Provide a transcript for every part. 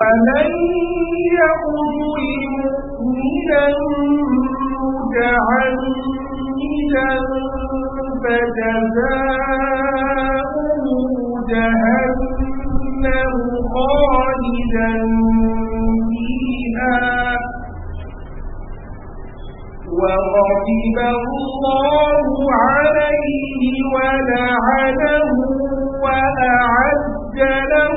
فمن يقتل مؤمنا متعمدا فجزاؤه جهنم خالدا فيها وغضب الله عليه ولعنه وأعد له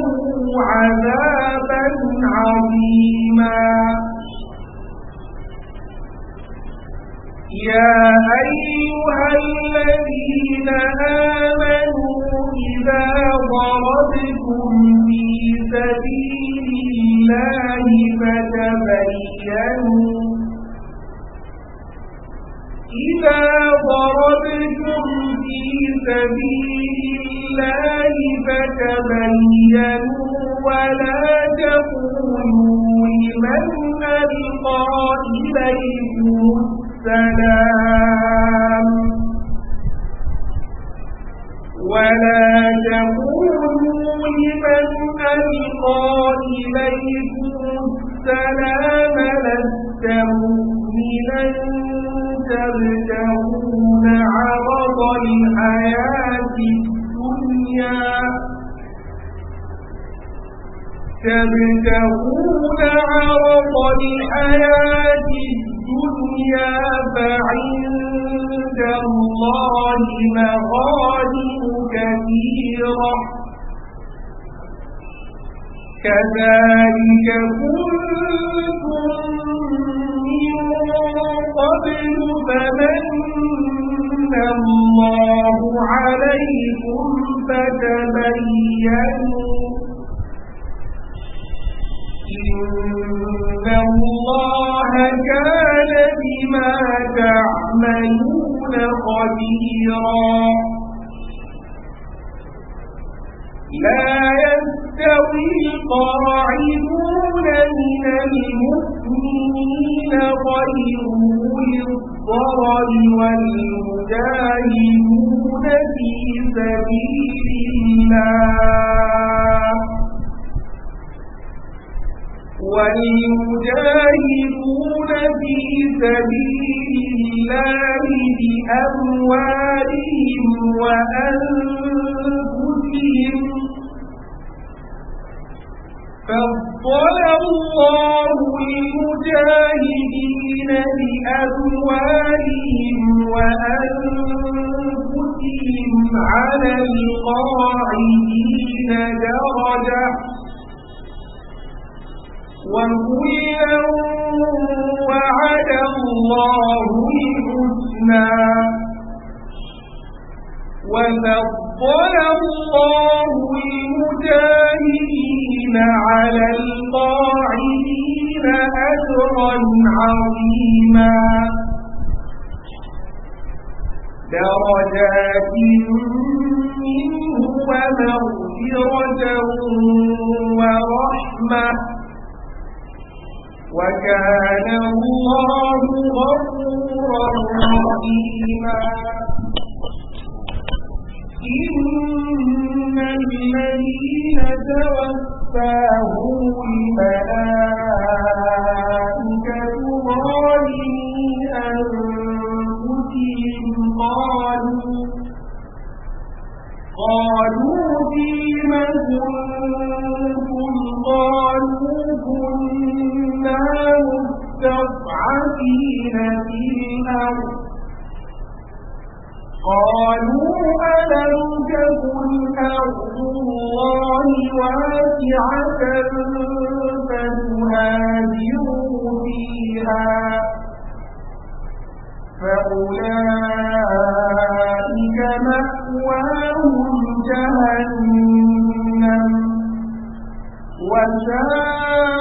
عذابا عظيما يا أيها الذين آمنوا إذا ضربتم في سبيل الله فتبينوا إذا ضربتم في سبيل الله فتبينوا ولا تقولوا لمن ألقى إليكم السلام ولا تقولوا لمن ألقى إليكم السلام لست مؤمنا تبتغون عرض الحياة الدنيا تبتغون عرض الحياة الدنيا فعند الله مغانم كثيرة كذلك كنتم من قبل فمن الله عليكم فتبينوا إن الله كان بما تعملون خبيرا لا يستوي القاعدون من المؤمنين غير الضرر والمجاهدون في سبيل الله وَيُجَاهِدُونَ فِي سَبِيلِ اللَّهِ بِأَمْوَالِهِمْ وَأَنفُسِهِمْ فَضَّلَ اللَّهُ الْمُجَاهِدِينَ بِأَمْوَالِهِمْ وَأَنفُسِهِمْ عَلَى الْقَاعِدِينَ دَرَجَةً وكلا وعد الله الحسنى وفضل الله المجاهدين على القاعدين أجرا عظيما درجات منه ومغفرة ورحمة وكان الله غفورا رحيما إن الذين توفاهم الملائكة ظالمي أنفسهم قالوا قالوا فيما كنتم قالوا كنتم إلا مستضعفين في الأرض قالوا ألم تكن أرض الله واسعة فتهاجروا فيها فأولئك مأواهم جهنم وساءت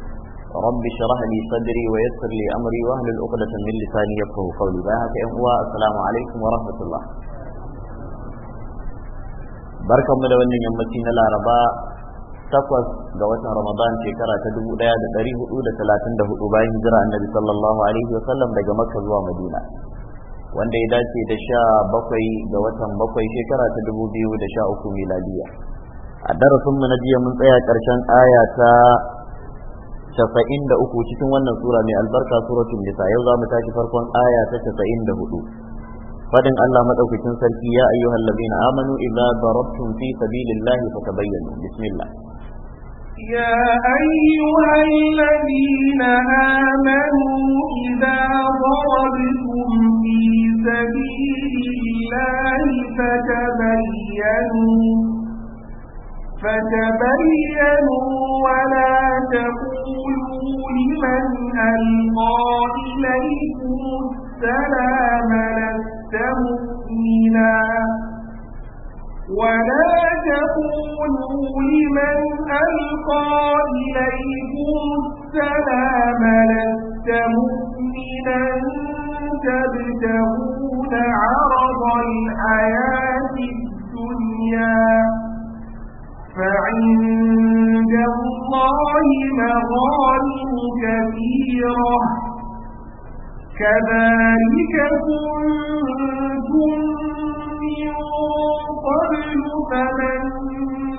Rabbi Sadri رب شرح لي صدري ويسر لي أمري وأهل الأقدة من لساني Ba قولي باهك أمواء السلام عليكم ورحمة الله barkan mu da wannan yammaci na laraba takwas ga watan ramadan shekara ta dubu daya da dari hudu da talatin da hudu bayan hijira annabi sallallahu alaihi wasallam daga makka zuwa madina wanda ya dace da sha bakwai ga watan bakwai shekara ta dubu biyu da sha uku miladiya a darasin mu na jiya mun tsaya ƙarshen aya ta تسعين دا أكو تسعين وانا سورة من البركة سورة النساء يوضع متاكي فرقون آية تسعين دا هدو فدن الله مدعوك تنسل يا أيها الذين آمنوا إذا ضربتم في سبيل الله فتبينوا بسم الله يا أيها الذين آمنوا إذا ضربتم في سبيل الله فتبينوا فتبينوا ولا تقولوا لمن ألقى إليكم السلام لست مؤمنا ولا تقولوا لمن ألقى إليكم السلام لست مؤمنا تبتغون عرض الحياة الدنيا فعند الله مغالب كثيرة كذلك كنتم من قبل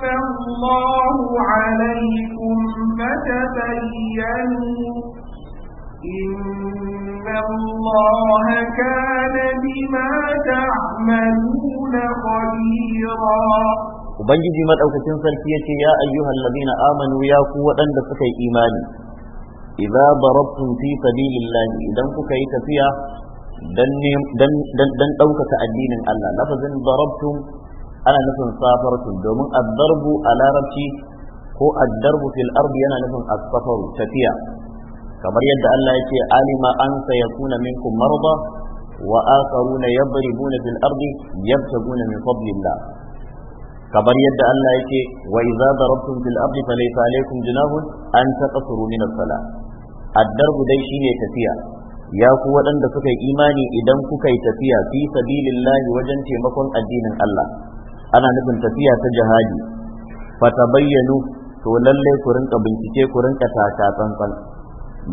فمن الله عليكم فتبينوا إن الله كان بما تعملون خبيرا ubangiji madaukakin sarki yace ya ayyuhal ladina amanu ya ku waɗanda suka yi imani idza darabtum fi sabilillahi idan kuka yi tafiya dan ɗaukaka addinin Allah lafazin darabtum ana nufin safartum domin addarbu a larabci ko addarbu fil ardi yana nufin asafaru tafiya kamar yadda Allah yake alima an sayakuna minkum marda wa akharuna yadribuna fil ardi yabtaguna min fadlillah kamar yadda Allah yake wa idza darabtum fil ardi falaysa alaykum junahun an taqsuru min as-salah ad-darbu dai shine tafiya ya ku waɗanda suka yi imani idan kuka yi tafiya fi sabilillahi wajen taimakon addinin Allah ana nufin tafiya ta jihadi fatabayyanu to lalle ku rinka bincike ku rinka taka tsantsan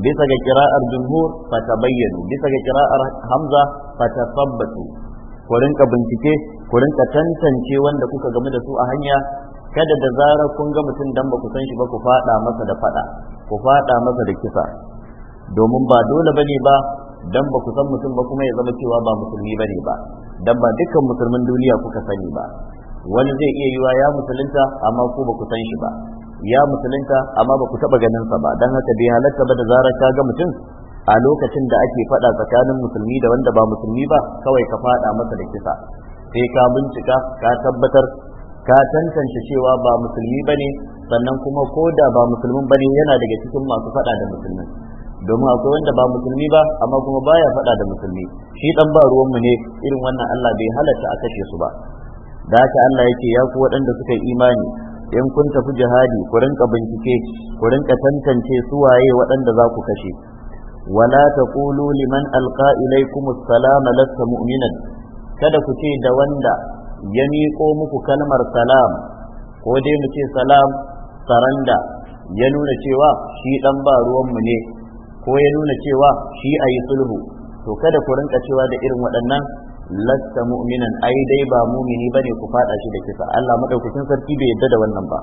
bisa ga kira'ar jumhur fatabayyanu bisa ga kira'ar hamza fatasabbatu ku rinka bincike ku rinka tantance wanda kuka gamu da su a hanya kada da zarar kun ga mutum dan ba ku san shi ba ku fada masa da fada ku fada masa da kisa domin ba dole bane ba dan ba ku san mutum ba kuma ya zama cewa ba musulmi bane ba dan ba dukkan musulmin duniya kuka sani ba wani zai iya yiwa ya musulunta amma ku ba ku san shi ba ya musulunta amma ba ku taba ganin sa ba dan haka bai halatta ba da zarar ka ga mutum a lokacin da ake faɗa tsakanin musulmi da wanda ba musulmi ba kawai ka faɗa masa da kisa sai ka bincika ka tabbatar ka tantance cewa ba musulmi ba ne sannan kuma ko da ba musulmin ba ne yana daga cikin masu faɗa da musulmi domin akwai wanda ba musulmi ba amma kuma baya faɗa da musulmi shi dan ba ruwanmu ne irin wannan Allah bai halatta a kashe su ba da haka Allah yake ya ku waɗanda suka yi imani in kun tafi jihadi ku rinka bincike ku rinka tantance su waye waɗanda za ku kashe wala taqulu liman alqa ilaykum assalam lasta mu'minan kada ku ce da wanda ya miƙo muku kalmar salam ko dai mu ce salam saranda ya nuna cewa shi dan ba ruwanmu ne ko ya nuna cewa shi ayi sulhu to kada ku rinka cewa da irin waɗannan lasta mu'minan ai dai ba mumini bane ku fada shi da kisa Allah madaukakin sarki bai yadda da wannan ba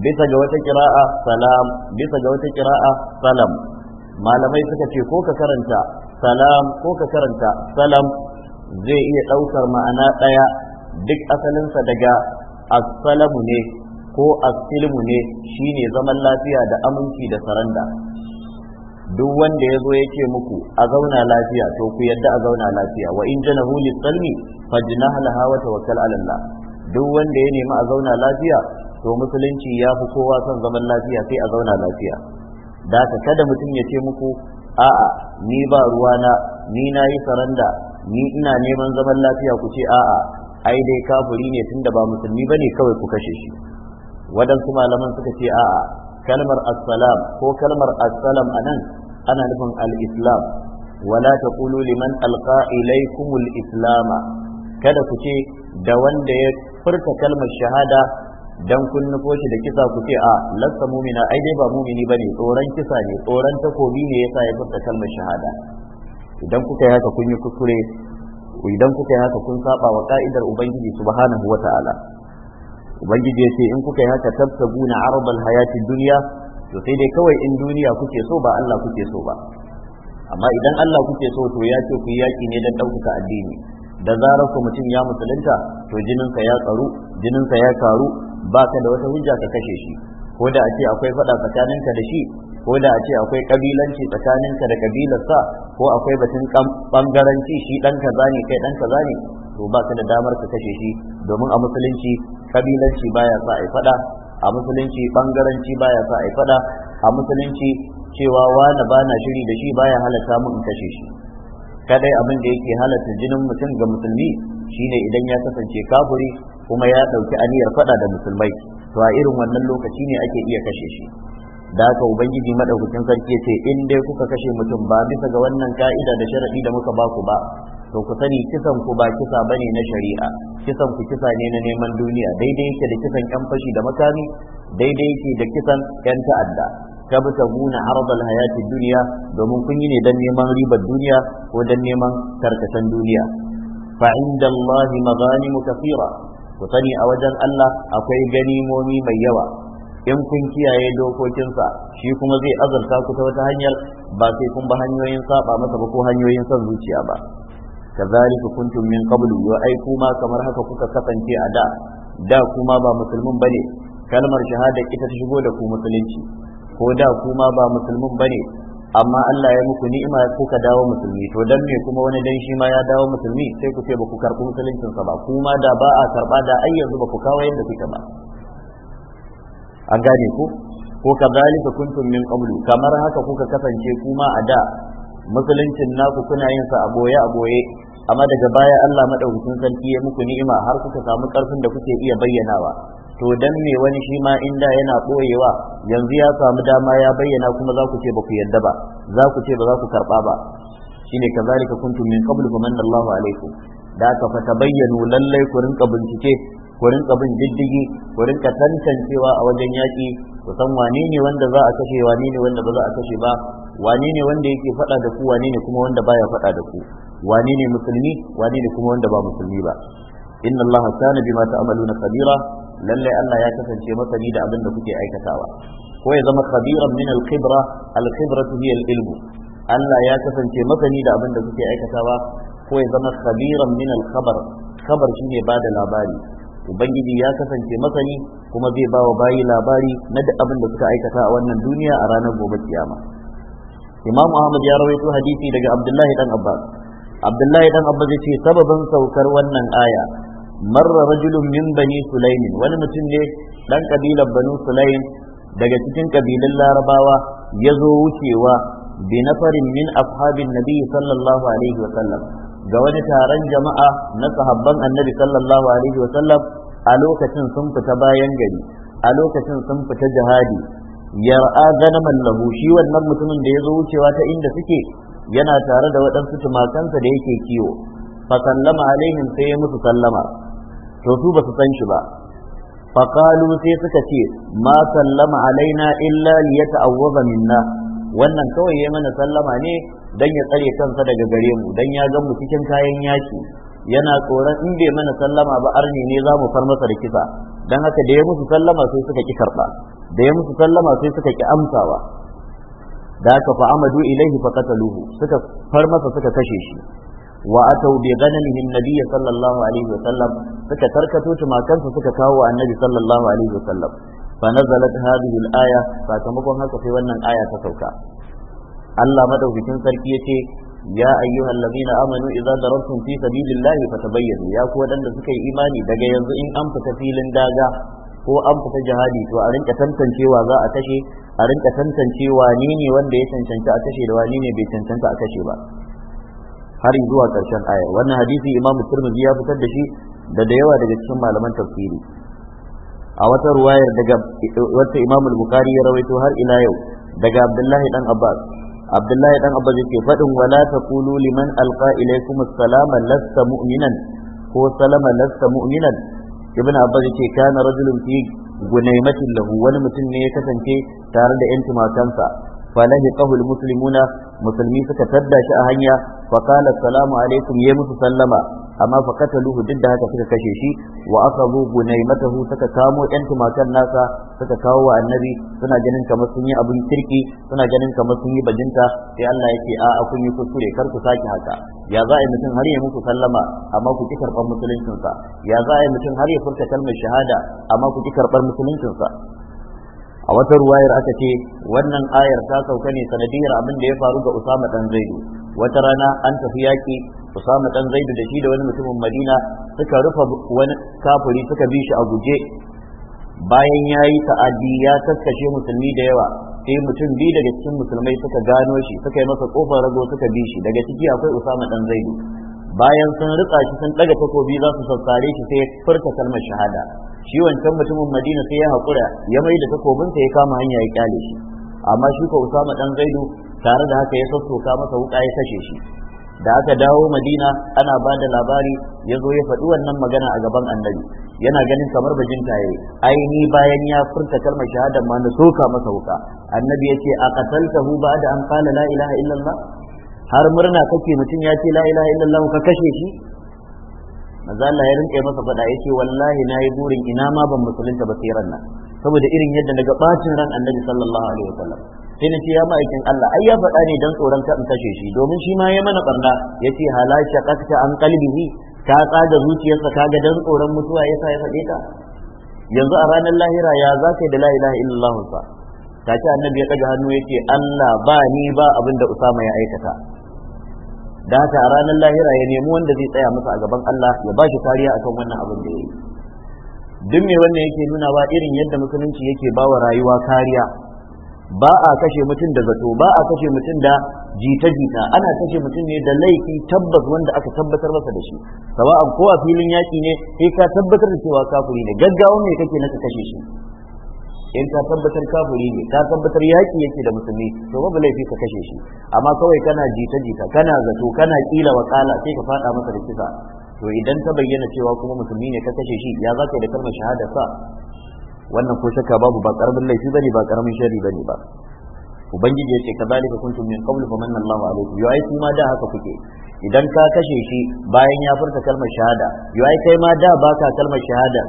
bisa ga wata kira'a salam bisa ga wata kira'a salam malamai suka ce ko ka karanta salam ko ka karanta salam zai iya ɗaukar ma'ana ɗaya duk asalinsa daga assalamu ne ko As-Silmu ne shine zaman lafiya da aminci da saranda duk wanda ya zo ya muku a zauna lafiya to ku yadda a zauna lafiya wa in janahu salmi fajnah laha wa tawakkal ala Allah duk wanda ya nemi a zauna lafiya to musulunci ya fi kowa son zaman lafiya sai a zauna lafiya da ka kada mutum ya ce muku a'a ni ba ruwana ni na yi saranda ni ina neman zaman lafiya ku ce a'a ai dai kafuri ne tunda ba musulmi ba ne kawai ku kashe shi waɗansu malaman suka ce a'a kalmar assalam ko kalmar assalam a nan ana nufin al-islam wala taqulu liman alqa ilaykumul islama kada ku ce da wanda ya furta kalmar shahada dan kun nufo shi da kisa ku ce a lasta mumina ai dai ba mumini bane tsoron kisa ne tsoron takobi ne yasa ya furta kalmar shahada idan kuka yi haka kun yi kuskure idan kuka yi haka kun saba wa ka'idar ubangiji subhanahu wata'ala ubangiji ya ce in kuka yi haka na arabal hayatin dunya to sai dai kawai in duniya kuke so ba Allah kuke so ba amma idan Allah kuke so to ya ce ku yaki ne dan ɗaukaka addini da zarar ku mutum ya musulunta to jininsa ya tsaru jininsa ya karu ba ka da wata hujja ka kashe shi ko da a ce akwai faɗa tsakaninka da shi ko da a ce akwai kabilanci tsakaninka da kabilarsa ko akwai batun bangaranci shi dan kaza ne kai dan kaza ne to ba ka da damar ka kashe shi domin a musulunci kabilanci baya sa ai faɗa a musulunci bangaranci baya sa ai faɗa a musulunci cewa wani bana shiri da shi baya halatta mun in kashe shi kadai abin da yake halatta jinin mutum ga musulmi shine idan ya kasance kafuri kuma ya ɗauki aniyar faɗa da musulmai to a irin wannan lokaci ne ake iya kashe shi da haka ubangiji madaukakin sarki ce in dai kuka kashe mutum ba bisa ga wannan ka'ida da sharaɗi da muka baku ba to ku sani kisan ku ba kisa bane na shari'a kisan ku kisa ne na neman duniya daidai yake da kisan yan fashi da makami daidai yake da kisan yan ta'adda ka bi guna arzal hayati duniya domin kun yi ne dan neman ribar duniya ko dan neman karkashin duniya fa inda Allah maghanimu kathira ku sani a wajen Allah akwai ganimomi mai yawa in kun kiyaye dokokinsa shi kuma zai azurta ku ta wata hanyar ba sai kun ba hanyoyin saba masa ba ko hanyoyin son zuciya ba kazalika kuntum min qablu wa ai kuma kamar haka kuka kasance a da da kuma ba musulmin bane kalmar shahada ita ta shigo da ku musulunci ko da kuma ba musulmin bane amma Allah ya muku ni'ima kuka dawo musulmi to dan me kuma wani dan shi ma ya dawo musulmi sai ku ce ba ku karɓi musuluncin sa ba kuma da ba a karɓa da ai yanzu ba ku kawo yadda kuke ba an gane ku ko kadhalika kuntum min qablu kamar haka kuka kasance kuma a da musuluncin naku kuna yin sa a goye a goye, amma daga baya Allah madaukakin sarki ya muku ni'ima har kuka samu karfin da kuke iya bayyanawa to dan me wani shi ma inda yana boyewa yanzu ya samu dama ya bayyana kuma za ku ce ba ku yarda ba za ku ce ba za ku karba ba shine kazalika kuntum min qablu famanna Allahu alaikum da ka fa tabayyanu lallai ku rinka bincike ku rinka bin diddigi ku rinka tantancewa a wajen yaki, ku san wane ne wanda za a kashe wane ne wanda ba za a kashe ba wane ne wanda yake faɗa da ku wane ne kuma wanda baya faɗa da ku wane ne musulmi wane ne kuma wanda ba musulmi ba inna allaha kana bima ta'maluna khabira lallai Allah ya kasance masani da abin da kuke aikatawa ko ya zama khabiran min al-khibra al-khibratu hiya al-ilmu Allah ya kasance masani da abin da kuke aikatawa ko ya zama khabiran min al-khabar khabar shine bada labari ubangiji ya kasance masani kuma zai ba wa bayi labari na duk abin da suka aikata a wannan duniya a ranar gobe kiyama imam ahmad ya rawaito hadisi daga abdullahi dan abbas abdullahi dan abbas ya ce sababin saukar wannan aya marra rajulun min bani sulaimin wani mutum ne dan kabilar banu sulaim daga cikin kabilan larabawa ya zo wucewa bi nafarin min ashabin nabi sallallahu alaihi wa sallam ga wani taron jama'a na sahabban annabi sallallahu alaihi wa sallam a lokacin sun fita bayan gari a lokacin sun fita jihadi yar'a ganaman lahu shi wannan mutumin da ya zo wucewa ta inda suke yana tare da waɗansu tumakansa da yake kiwo fa sallama alaihim sai ya musu sallama to su ba su san shi ba faƙalu sai suka ce ma sallama alaina illa liyata'awwaza minna wannan kawai ya mana sallama ne dan ya tsare kansa daga gare mu dan ya ga mu cikin kayan yaki yana tsoron in bai mana sallama ba arni ne za mu far masa da kisa dan haka da ya musu sallama sai suka ki karba da ya musu sallama sai suka ki amsawa da haka fa amadu ilaihi fa qataluhu suka far masa suka kashe shi wa atau bi ghanamihim nabiyyi sallallahu alaihi wa sallam suka tarkato tumakansu suka kawo annabi sallallahu alaihi wa sallam fa nazalat hadhihi al-aya sakamakon haka sai wannan aya ta sauka Allah madaukakin sarki ya ce ya ayyuhal ladina amanu idza darabtum fi sabilillahi fatabayyanu ya ku wadanda suka yi imani daga yanzu in an fita filin daga ko an jihadi to a rinka tantancewa za a kashe a rinka tantancewa ne ne wanda ya cancanci a kashe da wani ne bai cancanta a kashe ba har zuwa karshen aya wannan hadisi imamu turmizi ya fitar da shi da da yawa daga cikin malaman tafsiri a wata ruwayar daga wata imamu bukari ya rawaito har ila yau daga abdullahi dan abbas abdullahi dan abbas yake faɗin wala taqulu liman alqa ilaykum assalama lasta mu'minan ko salama lasta mu'minan ibn abbas yake kana rajulun fi gunaimatin lahu wani mutum ne ya kasance tare da yan tumakansa فلهقه المسلمون مسلمي سكتدى شأهنيا فقال السلام عليكم يا مسلمة أما فقتلوه ضد هكا سككشيشي وأخذوا بنيمته سكتامو أنت ما كان ناسا سكتاوى النبي سنا جنن كما سنيا أبو تركي سنا جنن كما سنيا بجنتا في الله يكي آآ كن يكسوري كركو ساكي هكا يا غائب مثل هل يموت سلما أما كنت كربا مسلمين يا غائب مثل هل يفرك كلمة شهادة أما كنت كربا مسلمين a wata ruwayar aka ce wannan ayar ta sauka ne sanadiyar abin da ya faru ga Usama dan Zaidu wata rana an tafi yaki Usama dan Zaidu da shi da wani mutumin Madina suka rufa wani kafuri suka bi shi a guje bayan ya yi ta'adi ya taskace musulmi da yawa sai mutum biyu daga cikin musulmai suka gano shi suka yi masa kofar rago suka bi shi daga ciki akwai Usama dan Zaidu bayan sun rika shi sun daga takobi za su sassare shi sai ya furta kalmar shahada shi wancan mutumin madina sai ya haƙura ya mai da takobinsa ya kama hanya ya kyale shi amma shi ko usama dan zaidu tare da haka ya sassoka masa wuka ya kashe shi da aka dawo madina ana ba da labari ya zo ya faɗi wannan magana a gaban annabi yana ganin kamar bajin taye aini bayan ya furta kalmar shahada ma na soka masa wuka annabi ya ce a qataltahu ba'da an qala la ilaha illallah har murna kake mutum ya ce la ilaha illallah ka kashe shi manzo Allah ya rinka masa faɗa yace wallahi nayi burin ina ma ban musulunta ba sai ranna saboda irin yadda daga bacin ran Annabi sallallahu alaihi wasallam sai na ya ma'aikin Allah ai ya faɗa ne dan tsoron ka in kashe shi domin shi ma ya mana barna yace halaka qatta an qalbihi ta tsaga zuciyarsa kaga dan tsoron mutuwa yasa ya fade ta yanzu a ranar lahira ya za yi da la ilaha illallah ta ce annabi ya ɗaga hannu ya ce Allah ba ni ba abin da Usama ya aikata da haka a ranar lahira ya nemi wanda zai tsaya masa a gaban Allah ya ba shi kariya akan wannan abin da ya yi duk me wannan yake nuna ba irin yadda musulunci yake ba wa rayuwa kariya ba a kashe mutum da zato ba a kashe mutum da jita-jita ana kashe mutum ne da laifi tabbas wanda aka tabbatar masa da shi sawa'an ko a filin yaki ne sai ka tabbatar da cewa kafuri ne gaggawa ne kake na ka kashe shi in ka tabbatar kafiri ne ka tabbatar yaki yake da musulmi to babu laifi ka kashe shi amma kawai kana jita jita kana zato kana kila wakala sai ka fada masa da kisa to idan ta bayyana cewa kuma musulmi ne ka kashe shi ya zaka da kalmar shahada sa wannan ko shakka babu ba karamin laifi bane ba karamin shari bane ba ubangiji ya ce kadhalika kuntum min qablu famanna Allahu alaykum yau ai ma da haka kuke idan ka kashe shi bayan ya furta kalmar shahada yau ai kai ma da baka kalmar shahada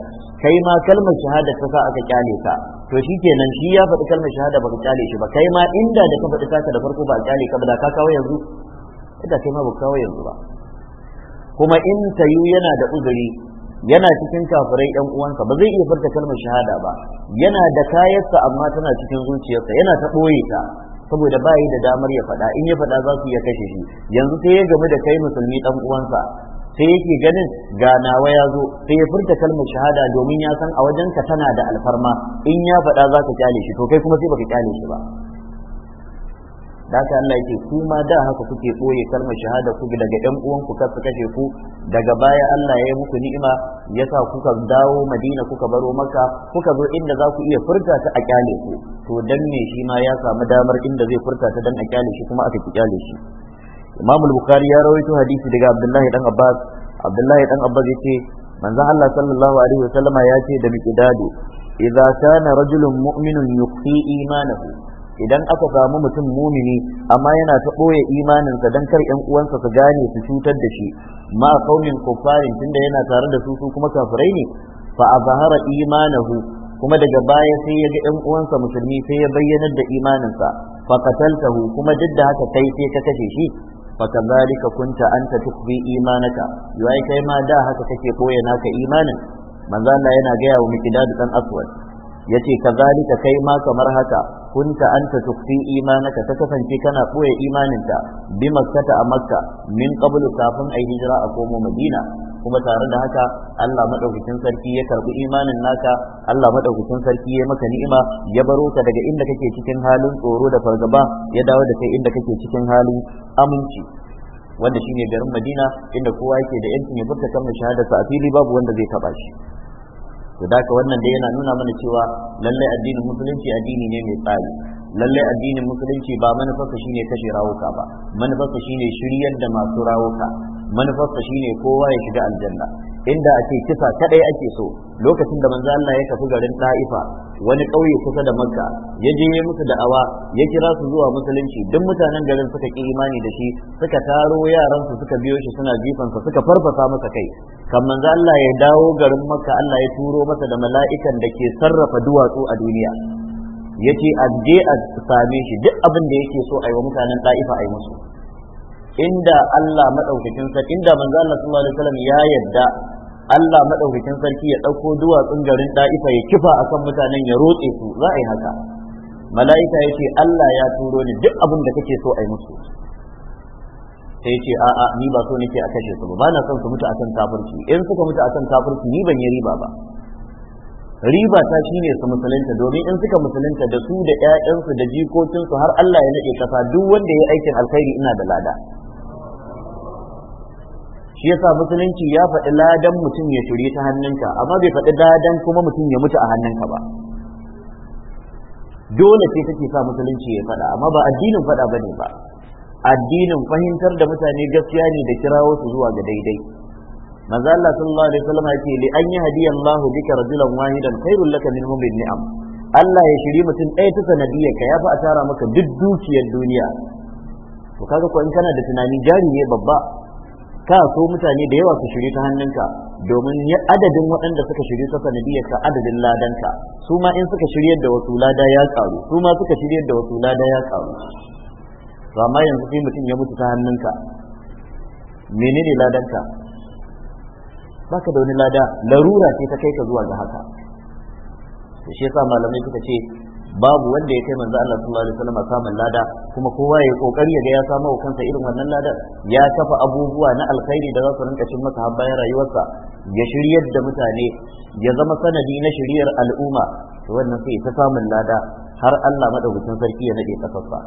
kai ma kalmar shahada ta sa aka kyale ka to shi kenan shi ya faɗi kalmar shahada ba ka kyale shi ba kai ma inda da ka faɗi kaka da farko ba kyale ka ba da ka kawo yanzu da kai ma ba kawo yanzu ba kuma in tayu yana da uzuri yana cikin kafirai ɗan uwansa ba zai iya furta kalmar shahada ba yana da kayansa amma tana cikin zuciyarsa yana ta ɓoye ta saboda ba yi da damar ya faɗa in ya faɗa za su iya kashe shi yanzu sai ya gamu da kai musulmi ɗan uwansa sai yake ganin ga nawa ya zo sai ya furta kalmar shahada domin ya san a wajenka tana da alfarma in ya faɗa za ka kyale shi to kai kuma sai baka kyale shi ba da haka Allah yake ku ma da haka kuke ɓoye kalmar shahada ku daga ɗan uwanku ku kar kashe ku daga baya Allah ya yi muku ni'ima ya sa kuka dawo Madina kuka baro maka kuka zo inda za ku iya furta ta a kyale ku to dan me shi ma ya samu damar inda zai furta ta dan a kyale shi kuma aka ki kyale shi imam bukhari ya rawaito hadisi daga abdullahi dan abbas abdullahi dan abbas yace manzon allah sallallahu alaihi wasallama ya ce da miqdadu idza kana rajulun mu'minun yukhfi imanahu idan aka samu mutum mumini amma yana ta boye imaninsa don kar ƴan uwansa su gane su cutar da shi ma kaumin kuffarin tunda yana tare da su su kuma kafirai ne fa azhara imanahu kuma daga baya sai ya ga ƴan uwansa musulmi sai ya bayyanar da imaninsa fa qataltahu kuma duk da haka kai sai ka kashe shi ka kunta anta tukhfi imanaka yayi kai ma da haka kake koya naka imanin manzo yana ga ya wa mikdad dan aswad yace kazalika kai ma kamar haka kunta anta tukfi imanaka ta kasance kana boye imaninta bi makkata a makka min qablu kafin ai hijira a komo madina kuma tare da haka Allah madaukakin sarki ya karbi imanin naka Allah madaukakin sarki ya maka ni'ima ya baro ka daga inda kake cikin halin tsoro da fargaba ya dawo da kai inda kake cikin halin aminci wanda shine garin Madina inda kowa yake da yancin ya furta kan shahadarsa a fili babu wanda zai taba shi to daga wannan da yana nuna mana cewa lallai addinin musulunci addini ne mai tsari lallai addinin musulunci ba manufarsa shine kashe rawuka ba manufarsa shine shiryar da masu rawuka manufarsa shine kowa ya shiga aljanna inda ake kisa kadai ake so lokacin da manzo Allah ya tafi garin Ta'ifa wani ƙauye kusa da Makka ya je ya musu da'awa ya kira su zuwa musulunci duk mutanen garin suka ki imani da shi suka taro yaran su suka biyo shi suna jifan sa suka farfasa masa kai kan manzo Allah ya dawo garin Makka Allah ya turo masa da mala'ikan da ke sarrafa duwatsu a duniya yace a je a same shi duk abin da yake so a yi wa mutanen Ta'ifa a yi musu inda Allah madaukakin sa inda manzo Allah sallallahu alaihi wasallam ya yadda Allah madaukakin sarki ya ɗauko duwatsun garin ɗa'ifa ya kifa a kan mutanen ya rotse su za a yi haka mala'ika ya ce Allah ya turo ni duk abin da kake so a yi musu sai ya ce a'a ni ba so nake a kashe su ba na son su mutu a kan kafirci in suka mutu a kan kafirci ni ban yi riba ba riba ta shine su musulunta domin in suka musulunta da su da 'ya'yansu da jikokinsu har Allah ya nade kasa duk wanda ya yi aikin alkhairi ina da lada shi yasa musulunci ya faɗi ladan mutum ya turi ta hannunka amma bai faɗi ladan kuma mutum ya mutu a hannunka ba dole sai take sa musulunci ya faɗa amma ba addinin faɗa ne ba addinin fahimtar da mutane gaskiya ne da kirawo su zuwa ga daidai manzo Allah sallallahu alaihi wasallam yake li an yahdi Allah bika rajulan wahidan khairul laka min humri ni'am Allah ya shiri mutum ɗaya ta sanadiyar ka ya fi a tara maka duk dukiyar duniya to kaga ko in kana da tunani jari ne babba ka so mutane da yawa su shiri ta hannunka domin adadin waɗanda suka shiri ta sanadiyarka adadin ladanka su ma in suka shiryar da wasu lada ya karu su ma suka shiryar da wasu lada ya karu to amma yanzu sai mutum ya mutu ta hannunka menene ladanka baka da wani lada larura ce ta kai ka zuwa ga haka to shi yasa malamai suka ce babu wanda ya kai manzo Allah sallallahu alaihi wasallam samun lada kuma kowa ya kokari ya ga ya samu kansa irin wannan lada ya kafa abubuwa na alkhairi da za su rinka cin masa bayan rayuwarsa ya shiryar da mutane ya zama sanadi na shiryar al'umma to wannan sai ta samun lada har Allah madaukakin sarki ya nade kafarsa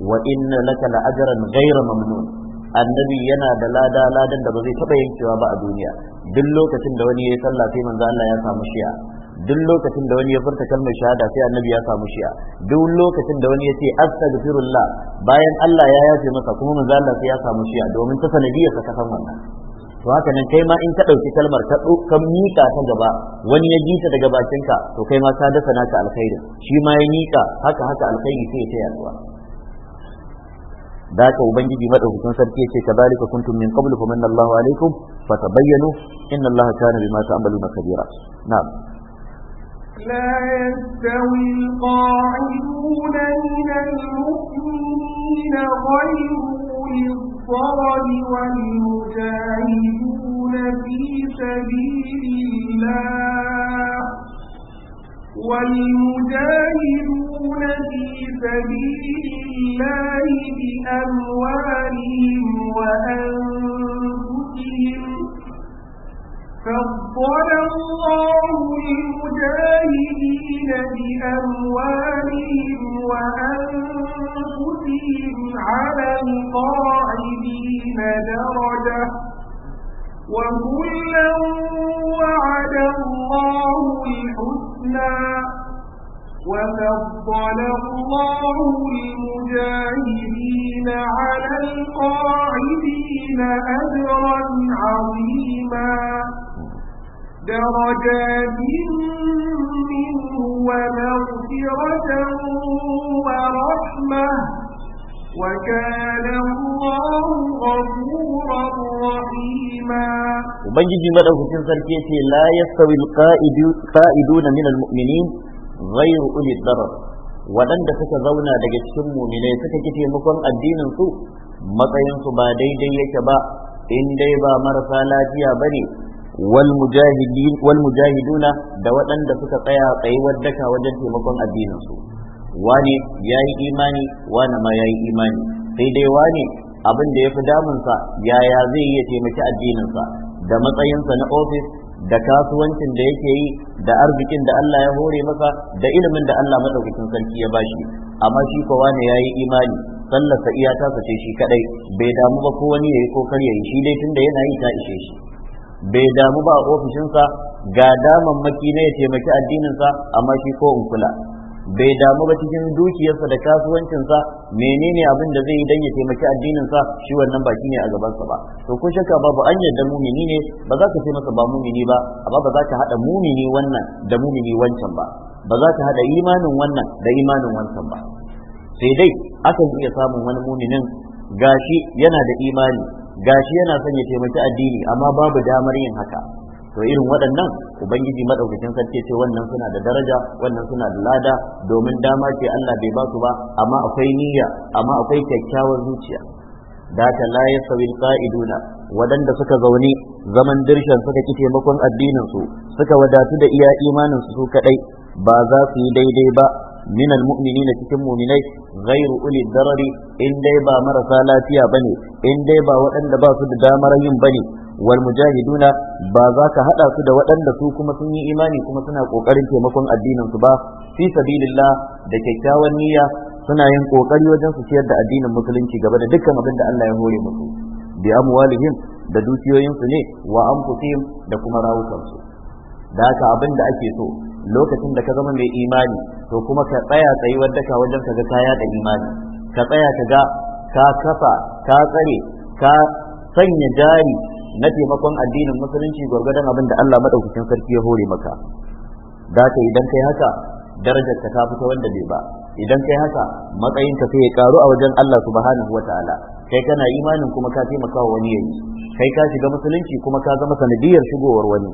wa inna laka la ghayra mamnun annabi yana da lada ladan da ba zai taba yankewa ba a duniya duk lokacin da wani ya sallah sai manzo Allah ya samu shiya duk lokacin da wani ya furta kalmar shahada sai annabi ya samu shi'a duk lokacin da wani ya ce astaghfirullah bayan Allah ya yafe masa kuma manzo Allah sai ya samu shi'a domin ta sanadiyar ka kasan wannan to haka nan kai ma in ka dauki kalmar ka ka mika ta gaba wani ya jita daga bakinka to kai ma ka dasa naka alkhairi shi ma ya mika haka haka alkhairi sai ya ta zuwa. da ka ubangiji madaukakin sarki yace kadhalika kuntum min qablu famanna Allahu alaikum fatabayyanu inna Allaha kana bima ta'maluna kabira na'am لا يستوي القاعدون من المؤمنين غير أولي الضرر والمجاهدون في سبيل الله والمجاهدون في سبيل الله بأموالهم وأنفسهم فضل الله بأموالهم وأنفسهم على القاعدين درجة وكلا وعد الله الحسنى وفضل الله المجاهدين على القاعدين أجرا عظيما درجات ومغفرة ورحمة وكان الله غفورا رحيما وبنجي مدوكين سركي يتي لا يستوي القائدون من المؤمنين waɗanda suka zauna daga cikin muminai suka ki taimakon addinin su matsayinsu ba daidai yake ba in dai ba marasa lafiya bane wal mujahiduna da waɗanda suka tsaya tsayuwar daka wajen taimakon addinin su wani yayi imani wani ma yayi imani sai dai wani abin da ya fi sa yaya zai iya taimaki sa da matsayinsa na ofis da kasuwancin da yake yi da arzikin da Allah ya hore masa da ilimin da Allah madaukakin sarki ya bashi amma shi ko wani yayi imani sa, iya ta ce shi kadai bai damu ba ko wani yayi ko kar yayi shi dai tunda yana yi ta ishe shi bai damu ba a ofishinsa ga maki na ya taimaki addininsa amma shi ko in kula bai damu ba cikin dukiyarsa da kasuwancinsa menene abin da zai yi don ya taimaki addininsa shi wannan baki ne a gabansa ba to ko shakka babu an yarda mumini ne ba za ka ce masa ba mumini ba amma ba za ka haɗa mumini wannan da mumini wancan ba ba za ka haɗa imanin wannan da imanin wancan ba sai dai akan iya samun wani muminin gashi yana da imani gashi yana son ya taimaki addini amma babu damar yin haka to irin waɗannan ubangiji madaukakin sarki ce wannan suna da daraja wannan suna da lada domin dama ce Allah bai ba su ba amma akwai niyya amma akwai kyakkyawar zuciya da ta la yasawi qa'iduna wadanda suka zaune zaman dirshan suka ki taimakon addinin su suka wadatu da iya imanin su su kadai ba za su yi daidai ba min almu'minina cikin mu'minai ghairu uli darari in dai ba marasa lafiya bane in dai ba waɗanda ba su da damar yin bane wal mujahiduna ba za ka hada su da waɗanda su kuma sun yi imani kuma suna kokarin taimakon addinin su ba fi sabilillah da kyakkyawan niyya suna yin kokari wajen su ciyar da addinin musulunci gaba da dukkan abin da Allah ya hore musu bi da dukiyoyinsu ne wa da kuma rawukansu da haka abin da ake so lokacin da ka zama mai imani to kuma ka tsaya tsayi wadda ka wajen ka ga kaya da imani ka tsaya ka ga ka kafa ka tsare ka sanya jari na taimakon addinin musulunci gwargwadon abin da Allah madaukakin sarki ya hore maka da ka idan kai haka darajar ka ta wanda bai ba idan kai haka matsayin ka sai ya karu a wajen Allah subhanahu wataala kai kana imanin kuma ka taimaka wa wani yayi kai ka shiga musulunci kuma ka zama sanadiyar shigowar wani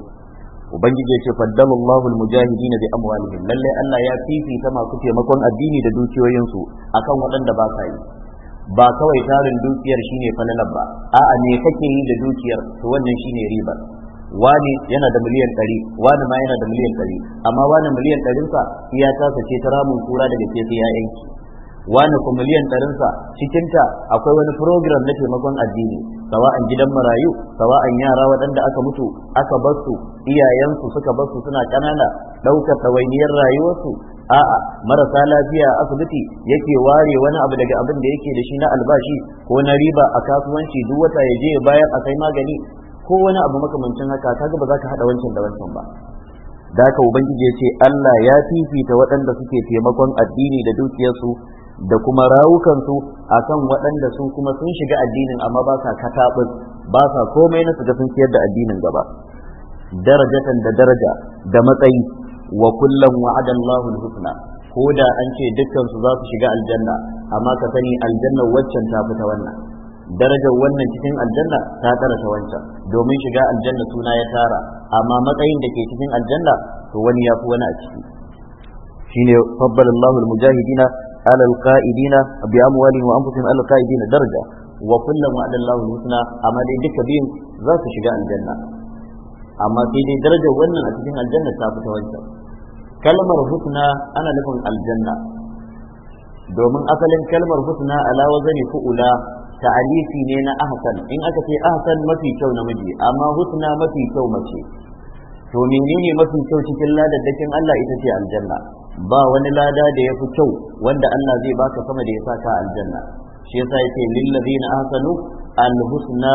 ubangiji ce faddala Allahu al-mujahidin bi amwalihim lalle Allah ya fifita masu taimakon addini da dukiyoyinsu akan waɗanda ba sa yi ba kawai tarin dukiyar shine falalan ba a'a ne kake yi da dukiyar to wannan shine riba wani yana da miliyan ɗari wani ma yana da miliyan ɗari amma wani miliyan ɗarinsa iya tasa ce ta ramin kura daga ke sai ya yanki wani ko miliyan ɗarinsa cikinta akwai wani program na taimakon addini an gidan marayu an yara waɗanda aka mutu aka basu iyayensu suka basu suna ƙanana ɗaukar ɗawainiyar rayuwarsu a'a marasa lafiya a asibiti yake ware wani abu daga abin da yake da shi na albashi ko na riba a kasuwanci duk wata ya je ya bayar a kai magani ko wani abu makamancin haka kaga ba za ka haɗa wancan da wancan ba da haka ubangiji ya ce Allah ya fifita waɗanda suke taimakon addini da dukiyarsu da kuma rawukansu akan waɗanda su kuma sun shiga addinin amma ba sa kataɓin ba sa komai na shiga sun ciyar da addinin gaba darajatan da daraja da matsayi wa kullum wa'ada Allahul husna ko da an ce dukkan su za su shiga aljanna amma ka sani aljanna waccan ta fita wannan darajar wannan cikin aljanna ta tara ta wancan domin shiga aljanna suna ya tara amma matsayin da ke cikin aljanna to wani ya fi wani a ciki shine faddala Allahul mujahidina على القائدين بأموالهم وأنفسهم على القائدين درجة وكل وعد الله الحسنى أما دي دك بين ذات شجاع الجنة أما في دي درجة وأن أتجين الجنة تافت وانت كلمة الحسنى أنا لكم الجنة domin asalin kalmar husna ala wazani fu'ula ta'arifi ne na ahsan in aka ce ahsan mafi kyau namiji amma husna mafi kyau mace to menene mafi kyau cikin ladaddakin Allah ita ce aljanna ba wani lada da ya fi kyau wanda Allah zai baka sama da ya saka aljanna shi yasa yake lillazina ahsanu alhusna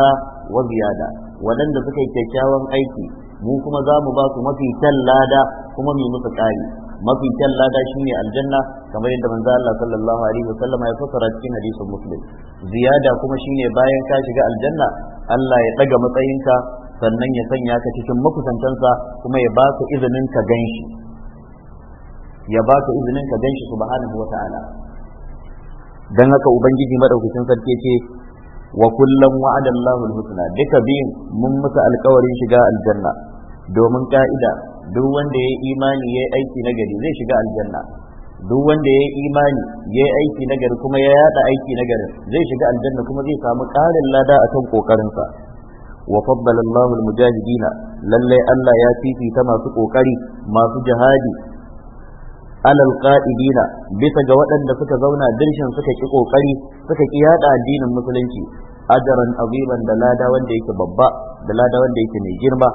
wa ziyada wadanda suka yi kyakkyawan aiki mu kuma za mu ba su mafi kyan lada kuma mu musu ƙari mafi kyan lada shine aljanna kamar yadda manzo Allah sallallahu alaihi wasallam ya fassara cikin hadisin muslim ziyada kuma shine bayan ka shiga aljanna Allah ya daga matsayinka sannan ya sanya ka cikin makusantansa kuma ya ba ka izinin ka ganshi ya ba ka izinin ka ganshi subhanahu ta'ala dan haka ubangiji madaukakin sarki ce wa kullum wa'ada Allahul husna duka biyun mun musu alkawarin shiga aljanna domin ka'ida duk wanda ya imani ya aiki na zai shiga aljanna duk wanda ya imani yayi aiki na kuma ya yada aiki na zai shiga aljanna kuma zai samu ƙarin lada akan kokarinsa wa faddala Allahul mujahidina lallai Allah ya fifita masu kokari masu jihadi alal qa'idina bisa ga waɗanda suka zauna dirshin suka ki kokari suka ki yada addinin musulunci ajaran aziban da lada wanda yake babba da lada wanda yake mai girma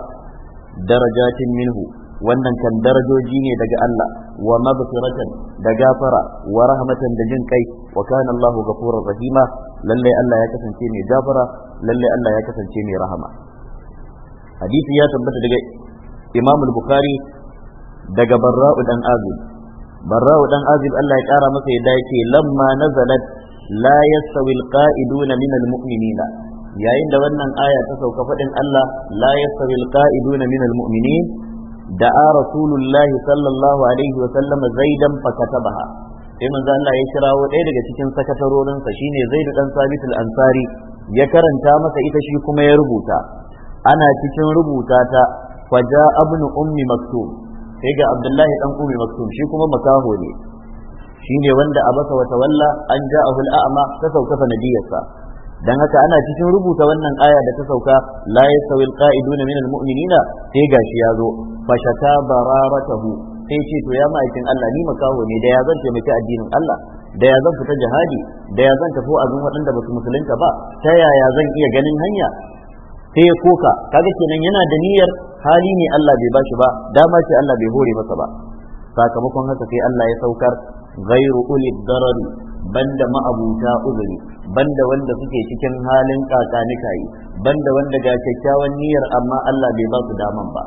darajatin minhu wannan kan darajoji ne daga Allah wa maghfiratan da gafara wa rahmatan da jin kai wa kana Allah ghafurur rahima lalle Allah ya kasance mai gafara lalle Allah ya kasance mai rahama hadisi ya tabbata daga Imam al-Bukhari daga Barra'u dan Azib barra'u dan azib Allah ya kara masa yadda yake lamma nazalat la yastawi alqa'iduna min almu'minina yayin da wannan aya ta sauka fadin Allah la yastawi alqa'iduna min almu'minin da'a rasulullahi sallallahu alaihi wa sallam zaidan fakatabaha sai manzo Allah ya kirawo ɗaya daga cikin sakatarorinsa shine Zaid dan Sabit al-Ansari ya karanta masa ita shi kuma ya rubuta ana cikin rubuta ta faja abnu ummi Maktum. sai ga abdullahi dan umi maktum shi kuma makaho ne shi ne wanda a basa wata walla an ja ja'ahu ama ta sauka sanadiyarsa dan haka ana cikin rubuta wannan aya da ta sauka la yasawi alqa'iduna minal mu'minina sai gashi ya zo fa shata bararatahu sai ce to ya ma'aikin Allah ni makaho ne da ya zan taimaki addinin Allah da ya zan fita jihadi da ya zan tafi azun waɗanda ba su musulunta ba ta yaya zan iya ganin hanya sai ya koka kaga kenan yana da niyyar hali ne Allah bai bashi ba dama ce Allah bai hore masa ba sakamakon haka sai Allah ya saukar ghairu ulil darari banda ma'abuta uzuri banda wanda suke cikin halin kakanika yi banda wanda ga kyakkyawan niyyar amma Allah bai ba su daman ba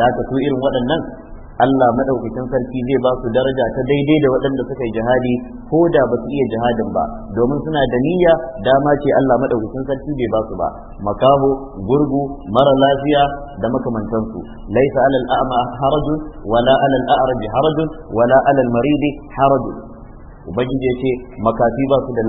da ka su irin waɗannan Allah madaukakin sarki zai ba su daraja ta daidai da waɗanda suka yi jihadi ko da ba su iya jihadin ba domin suna da niyya dama ce Allah madaukakin sarki zai ba su ba makaho gurgu mara lafiya da makamantansu laisa alal a'ma harajun wala alal a'raji harajun wala alal maridi harajun ubangiji ya ce makafi ba su da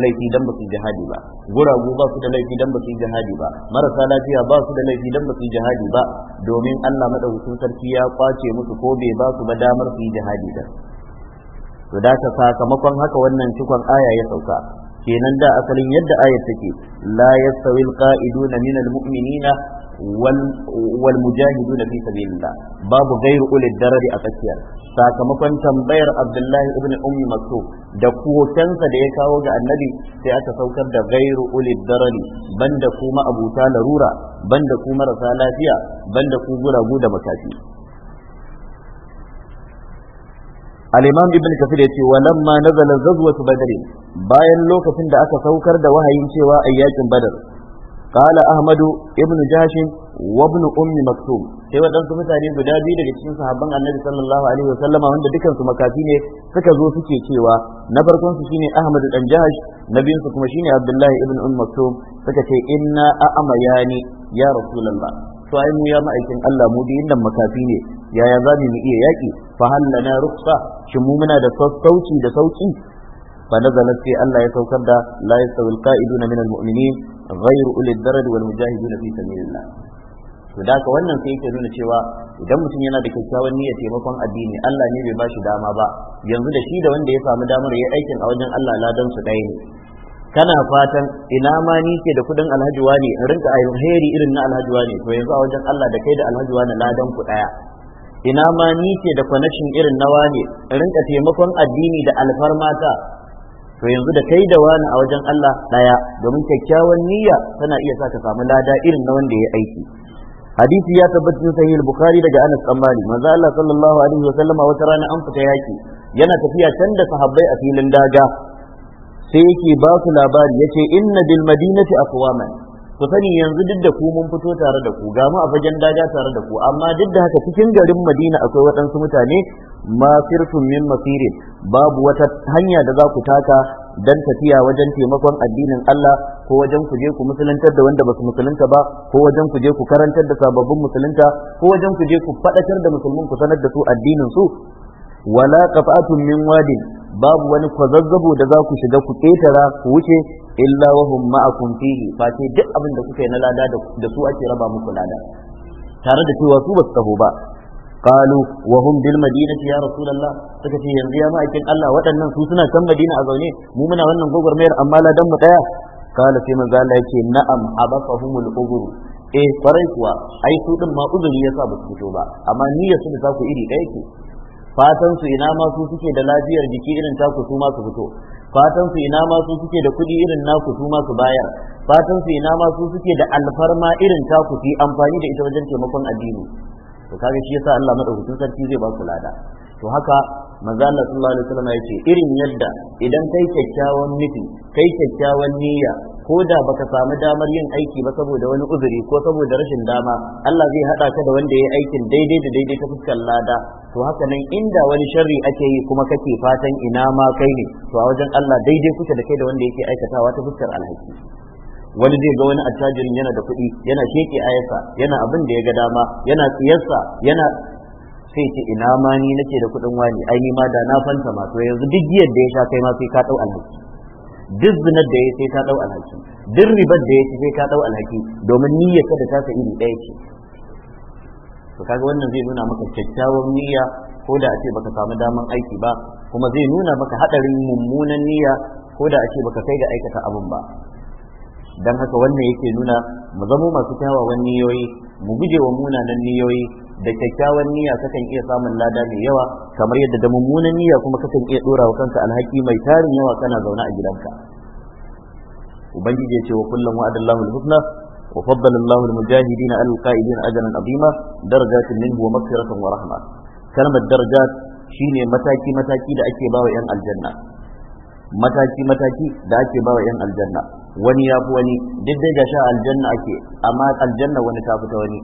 laifi dan ba su jihadi ba guragu ba su da laifi dan ba su jihadi ba marasa lafiya ba su da laifi dan ba su jihadi ba domin Allah madaukakin sarki ya kwace musu ko bai ba su ba damar su yi jihadi ba. to da ka sakamakon haka wannan cikon aya ya sauka kenan da asalin yadda ayar take la yastawil qa'iduna minal mu'minina wal mujahiduna fi sabilillah babu ghairu ulil darari a tsakiyar sakamakon tambayar Abdullahi ibn Ummi Maktub da kotansa da ya kawo ga Annabi sai aka saukar da ghairu ulil darari banda kuma abuta larura banda ku marasa lafiya banda ku guragu da makafi al-imam ibn kafir yace walamma nazala zazwatu badri bayan lokacin da aka saukar da wahayin cewa ayyakin badar qala ahmadu ibnu jashin wa ibn ummi maktum sai waɗansu mutane guda biyu daga cikin sahabban annabi sallallahu alaihi wasallama wanda dukansu makafi ne suka zo suke cewa na farkon shine ahmad dan jahash na biyun su kuma shine abdullahi ibn ummi maktum suka ce inna a'amayani ya rasulullah to ai mu ya ma'aikin Allah mu biyun nan makafi ne yaya za mu iya yaki fa hallana ruksa shin mu muna da sassauci da sauƙi? fa nazalat sai Allah ya saukar da la yastawil qa'iduna minal mu'minin ghairu ulil darad wal mujahidin fi sabilillah to da ka wannan sai yake nuna cewa idan mutum yana da kyakkyawan niyyar taimakon addini Allah ne bai bashi dama ba yanzu da shi da wanda ya samu damar ya aikin a wajen Allah ladan su ɗaya ne kana fatan ina ma ni ke da kudin alhaji wani in rinka alheri irin na alhaji wani to yanzu a wajen Allah da kai da alhaji wani ladan ku ɗaya ina ma ni ke da connection irin na wani in rinka taimakon addini da alfarmata to yanzu da kai da wani a wajen Allah daya domin kyakkyawan niyya tana iya sa ka samu lada irin na wanda ya yi aiki hadisi ya tabbata cikin sahih bukhari daga Anas bin manzo Allah sallallahu alaihi wa sallama wata rana an fita yaki yana tafiya can da sahabbai a filin daga sai yake ba su labari yace inna bil madinati aqwaman ku sani yanzu duk da ku mun fito tare da ku ga mu a fagen daga tare da ku amma duk da haka cikin garin Madina akwai waɗansu mutane ma min masirin babu wata hanya da za ku taka dan tafiya wajen taimakon addinin Allah ko wajen ku je ku musuluntar da wanda basu musulunta ba ko wajen ku je ku karantar da sababbin musulunta ko wajen ku je ku faɗakar da musulmin ku sanar da su addinin su wala qata'atun min wadin babu wani kwazazzabo da za ku shiga ku ƙetara ku wuce illa wa hum ma'akum fihi fa ce duk abin da kuka yi na lada da su ake raba muku lada tare da cewa su ba taho ba qalu wa hum bil madinati ya rasulullah suka ce yanzu ya ma'aikin Allah waɗannan su suna san madina a zaune mu muna wannan gogormayar amma ladan mu daya qala sai manzo Allah yake na'am habafahum al ugur eh farai kuwa ai su din ma uzuri yasa ba su fito ba amma niyyar su da za ku iri ɗaya ke fatan su ina ma su suke da lafiyar jiki irin taku su ma su fito fatan su ina ma su suke da kuɗi irin naku su ma su bayar fatan su ina ma su suke da alfarma irin taku fi amfani da ita wajen taimakon addini to kaga shi yasa Allah madaukakin sarki zai ba ku lada to haka manzo Allah sallallahu alaihi wasallam yace irin yadda idan kai kyakkyawan nufi kai kyakkyawan niyya ko da baka samu damar yin aiki ba saboda wani uzuri ko saboda rashin dama Allah zai hada ka da wanda yayi aikin daidai da daidai ta fuskar lada to haka nan inda wani sharri ake yi kuma kake fatan ina ma kai ne to a wajen Allah daidai kuke da kai da wanda yake aikatawa ta fuskar alhaki wani zai ga wani attajirin yana da kuɗi yana sheke ayasa yana abin da ya ga dama yana tsiyarsa yana sai ce ina ma ni nake da kuɗin wani ai ni ma da na fanta ma to yanzu duk giyar da ya sha kai ma sai ka dau alhaki duk zinar da ya sai ta dau alhaki duk ribar da ya ci sai ta ɗau alhaki domin niyyar da ta sa iri ɗaya ce to kaga wannan zai nuna maka kyakkyawan niyya ko da a ce baka samu daman aiki ba kuma zai nuna maka hadarin mummunan niyya ko da a ce baka kai da aikata abin ba dan haka wannan yake nuna mu zamo masu kyawawan niyoyi mu guje wa munanan niyoyi da kyakkyawan niyya kakan iya samun lada mai yawa kamar yadda da mummunan niyya kuma kakan iya dora wa kanka alhaki mai tarin yawa kana zaune a gidanka ubangiji ya ce wa kullum wa'adallahu al-husna wa faddala al-mujahidina ala al-qa'idina ajran azima darajatin minhu wa maghfiratan wa rahma kalmar darajat shine mataki mataki da ake bawa yan aljanna mataki mataki da ake bawa yan aljanna wani ya fi wani duk dai gashi aljanna ake amma aljanna wani ta fi ta wani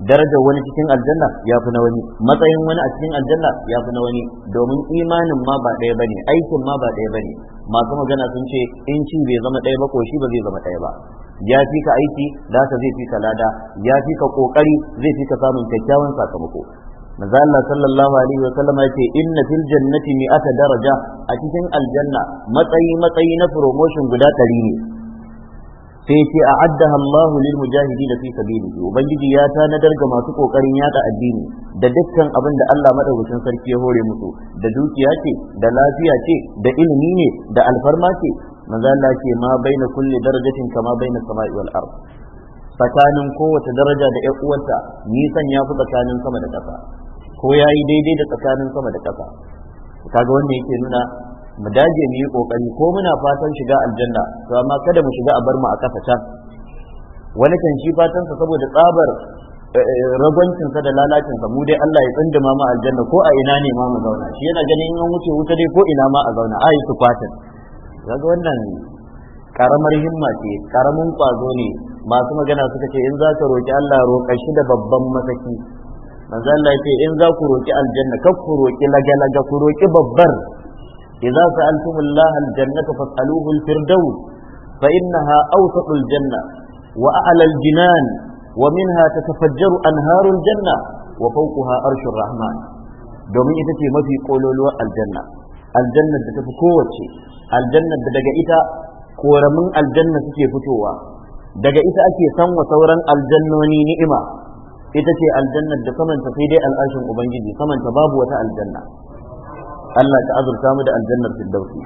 Daraja wani cikin aljanna ya fi na wani matsayin wani a cikin aljanna ya fi na wani domin imanin ma ba ɗaya bane aikin ma ba ɗaya bane masu magana sun ce in ci bai zama ɗaya ba ko shi ba zai zama ɗaya ba ya fi ka aiki da ka zai fi ka lada ya fi ka kokari zai fi ka samun kyakkyawan sakamako manzo Allah sallallahu alaihi wa sallam yace inna fil jannati mi'ata daraja a cikin aljanna matsayi matsayi na promotion guda 100 ne sai a adda Allahu lil da fi sabili ubangiji ya tanadar ga masu kokarin yada addini da dukkan abin da Allah madaukakin sarki ya hore musu da dukiya ce da lafiya ce da ilimi ne da alfarma ce manzo Allah ce ma baina kulli darajatin kama baina sama'i wal ard tsakanin kowace daraja da ƴan uwarta nisan ya fi tsakanin sama da ƙasa ko yayi daidai da tsakanin sama da ƙasa kaga wanda yake nuna mu dage mu yi kokari ko muna fatan shiga aljanna to amma kada mu shiga a bar mu a kasa can wani kan shi fatan sa saboda tsabar eh, eh, ragwancin sa da lalacin sa mu dai Allah ya ma mu aljanna ko a ina ne ma mu zauna shi yana ganin in wuce wuta dai ko ina ma a zauna yi su fatan kaga wannan karamar himma ce karamin kwazo ne masu magana suka ce in za ka roki Allah roƙa shi da babban masaki. manzo Allah ce in za ku roki aljanna ka ku roki lagalaga ku roki babbar idza sa'altumullaha aljannata fas'aluhu alfirdaus fa innaha awsaqul janna wa a'la aljinan wa minha tatafajjaru anharul janna wa fawqaha arshur rahman domin ita ce mafi kololuwar aljanna aljannar da fi kowace aljannar da daga ita koramin aljanna suke fitowa daga ita ake sanwa wa sauran aljannoni ni'ima ita ce aljannar da samanta sai dai al'ashin ubangiji samanta babu wata aljanna Allah ta azurta mu da aljannar firdausi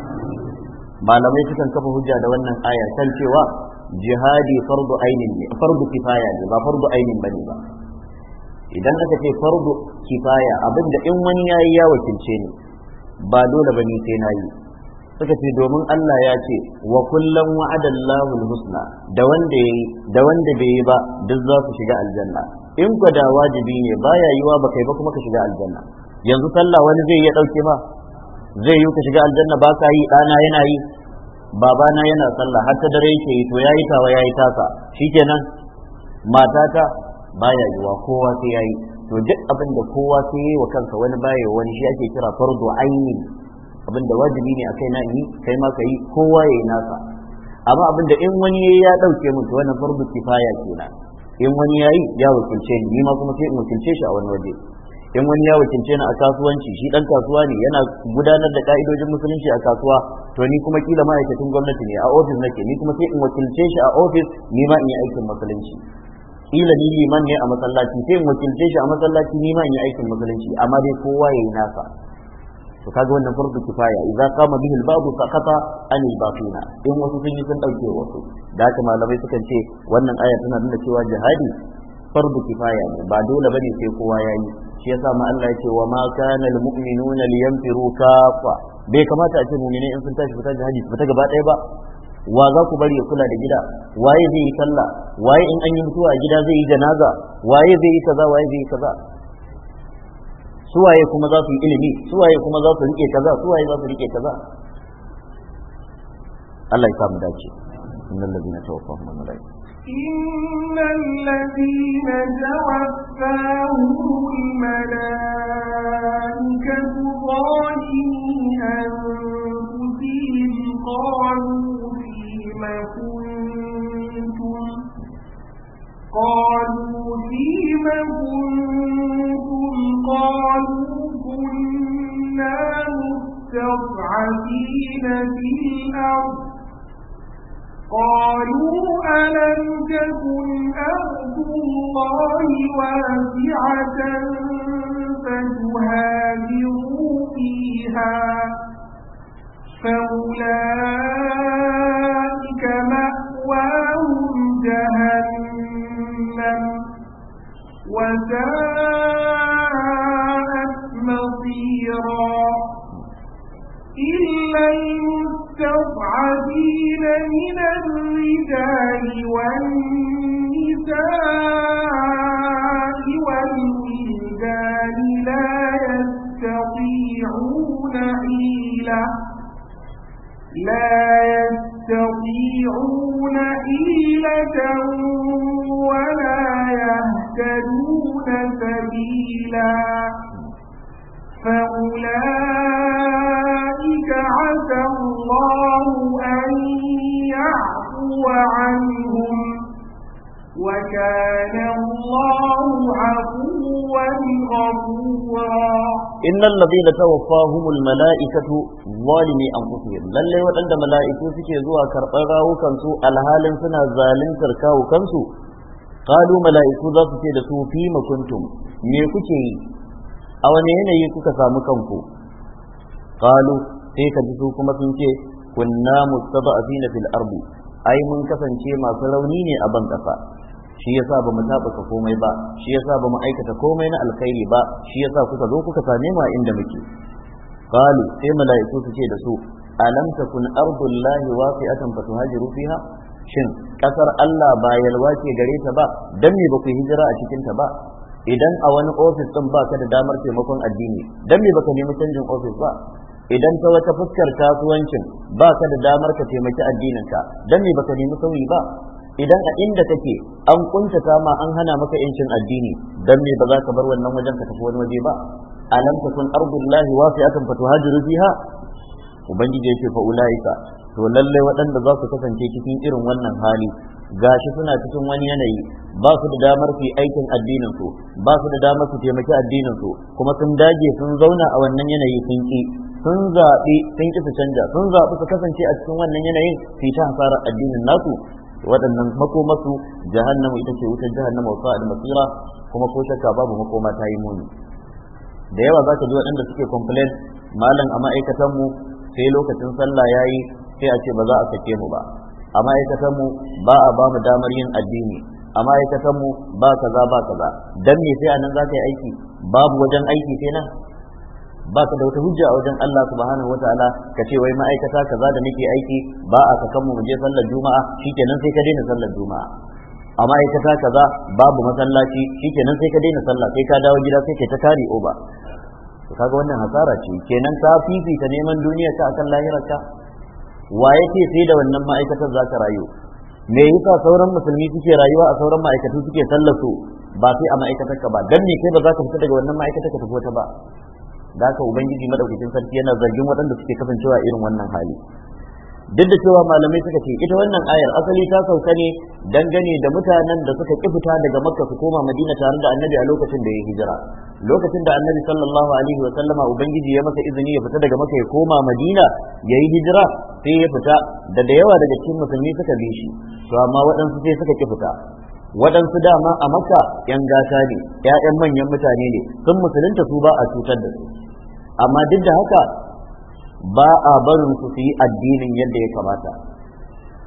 malamai sukan kafa hujja da wannan aya kan cewa jihadi fardu ainin ne fardu kifaya ne ba fardu ainin bane ba idan aka ce fardu kifaya abinda in wani yayi ya wakilce ne ba dole ba ni sai nayi suka ce domin Allah ya ce wa kullum wa'adallahu husna da wanda yayi da wanda bai yi ba duk za su shiga aljanna in gwada wajibi ne baya yiwa ba kai ba kuma ka shiga aljanna yanzu sallah wani zai iya ɗauke ba? zai yi ka shiga aljanna ba ka yi ɗana yana yi babana yana sallah har ta dare yake yi to yayi tawa yayi tasa shikenan matata baya yiwa kowa sai yayi to duk abin da kowa sai yi wa kansa wani baya wani shi ake kira fardu aini abin da wajibi ne akai na yi kai ma kai kowa yayi nasa amma abin da in wani yayi ya dauke mun to wannan fardu kifaya kenan in wani yayi ya wakilce ni ma kuma sai in wakilce shi a wani waje in wani ya wakilce ni a kasuwanci shi dan kasuwa ne yana gudanar da ka'idojin musulunci a kasuwa to ni kuma kila ma'aikacin gwamnati ne a ofis nake ni kuma sai in wakilce shi a ofis ni ma in yi aikin musulunci kila ni liman ne a masallaci sai in wakilce shi a masallaci ni ma in yi aikin musulunci amma dai kowa yayi nasa to kaga wannan farko kifaya idza qama bihi al-ba'd saqata an al-baqina in wasu sun yi sun dauke wasu da haka malamai sukan ce wannan aya tana nuna cewa jihadi fardu kifaya ne ba dole bane sai kowa yayi shi yasa ma Allah ya ce wa ma kana al mu'minuna liyanfiru kafa bai kamata a ce mu'mini in sun tashi fita jihadi su fita gaba daya ba wa za ku bari ya kula da gida waye zai yi sallah waye in an yi mutuwa a gida zai yi janaza waye zai yi kaza waye zai yi kaza suwaye kuma za su yi ilimi suwaye kuma za su rike kaza suwaye za su rike kaza Allah ya samu dace innal ladina tawaffahum al-malaikatu إن الذين tawaffahum الْمَلَائِكَةُ ظَالِمِي أَنفُسِهِمْ قَالُوا فِيمَ كُنتُمْ قَالُوا فِيمَ كُنتُمْ قَالُوا كُنَّا مُسْتَضْعَفِينَ فِي الْأَرْضِ قالوا فيما كنتم قالوا فيما كنتم قالوا كنا مستضعفين في الارض قالوا الم تكن أرض الله واسعة هاجروا فيها فأولئك مأواهم جهنم وساءت مصيرا إلا المستضعفين من الرجال والنساء لا يستطيعون حيلة ولا يهتدون سبيلا فأولئك عسى الله أن يعفو عنهم وكان الله عفوا غفورا In innal ladina tawaffahumul mala'ikatu zalimi anfusihim lalle waɗanda mala'iku suke zuwa karɓar rawukan alhalin suna zaluntar kawukan su qalu mala'iku za su ce da su fi kuntum me kuke yi a wani yanayi kuka samu kanku qalu sai ka ji su kuma sun ce kunna mustada'afina fil ardi ai mun kasance masu rauni ne a banƙafa. shi yasa ba mu taɓuka komai ba shi yasa ba mu aikata komai na alkhairi ba shi yasa kuka zo kuka same mu a inda muke qalu sai mala'iku su ce da su alam takun ardullahi waqi'atan fatuhajiru fiha shin kasar Allah ba yalwa ce gare ta ba dan me ba ku hijira a cikin ta ba idan a wani ofis din ba ka da damar taimakon addini dan me baka nemi canjin ofis ba idan ta wata fuskar kasuwancin ba ka da damar ka taimaki addinin ka dan me baka nemi sauyi ba idan a inda kake an kuntata ma an hana maka yancin addini dan me ba za ka bar wannan wajen ka tafi wani waje ba alam takun ardullahi wasi'atan fatuhajiru fiha ubangiji yake fa ulaika to lalle waɗanda za su kasance cikin irin wannan hali gashi suna cikin wani yanayi ba su da damar su aikin addinin su ba su da damar su taimaki addinin su kuma sun dage sun zauna a wannan yanayi sun ki sun zaɓi sun ki su canja sun zaɓi su kasance a cikin wannan yanayin su ta hasarar addinin nasu waɗannan makomasu jahannama ita ce wutar jahannama wa sa'ad masira kuma ko shakka babu makoma ta yi muni da yawa za ka ji waɗanda suke complain malam a ma'aikatan mu sai lokacin sallah yayi sai a ce ba za a sake mu ba a ma'aikatan mu ba a ba mu damar yin addini a ma'aikatan mu ba kaza ba kaza dan me sai anan za ka yi aiki babu wajen aiki sai nan ba ka da wata hujja a wajen Allah subhanahu ta'ala ka ce wai ma'aikata kaza da nake aiki ba a ka mu je sallar juma'a shikenan sai ka daina sallar juma'a a ma'aikata kaza babu masallaci shikenan sai ka daina sallah sai ka dawo gida sai ka ta kare oba to kaga wannan hasara ce kenan ka fifita neman duniya ka akan lahirarka wa yake sai da wannan ma'aikatar za ka rayu me yasa sauran musulmi suke rayuwa a sauran ma'aikatu suke sallar su ba sai a ma'aikatar ka ba dan ne kai ba za ka fita daga wannan ma'aikatar ka tafi wata ba da haka ubangiji madaukakin sarki yana zargin waɗanda suke kasancewa irin wannan hali duk da cewa malamai suka ce ita wannan ayar asali ta sauka ne dangane da mutanen da suka ƙi fita daga makka su koma madina tare da annabi a lokacin da ya hijira lokacin da annabi sallallahu alaihi wa sallama ubangiji ya masa izini ya fita daga makka ya koma madina ya yi hijira sai ya fita da da yawa daga cikin musulmi suka bi shi to amma waɗansu sai suka ƙi fita waɗansu dama a makka yan gata ne 'ya'yan manyan mutane ne sun musulunta su ba a cutar da su amma duk da haka ba a barin su su yi addinin yadda ya kamata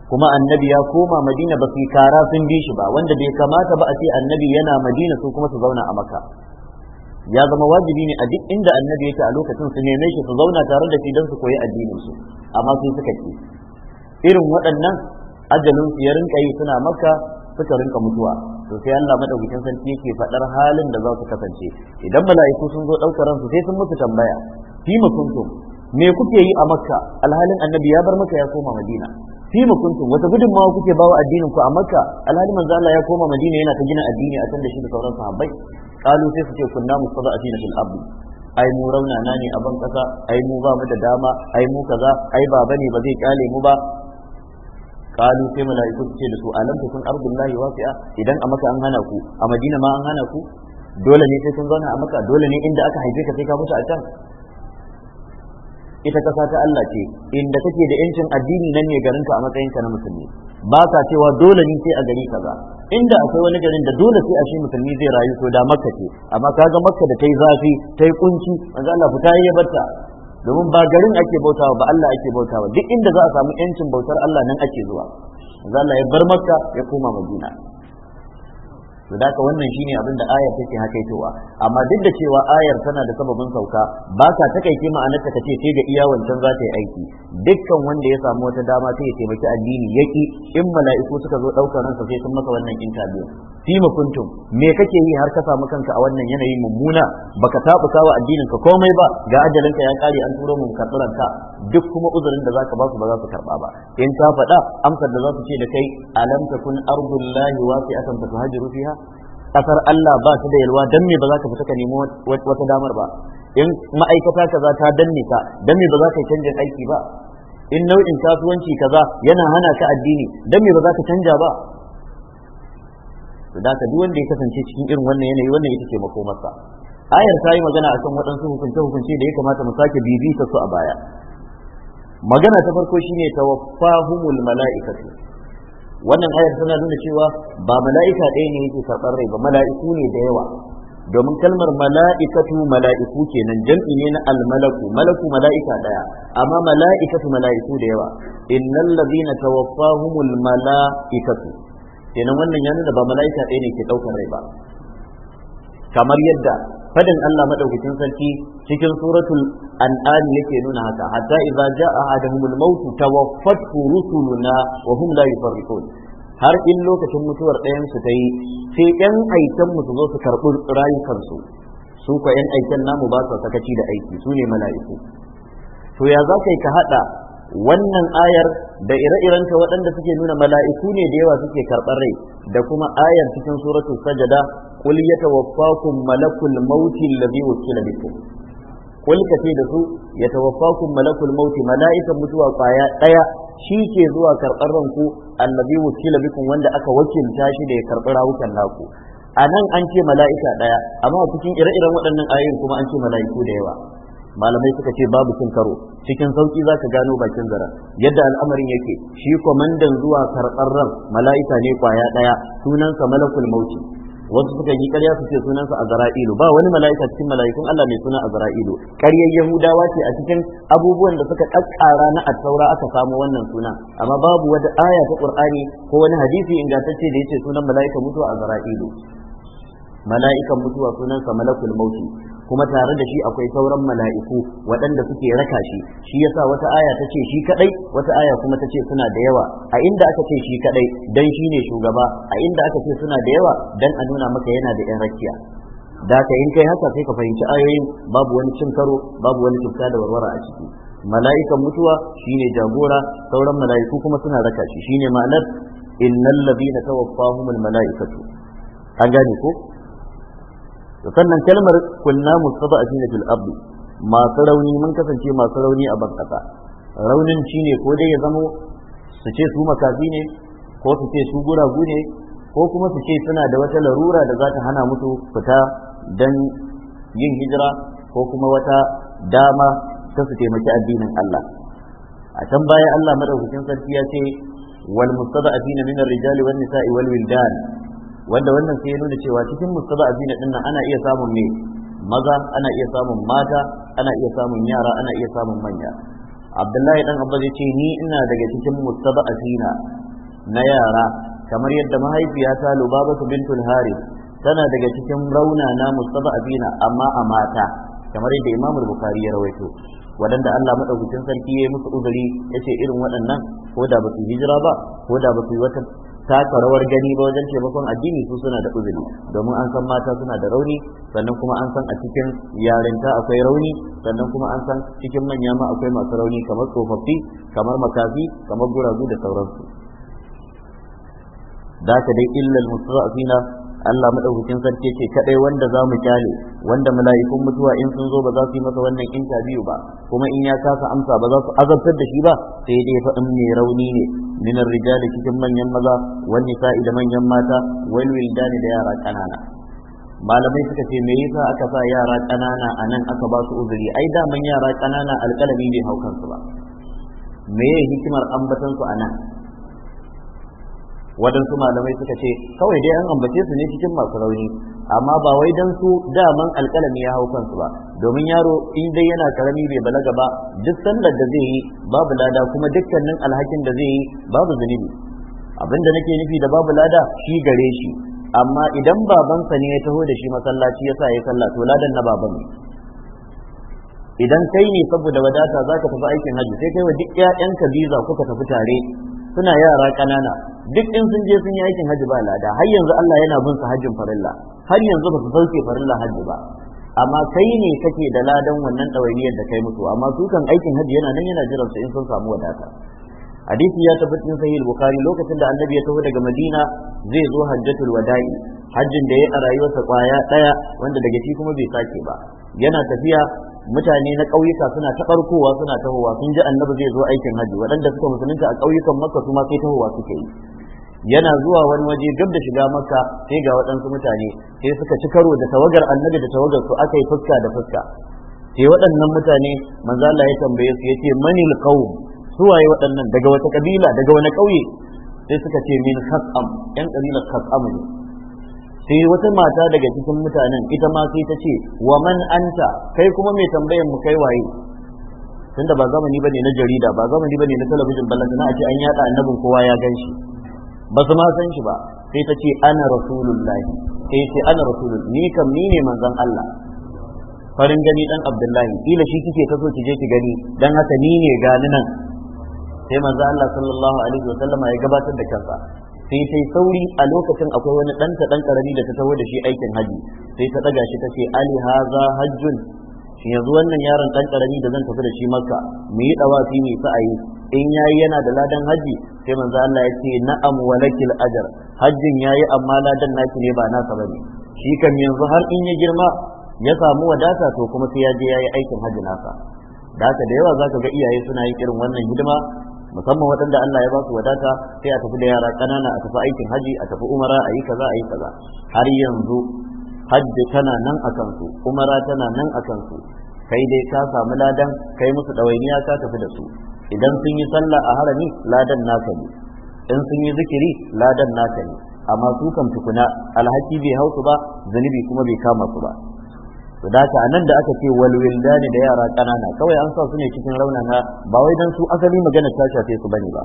kuma annabi ya koma madina ba su yi kara sun bi shi ba wanda bai kamata ba a ce annabi yana madina su kuma su zauna a maka ya zama wajibi ne a duk inda annabi yake a lokacin su neme shi su zauna tare da shi don su koyi addinin su amma sun suka ce irin waɗannan ajalin su ya rinka yi suna maka suka rinka mutuwa to sai Allah madaukakin sarki yake faɗar halin da za su kasance idan mala'iku sun zo ɗaukar ransu sai sun musu tambaya fi kuntum me kuke yi a makka alhalin annabi ya bar maka ya koma madina fi kuntum wata gudunmawa kuke bawa addinin ku a makka alhalin manzo Allah ya koma madina yana ta gina addini a can da shi da sauran sahabbai qalu sai su ce kunna a fil ardh ai mu na ne a ban kasa ai mu ba mu da dama ai mu kaza ai baba ne ba zai kyale mu ba qalu sai malaiku su ce da su alam takun ardullahi wasi'a idan a maka hana ku a madina ma an hana ku dole ne sai kun zauna a maka dole ne inda aka haife ka sai ka mutu a can ita kasa ta Allah ce inda kake da yancin addini nan ne garinka a matsayinka na musulmi ba ka cewa dole ni sai a gari kaza inda akwai wani garin da dole sai a shi musulmi zai rayu to da makka ce amma kaga makka da ta yi zafi ta yi kunci manzo Allah fita ya barta domin ba garin ake bautawa ba Allah ake bautawa duk inda za a samu yancin bautar Allah nan ake zuwa za Allah ya bar Makka ya koma Madina to da wannan shine abin da ayar take hakaitowa amma duk da cewa ayar tana da sababin sauka ba ka takaice ma'anar ta kace sai ga iya wancan za ta yi aiki dukkan wanda ya samu wata dama sai ya taimaki addini yaki in mala'iku suka zo daukar ransa sai sun maka wannan interview fima kuntum me kake yi har ka samu kanka a wannan yanayi mummuna baka taɓa sawa addinin ka komai ba ga ka ya kare an turo mu karɓar ka duk kuma uzurin da zaka ba su ba za su karba ba in ka faɗa amsar da za su ce da kai alam takun ardullahi wasi'atan fatuhajiru fiha kasar Allah ba su da yalwa dan me ba za ka fita ka nemo wata damar ba in ma'aikata kaza ta danne ka dan me ba za ka canja aiki ba in nau'in kasuwanci kaza yana hana ka addini dan me ba za ka canja ba to da duk wanda ya kasance cikin irin wannan yanayi wannan ita ce makomarsa ayar ta yi magana akan waɗansu hukunce hukunce da ya kamata mu sake bibita su a baya magana ta farko shine tawaffahumul mala'ikatu wannan ayar tana nuna cewa ba mala'ika ɗaya ne yake karɓar rai ba mala'iku ne da yawa domin kalmar mala'ikatu mala'iku kenan jam'i ne na almalaku malaku mala'ika daya amma mala'ikatu mala'iku da yawa innal ladina tawaffahumul mala'ikatu kenan wannan ya nuna ba mala'ika ɗaya ne ke ɗaukar rai ba kamar yadda fadin Allah madaukakin sarki cikin suratul an'am yake nuna haka hatta idza jaa ahaduhumul maut tawaffatu rusuluna wa hum la yufarriqun har in lokacin mutuwar ɗayan su ta yi sai ɗan aikan mu su zo su karɓi rayukan su su ko ɗan aikan namu ba su sakaci da aiki su ne mala'iku to ya za ka yi ka haɗa wannan ayar da ire-irenta waɗanda suke nuna mala'iku ne da yawa suke karɓar rai da kuma ayar cikin suratu sajada qul yatawaffakum malakul mauti allazi wukila bikum qul kace da su yatawaffakum malakul mauti mala'ikan mutuwa kwaya ɗaya shi ke zuwa karɓar ranku allazi wukila bikum wanda aka wakilta shi da ya karɓi rawukan naku a nan an ce mala'ika ɗaya amma cikin ire-iren waɗannan ayoyin kuma an ce mala'iku da yawa malamai suka ce babu cin karo cikin sauki za ka gano bakin zara yadda al'amarin yake shi kwamandan zuwa karɓar ran mala'ika ne kwaya ɗaya sunansa malakul mauti wasu suka yi ƙarya su ce sunansa azra'ilu ba wani mala'ika cikin mala'ikun Allah mai suna azra'ilu ƙaryar yahudawa ce a cikin abubuwan da suka rana na saura aka samo wannan suna amma babu wata aya ta qur'ani ko wani hadisi ingantacce da ce sunan mala'ika mutuwa azra'ilu mala'ikan mutuwa sunansa malakul mauti kuma tare da shi akwai sauran mala'iku waɗanda suke raka shi shi yasa wata aya ta ce shi kadai wata aya kuma ta ce suna da yawa a inda aka ce shi kadai dan shi ne shugaba a inda aka ce suna da yawa dan a nuna maka yana da yan rakiya da ka in kai haka sai ka fahimci ayoyin babu wani cin karo babu wani tufka da warwara a ciki mala'ikan mutuwa shine jagora sauran mala'iku kuma suna raka shi shine ma'anar innal ladina tawaffahumul mala'ikatu an gane ko to sannan kalmar kunna mustafa a fil abdi masu rauni mun kasance masu rauni a ban kasa raunin ne ko dai ya zamo su ce su makafi ne ko su ce su guragu ne ko kuma su ce suna da wata larura da za ta hana musu fita dan yin hijira ko kuma wata dama ta su taimaki addinin Allah a can baya Allah madaukakin sarki ya ce wal mustada'afina min ar-rijali wan nisa'i wal wildan wanda wannan sai ya nuna cewa cikin mustaba azina din nan ana iya samun me maza ana iya samun mata ana iya samun yara ana iya samun manya abdullahi dan abbas ya ce ni ina daga cikin mustaba azina na yara kamar yadda mahaifiyata lubabatu bintul harith tana daga cikin rauna na mustaba azina amma a mata kamar yadda imamul bukhari ya rawaito waɗanda Allah madaukakin sarki ya yi musu uzuri ya ce irin waɗannan ko da ba su hijira ba ko da ba su yi wata taka rawar gani ba wajen taimakon addini su suna da uzuri domin an san mata suna da rauni sannan kuma an san a cikin yarinta akwai rauni sannan kuma an san cikin manya ma akwai masu rauni kamar tsofaffi kamar makafi kamar guragu da sauransu da ka dai illal mustafa fina Allah madaukakin sarki ce kadai wanda za mu kyale wanda mala'ikun mutuwa in sun zo ba za su yi masa wannan interview ba kuma in ya kasa amsa ba za su azabtar da shi ba sai dai fa in mai rauni ne min ar-rijal cikin manyan maza wan nisa'i da manyan mata wal ne da yara kanana malamai suka ce me yasa aka sa yara kanana anan aka ba su uzuri ai da man yara kanana alƙalami bai haukansu ba me hikimar ambatan su anan waɗansu malamai suka ce kawai dai an ambace su ne cikin masu rauni amma ba wai dan su daman alƙalami ya hau kansu ba domin yaro in dai yana karami bai balaga ba duk sallar da zai yi babu lada kuma dukkanin alhakin da zai yi babu zunubi abin da nake nufi da babu lada shi gare shi amma idan babansa ne ya taho da shi masallaci ya sa ya sallah to ladan na baban ne idan kai ne saboda wadata za tafi aikin hajji sai kai wa duk 'ya'yanka biza kuka tafi tare suna yara kanana duk in sun je sun yi aikin hajji ba lada har yanzu Allah yana bin su hajjin farilla har yanzu ba su sauke farilla hajji ba amma kai ne kake da ladan wannan ɗawainiyar da kai musu amma su kan aikin hajji yana nan yana jiran su in sun samu wadata hadisi ya tafi sahih bukhari lokacin da annabi ya taho daga madina zai zo hajjatul wada'i hajjin da ya a rayuwarsa kwaya daya wanda daga shi kuma bai sake ba yana tafiya mutane na ƙauyuka suna ta ɓarkowa suna tahowa sun ji annabi zai zo aikin hajji waɗanda suka musulunta a ƙauyukan maka su ma sai tahowa suke yi yana zuwa wani waje gab da shiga makka sai ga waɗansu mutane sai suka ci karo da tawagar annabi da tawagar su aka yi fuska da fuska sai waɗannan mutane Manzala ya tambaye su yace manil qaum suwaye waɗannan daga wata kabila daga wani ƙauye sai suka ce min khasam yan kabilar khasam ne sai wata mata daga cikin mutanen ita ma sai ta ce wa man anta kai kuma mai tambayan mu kai waye tunda ba zamani bane na jarida ba zamani bane na talabijin ballanta na ce an yada annabin kowa ya gan shi ba su ma san shi ba sai ta ce ana rasulullahi sai ce ana rasulun ni kam ni ne manzon Allah farin gani dan Abdullahi kila shi kike ta so ki je ki gani dan haka ni ne gani nan sai manzo Allah sallallahu alaihi Wasallama ya gabatar da kansa sai ta sauri a lokacin akwai wani ɗanta ɗan ƙarami da ta taho da shi aikin haji sai ta ɗaga shi ta ce ali haza hajjun yanzu wannan yaron ɗan ƙarami da zan tafi da shi makka mu yi ɗawafi mai sa'ayi in yayi yana da ladan haji sai manzo Allah ya ce na'am walakil ajr hajjin yayi amma ladan naki ne ba nasa ba ne, shi kan yanzu har in ya girma ya samu wadata to kuma sai ya je yayi aikin haji nasa da haka da yawa zaka ga iyaye suna yin irin wannan hidima musamman waɗanda Allah ya ba su wadata sai a tafi da yara ƙanana a tafi aikin haji a tafi umara a yi kaza a yi kaza har yanzu hajji tana nan a kansu umara tana nan a kansu kai dai ka samu ladan kai musu ɗawainiya ka tafi da su idan sun yi sallah a harami ladan naka ne in sun yi zikiri ladan naka ne amma su kan tukuna alhaki bai hau su ba zunubi kuma bai kama su ba to da haka anan da aka ce wal wildani da yara kanana kawai an sa su ne cikin rauna na ba wai dan su asali magana ta shafe su bane ba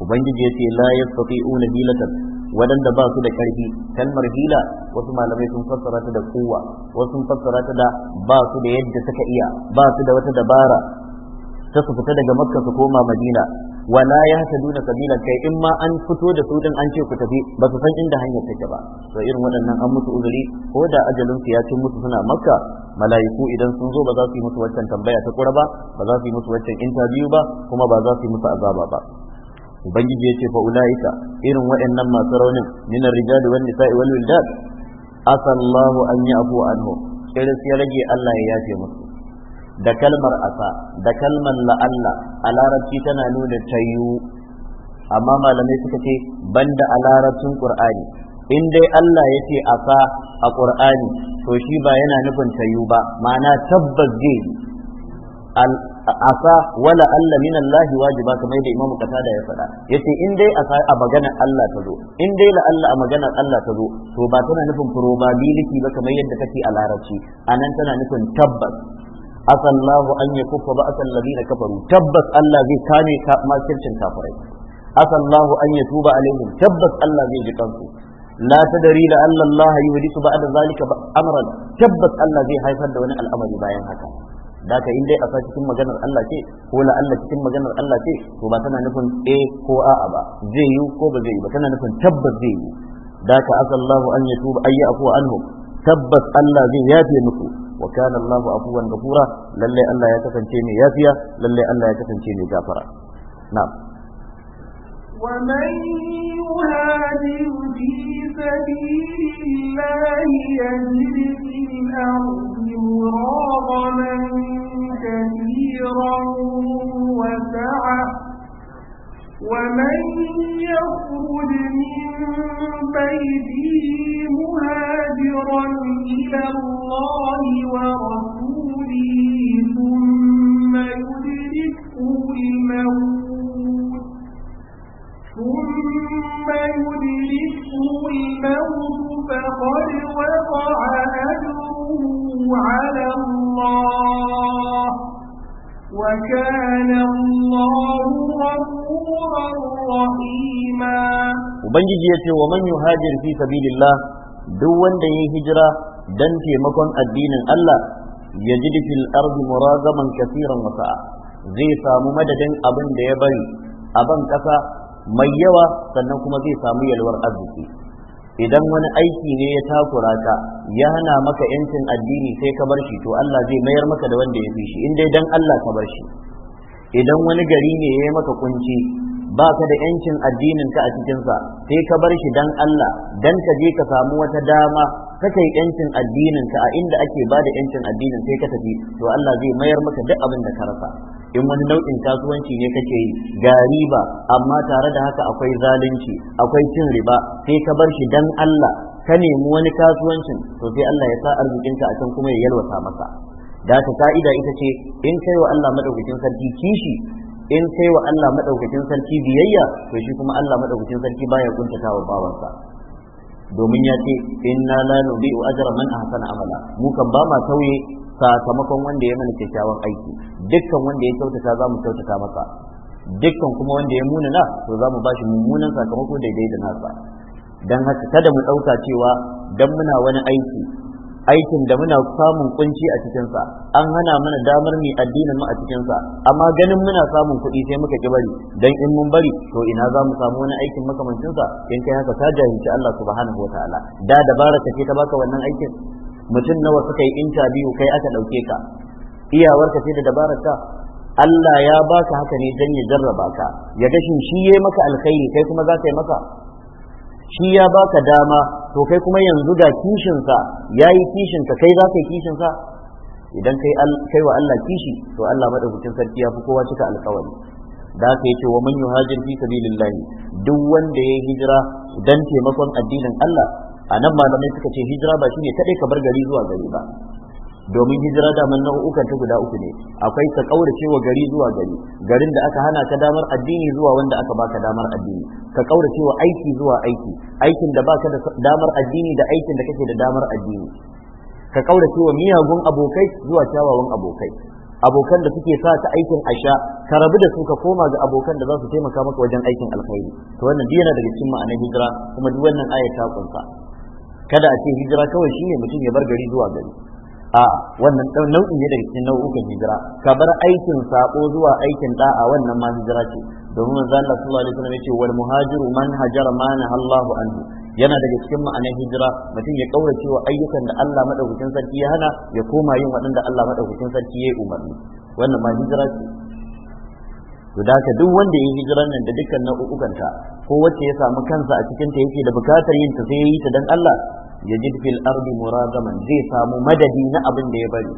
ubangiji ya yace la yastati'una hilatan wadanda ba su da karfi kalmar hila wasu malamai sun fassara ta da kowa wasu sun fassara ta da ba su da yadda suka iya ba su da wata dabara ta su fita daga makka su koma madina wala ya yahtaduna sabila kai in ma an fito da su din an ce ku tafi ba su san inda hanyar take ba to irin waɗannan an musu uzuri ko da ajalinsu ya cin musu suna maka mala'iku idan sun zo ba za su yi musu waccan tambaya ta kura ba ba za su yi musu waccan interview ba kuma ba za su yi musu azaba ba Bangiji ya ce fa ulaika irin waɗannan masu raunin min ar-rijali wan nisa'i wal wildad asallahu an ya'fu anhu sai ya rage Allah ya yafe musu da kalmar asa da kalmar la'alla a larabci tana nuna yiwu amma malamai suka ce banda a larabcin qur'ani in dai Allah ya ce asa a qur'ani to shi ba yana nufin yiwu ba ma'ana tabbas zai asa wala alla min Allah wajiba kamar yadda Imam Qatada ya faɗa yace in dai asa a maganar Allah ta zo in dai la'alla a maganar Allah ta zo to ba tana nufin probability ba kamar yadda kake a larabci anan tana nufin tabbas asallahu an yakuffa ba'sal ladina kafaru tabbas Allah zai kame makircin kafirai asallahu an tuba alaihim tabbas Allah zai ji kansu la ta dari da Allah su yuhdisu ba'da zalika amran tabbas Allah zai haifar da wani al'amari bayan haka daka in dai a cikin maganar Allah ce ko la Allah cikin maganar Allah ce to ba tana nufin a ko a'a ba zai yi ko ba zai yi ba tana nufin tabbas zai yi da ka asallahu an tuba ayya afu anhum tabbas Allah zai yafe muku wa kana Allahu afuwan ghafura lalle Allah ya kasance mai yafiya lallai Allah ya kasance mai gafara na'am ومن يهاجر في سبيل الله يجد في الأرض مراغما كثيرا وسعة ومن يخرج من بيته مهاجرا إلى الله ورسوله ثم يدركه الموت ثم يدركه الموت فقد وقع أجره على الله Ubangiji ya ce wa man yuhajir fi sabilillah duk wanda ya hijira dan taimakon addinin Allah ya ji fil ardi muragaman kasiran wasa'a zai samu madadin abin da ya bari a ban kasa mai yawa sannan kuma zai samu yalwar arziki idan wani aiki ne ya takura ka ya hana maka yancin addini sai ka bar shi to Allah zai mayar maka da wanda ya fi shi in dai dan Allah ka bar shi idan wani gari ne ya yi maka kunci ba ka da yancin addinin ka a cikinsa sai ka bar shi dan Allah dan ka je ka samu wata dama ka kai yancin addinin ka a inda ake ba da yancin addinin sai ka tafi to Allah zai mayar maka duk abin da ka rasa in wani nau'in kasuwanci ne kake yi ga riba amma tare da haka akwai zalunci akwai cin riba sai ka bar shi dan Allah ka nemi wani kasuwancin to sai Allah ya sa arzikinka a can kuma ya yalwata maka da ta ka'ida ita ce in kai wa Allah madaukakin sarki kishi in kai wa Allah madaukakin sarki biyayya to shi kuma Allah madaukakin sarki baya kuntata wa bawansa domin ya ce inna la nubi'u ajra man ahsana amala mu kan ba ma tauye sakamakon wanda ya mana kyakkyawan aiki dukkan wanda ya kyautata za mu kyautata masa dukkan kuma wanda ya munana to za mu ba shi mummunan sakamako daidai da nasa don haka kada mu ɗauka cewa don muna wani aiki aikin da muna samun kunci a cikinsa an hana mana damar mu addinin mu a cikinsa amma ganin muna samun kuɗi sai muka ki bari don in mun bari to ina za mu samu wani aikin makamancinsa in kai haka ta jahilci Allah subhanahu wataala da dabara ce ta baka wannan aikin mutum nawa suka yi interview kai aka ɗauke ka iyawarka ce da ka. Allah ya baka haka ne don ya jarraba ka ya ga shi shi yayi maka alkhairi kai kuma za ka yi maka shi ya baka dama to kai kuma yanzu ga kishinsa ya yi kishinka kai za ka yi ka idan kai kai wa Allah kishi to Allah madaukakin sarki ya fi kowa cika alkawari da ka yace wa man yuhajir fi sabilillah duk wanda ya hijira dan taimakon addinin Allah a nan malamai suka ce hijira ba shine kadai ka bar gari zuwa gari ba domin hijira da man nau'ukan ta guda uku ne akwai ta kaurace gari zuwa gari garin da aka hana ka damar addini zuwa wanda aka baka damar addini ka kaurace aiki zuwa aiki aikin da baka da damar addini da aikin da kake da damar addini ka kaurace miyagun abokai zuwa kyawawan abokai abokan da suke sa ta aikin asha ka rabu da su ka koma ga abokan da za su taimaka maka wajen aikin alkhairi to wannan duk yana daga cikin ma'anar hijira kuma duk wannan aya ta kunsa kada a ce hijira kawai shine mutum ya bar gari zuwa gari a wannan nau'in ne daga cikin nau'ukan hijira ka bar aikin sako zuwa aikin da'a wannan ma hijira ce domin manzo Allah sallallahu alaihi wasallam yace wal muhajiru man hajara ma Allahu anhu yana daga cikin ma'anar hijira mutum ya kaurace wa ayyukan da Allah madaukakin sarki ya hana ya koma yin waɗanda Allah madaukakin sarki ya yi umarni wannan ma hijira ce to da haka duk wanda ya yi hijiran nan da dukkan nau'ukanta ko wacce ya samu kansa a cikin ta yake da bukatar yin ta sai ya ta dan Allah yajid fil ardi muragaman zai samu madadi na abin da ya bari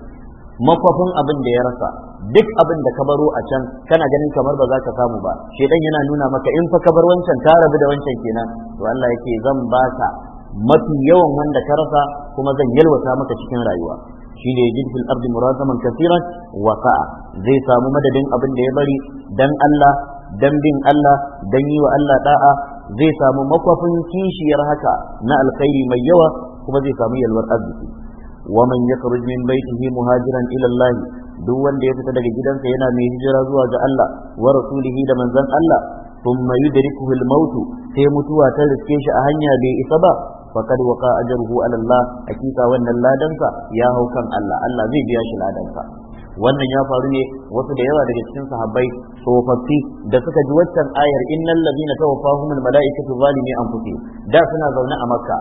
makwafin abin da ya rasa duk abin da ka baro a can kana ganin kamar ba za ka samu ba shedan yana nuna maka in fa ka bar wancan ta rabu da wancan kenan to Allah yake zan baka mafi yawan wanda ka rasa kuma zan yalwata maka cikin rayuwa Shi yajid fil ardi muragaman kaseeran wa zai samu madadin abin da ya bari dan Allah dan bin Allah dan yi wa Allah da'a zai samu makwafin kishiyar haka na alkhairi mai yawa kuma zai samu yalwar arziki wa man yakhruj min baytihi muhajiran ila Allah duk wanda ya fita daga gidansa yana mai hijira zuwa ga Allah wa rasulihi da manzon Allah thumma yudrikuhu al-maut sai mutuwa ta riske shi a hanya bai isa ba faqad waqa ajruhu ala Allah hakika wannan ladansa ya hau kan Allah Allah zai biya shi ladansa wannan ya faru ne wasu da yawa daga cikin sahabbai tsofaffi da suka ji waccan ayar innal ladina tawaffahumul malaikatu zalimi anfusihim da suna zaune a makka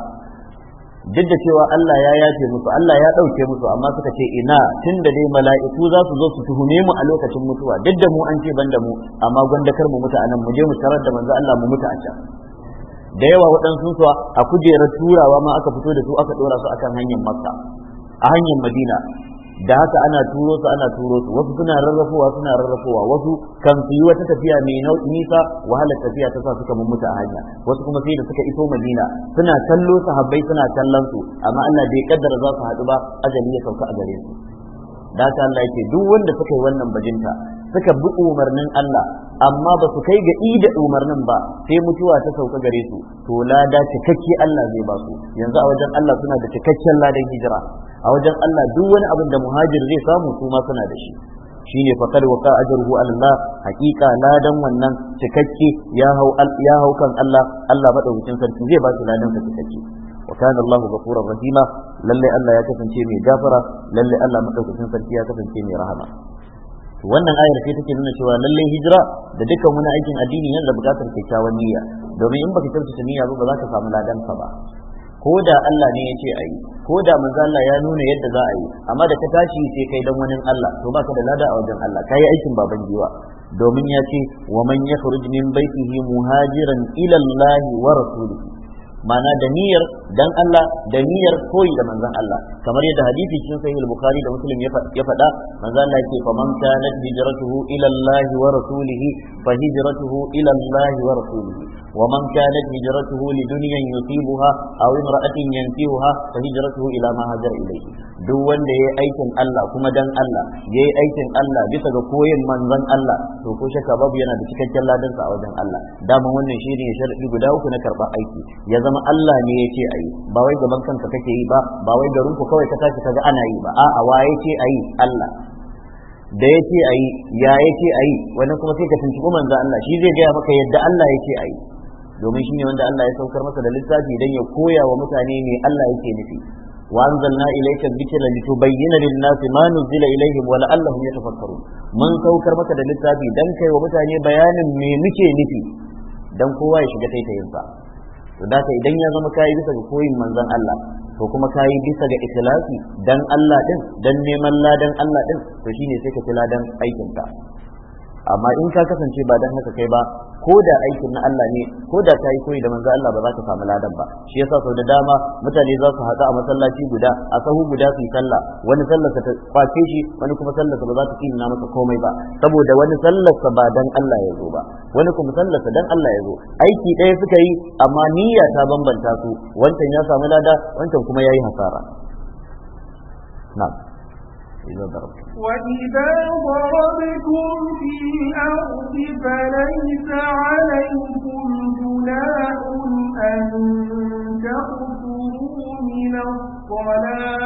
duk da cewa Allah ya yace musu Allah ya ɗauke musu amma suka ce ina tun da dai mala'iku za su zo su tuhume mu a lokacin mutuwa duk da mu an ce ban mu amma gwanda mu mutu anan mu je mu tarar da manzo Allah mu mutu a can da yawa waɗansu su a kujerar turawa ma aka fito da su aka ɗora su akan hanyar makka a hanyar madina da haka ana turo su ana turo su wasu suna rarrafowa suna rarrafowa wasu kan su yi wata tafiya mai nau'i nisa wahalar tafiya ta sa suka mummuta a hanya wasu kuma sai da suka iso madina suna kallo sahabbai suna kallon su amma Allah bai kaddara za su haɗu ba ajali ya sauka a gare su da haka Allah yake duk wanda suka yi wannan bajinta suka bi umarnin Allah amma ba su kai ga ida umarnin ba sai mutuwa ta sauka gare su to lada cikakke Allah zai ba su yanzu a wajen Allah suna da cikakken ladan hijira a wajen Allah duk wani abin da muhajir zai samu su ma suna da shi shine fa kal waqa ajruhu Allah haqiqa ladan wannan cikakke ya hau ya hau kan Allah Allah madaukakin sarki zai ba su ladan cikakke wa kana Allahu ghafurur rahima lalle Allah ya kasance mai gafara lallai Allah madaukakin sarki ya kasance mai rahama wannan ayar ce take nuna cewa lallai hijira da dukkan wani aikin addini yana da bukatar kyakkyawan niyya domin in baka kyautata niyya ba ba za ka samu ladan ba ko da Allah ne ya ce a yi ko da manzo Allah ya nuna yadda za a yi amma da ka tashi sai kai dan wani Allah to baka da lada a wajen Allah kai aikin baban giwa domin ya ce wa man yakhruj min baitihi muhajiran ila Allah wa rasulihi mana da niyyar dan Allah da niyyar koyi da manzon Allah kamar yadda hadisi cikin sahih al-bukhari da muslim ya faɗa manzon Allah yake fa man kanat hijratuhu ila Allah wa rasulihi fa hijratuhu ila Allah wa rasulihi ومن كانت هجرته لدنيا يصيبها أو امرأة ينسيها فهجرته إلى ما هاجر إليه duk wanda ya yi aikin Allah kuma dan Allah ya yi aikin Allah bisa ga koyin manzon Allah to ko shakka babu yana da cikakken ladan sa a wajen Allah dama wannan shine ya sharadi guda uku na karba aiki ya zama Allah ne ya ce ayi ba wai gaban kanka kake yi ba ba wai garin ku kawai ka tashi kaga ana yi ba a'a waye ce ayi Allah da ya ce ayi ya ya ce ayi wannan kuma sai ka tuntuɓi manzon Allah shi zai gaya maka yadda Allah ya ce ayi domin shine wanda Allah ya saukar masa da littafi dan ya koya wa mutane ne Allah yake nufi wa anzalna ilayka dhikra litubayyana lin-nasi ma nuzila ilayhim wa la'allahum yatafakkarun mun saukar maka da littafi dan kai wa mutane bayanin me muke nufi dan kowa ya shiga taitayin sa da idan ya zama kai bisa ga koyin manzon Allah to kuma kayi bisa ga ikhlasi dan Allah ɗin dan neman ladan Allah ɗin to shine sai ka kula dan aikin amma in ka kasance ba dan haka kai ba ko da aikin na Allah ne ko da kai koyi da manzo Allah ba za ka samu ladan ba shi yasa sau da dama mutane za su haɗu a masallaci guda a sahu guda su yi sallah wani sallar ta kwace shi wani kuma sallar ba za ta na masa komai ba saboda wani sa ba dan Allah ya zo ba wani kuma sallarsa dan Allah ya zo aiki ɗaya suka yi amma niyya ta bambanta su wancan ya samu lada wancan kuma yi hasara na'am ila وإذا ضربتم في الأرض فليس عليكم جناح أن تقصروا من الصلاة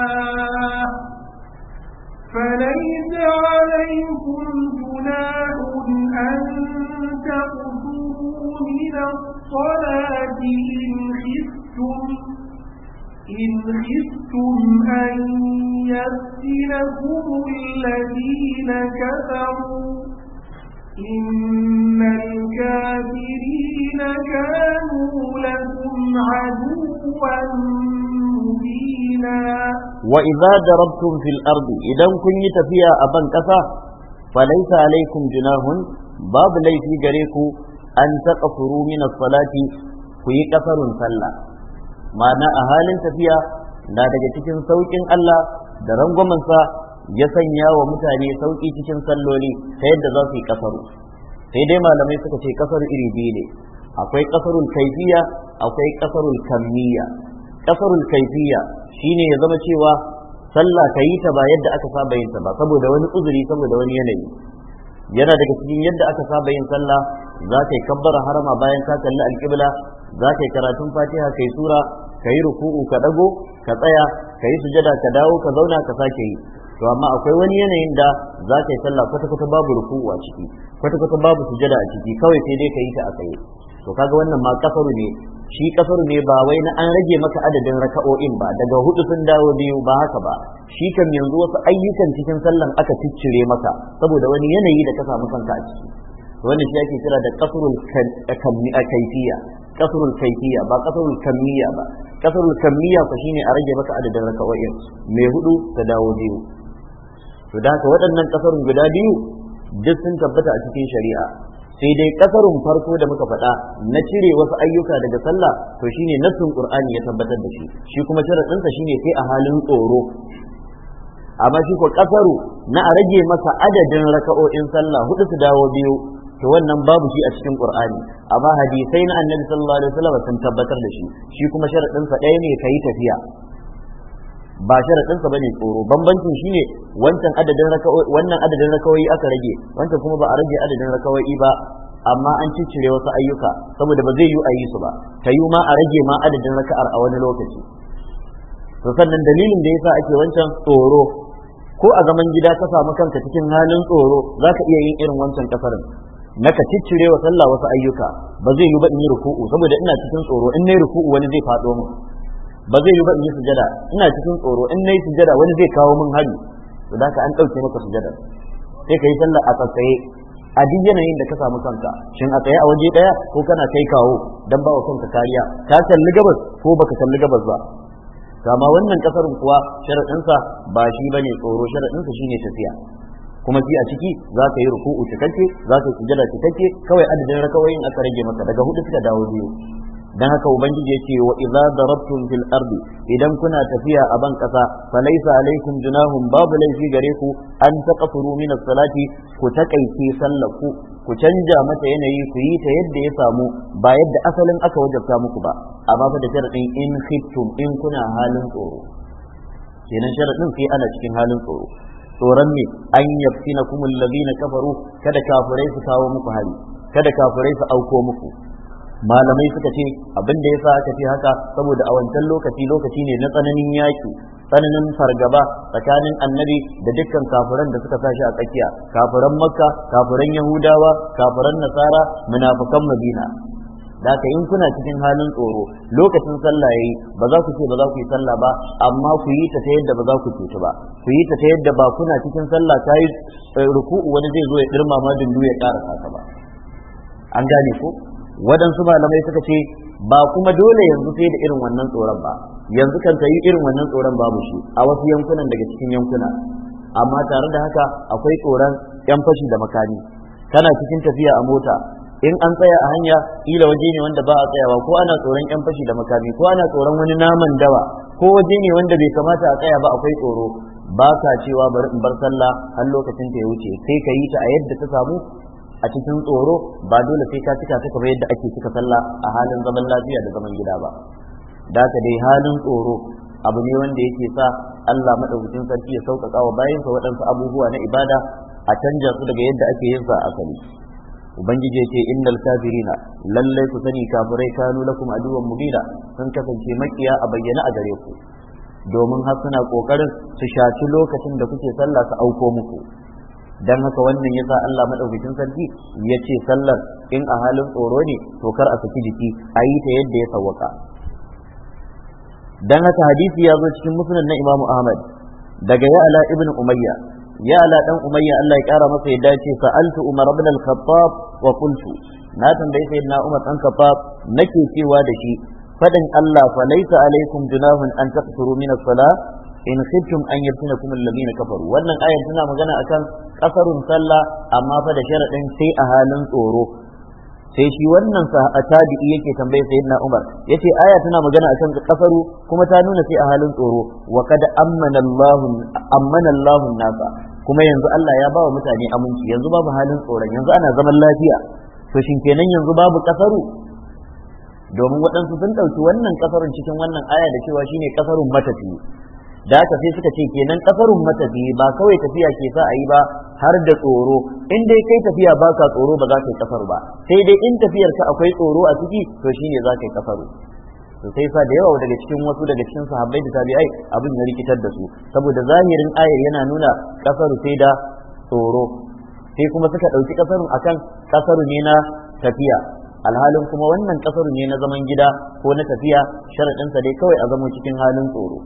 فليس عليكم جناح أن تقصروا من الصلاة إن خفتم إن خفتم أن يفتنكم الذين كفروا إن الكافرين كانوا لكم عدوا مبينا وإذا ضربتم في الأرض إذا كنت فيها أبا كفى فليس عليكم جناح باب ليس جريكم أن تقصروا من الصلاة في كفر صلى ma'ana a halin tafiya na daga cikin sauƙin Allah da rangwamansa ya sanya wa mutane sauƙi cikin salloli ta yadda za su yi kasaru sai dai malamai suka ce kasaru iri biyu ne akwai kasarul kaifiya akwai kasarul kammiya kasarul kaifiya shine ya zama cewa sallah ka yi ta ba yadda aka saba yin ta ba saboda wani uzuri saboda wani yanayi yana daga cikin yadda aka saba yin sallah za ka yi kabbara harama bayan ka kalli alƙibla za ka yi karatun fatiha kai sura ka yi ruku'u ka dago ka tsaya ka yi sujada ka dawo ka zauna ka sake yi to amma akwai wani yanayin da za ka yi sallah kwata kwata babu ruku'u a ciki kwata kwata babu sujada a ciki kawai sai dai ka yi ta a tsaye to kaga wannan ma kafaru ne shi kafaru ne ba wai na an rage maka adadin raka'o'in ba daga hudu sun dawo biyu ba haka ba shi kan yanzu wasu ayyukan cikin sallan aka ciccire maka saboda wani yanayi da ka samu kanka a ciki wannan shi ake kira da kasrul kaifiya kasrul kaifiya ba kasrul kamiyya ba kasarul kamiyya ku shine a rage maka adadin raka'o'in mai hudu ta dawo biyu to da haka waɗannan kasarun guda biyu duk sun tabbata a cikin shari'a sai dai kasarun farko da muka faɗa na cire wasu ayyuka daga sallah to shine nassun qur'ani ya tabbatar da shi shi kuma cire sharaɗinsa shine sai a halin tsoro amma shi ko kasaru na a rage masa adadin raka'o'in sallah hudu su dawo biyu to wannan babu shi a cikin qur'ani amma hadisai na annabi sallallahu alaihi wasallam sun tabbatar da shi shi kuma sharadin sa ɗaya ne kai tafiya ba sharadin sa bane tsoro bambancin shine wancan adadin wannan adadin rakawai aka rage wancan kuma ba a rage adadin rakawai ba amma an ciccire wasu ayyuka saboda ba zai yi a yi su ba ta yi ma a rage ma adadin raka'ar a wani lokaci to sannan dalilin da yasa ake wancan tsoro ko a zaman gida ka samu kanka cikin halin tsoro za ka iya yin irin wancan kasarin na ka ciccire wa sallah wasu ayyuka ba zai yi ba in yi ruku'u saboda ina cikin tsoro in nayi ruku'u wani zai faɗo min ba zai yi ba in yi sujada ina cikin tsoro in nayi sujada wani zai kawo min hari to da an ɗauke maka sujada sai ka yi sallah a tsaye a duk yanayin da ka samu kanka shin a tsaye a waje daya ko kana kai kawo dan ba wa kanka kariya ka kalli gabas ko baka kalli gabas ba kama wannan kasar kuwa sharaɗinsa ba shi bane tsoro sharaɗinsa shine tafiya kuma shi a ciki za ka yi ruku'u cikakke za ka yi sujada cikakke kawai adadin rakawoyin aka rage maka daga hudu suka dawo biyu dan haka ubangiji ce wa idza darabtum fil ardi idan kuna tafiya a ban kasa falaysa alaikum junahum babu laifi gare ku an taqfuru min as-salati ku takaice sallaku ku canja mata yanayi ku yi ta yadda ya samu ba yadda asalin aka wajabta muku ba amma fa da sharadin in khiftum in kuna halin tsoro kenan sharadin sai ana cikin halin tsoro tsoron ne an kuma kumul na kafaru kada kafirai su kawo muku hari kada kafirai su auko muku malamai suka ce abin da sa aka ce haka saboda a wancan lokaci lokaci ne na tsananin yaki tsananin fargaba tsakanin annabi da dukkan kafiran da suka tashi a tsakiya kafiran makka kafiran yahudawa kafiran nasara munafukan madina da haka in kuna cikin halin tsoro lokacin sallah yayi ba za ku ce ba za ku yi sallah ba amma ku yi ta ta yadda ba za ku ta ba ku yi ta ta yadda ba kuna cikin sallah ta yi eh, ruku'u wani zai zo ya dirma ma dundu ya ƙara sata ba an gane ko waɗansu malamai suka ce ba kuma dole yanzu sai da irin wannan tsoron ba yanzu kan ta yi irin wannan tsoron babu shi a wasu yankunan daga cikin yankuna amma tare da haka akwai tsoron yan fashi da makami kana cikin tafiya a mota in an tsaya a hanya kila waje ne wanda ba a tsayawa ko ana tsoron yan fashi da makami ko ana tsoron wani naman dawa ko waje ne wanda bai kamata a tsaya ba akwai tsoro ba ka cewa bari in bar sallah har lokacin ta ya wuce sai ka yi ta a yadda ta samu a cikin tsoro ba dole sai ka cika ta kamar yadda ake cika sallah a halin zaman lafiya da zaman gida ba da ka dai halin tsoro abu ne wanda yake sa Allah madaukakin sarki ya sauƙaƙa wa bayinsa waɗansu abubuwa na ibada a canja su daga yadda ake yin sa asali ubangiji ce innal kafirina lallai ku sani kafirai kanu lakum aduwwan mubina sun kasance makiya a bayyana a gare ku domin har suna kokarin su shaci lokacin da kuke sallah su auko muku dan haka wannan yasa Allah madaukakin sarki ya ce sallar in a halin tsoro ne to kar a saki jiki a yi ta yadda ya sawwaka dan haka hadisi ya zo cikin musnad na Imam Ahmad daga Ya'la ibn Umayya Yala ɗan dan umayya Allah ya kara masa yadda ce sa'altu umar ibn al-khattab wa qultu na tambayi sayyidina umar dan kabbab nake cewa da shi faɗin Allah fa alaikum junahun an taqsuru min as-salah in khiftum an yaftinakum alladhina kafaru wannan ayar suna magana akan kasarun sallah amma fa da sharadin sai a halin tsoro sai shi wannan tabi'i yake tambaye Na'umar Umar ce aya tana magana akan kasaru kuma ta nuna sai a halin tsoro wa kad ammana Allahu nasa kuma yanzu Allah ya ba wa mutane aminci yanzu babu halin tsoron yanzu ana zaman lafiya to shin kenan yanzu babu kasaru domin waɗansu sun ɗauki wannan kasarun cikin wannan aya da cewa shine kasarun matafi da aka sai suka ce kenan kafarun matafi ba kawai tafiya ke sa a yi ba har da tsoro in dai kai tafiya ba ka tsoro ba za ka yi kafar ba sai dai in tafiyar ka akwai tsoro a ciki to shi ne za ka yi kafaru to sai sa da yawa daga cikin wasu daga cikin sahabbai da tabi'ai abin ya rikitar da su saboda zahirin ayar yana nuna kafaru sai da tsoro sai kuma suka ɗauki kafarun akan kasaru ne na tafiya alhalin kuma wannan kasaru ne na zaman gida ko na tafiya sharaɗinsa dai kawai a zama cikin halin tsoro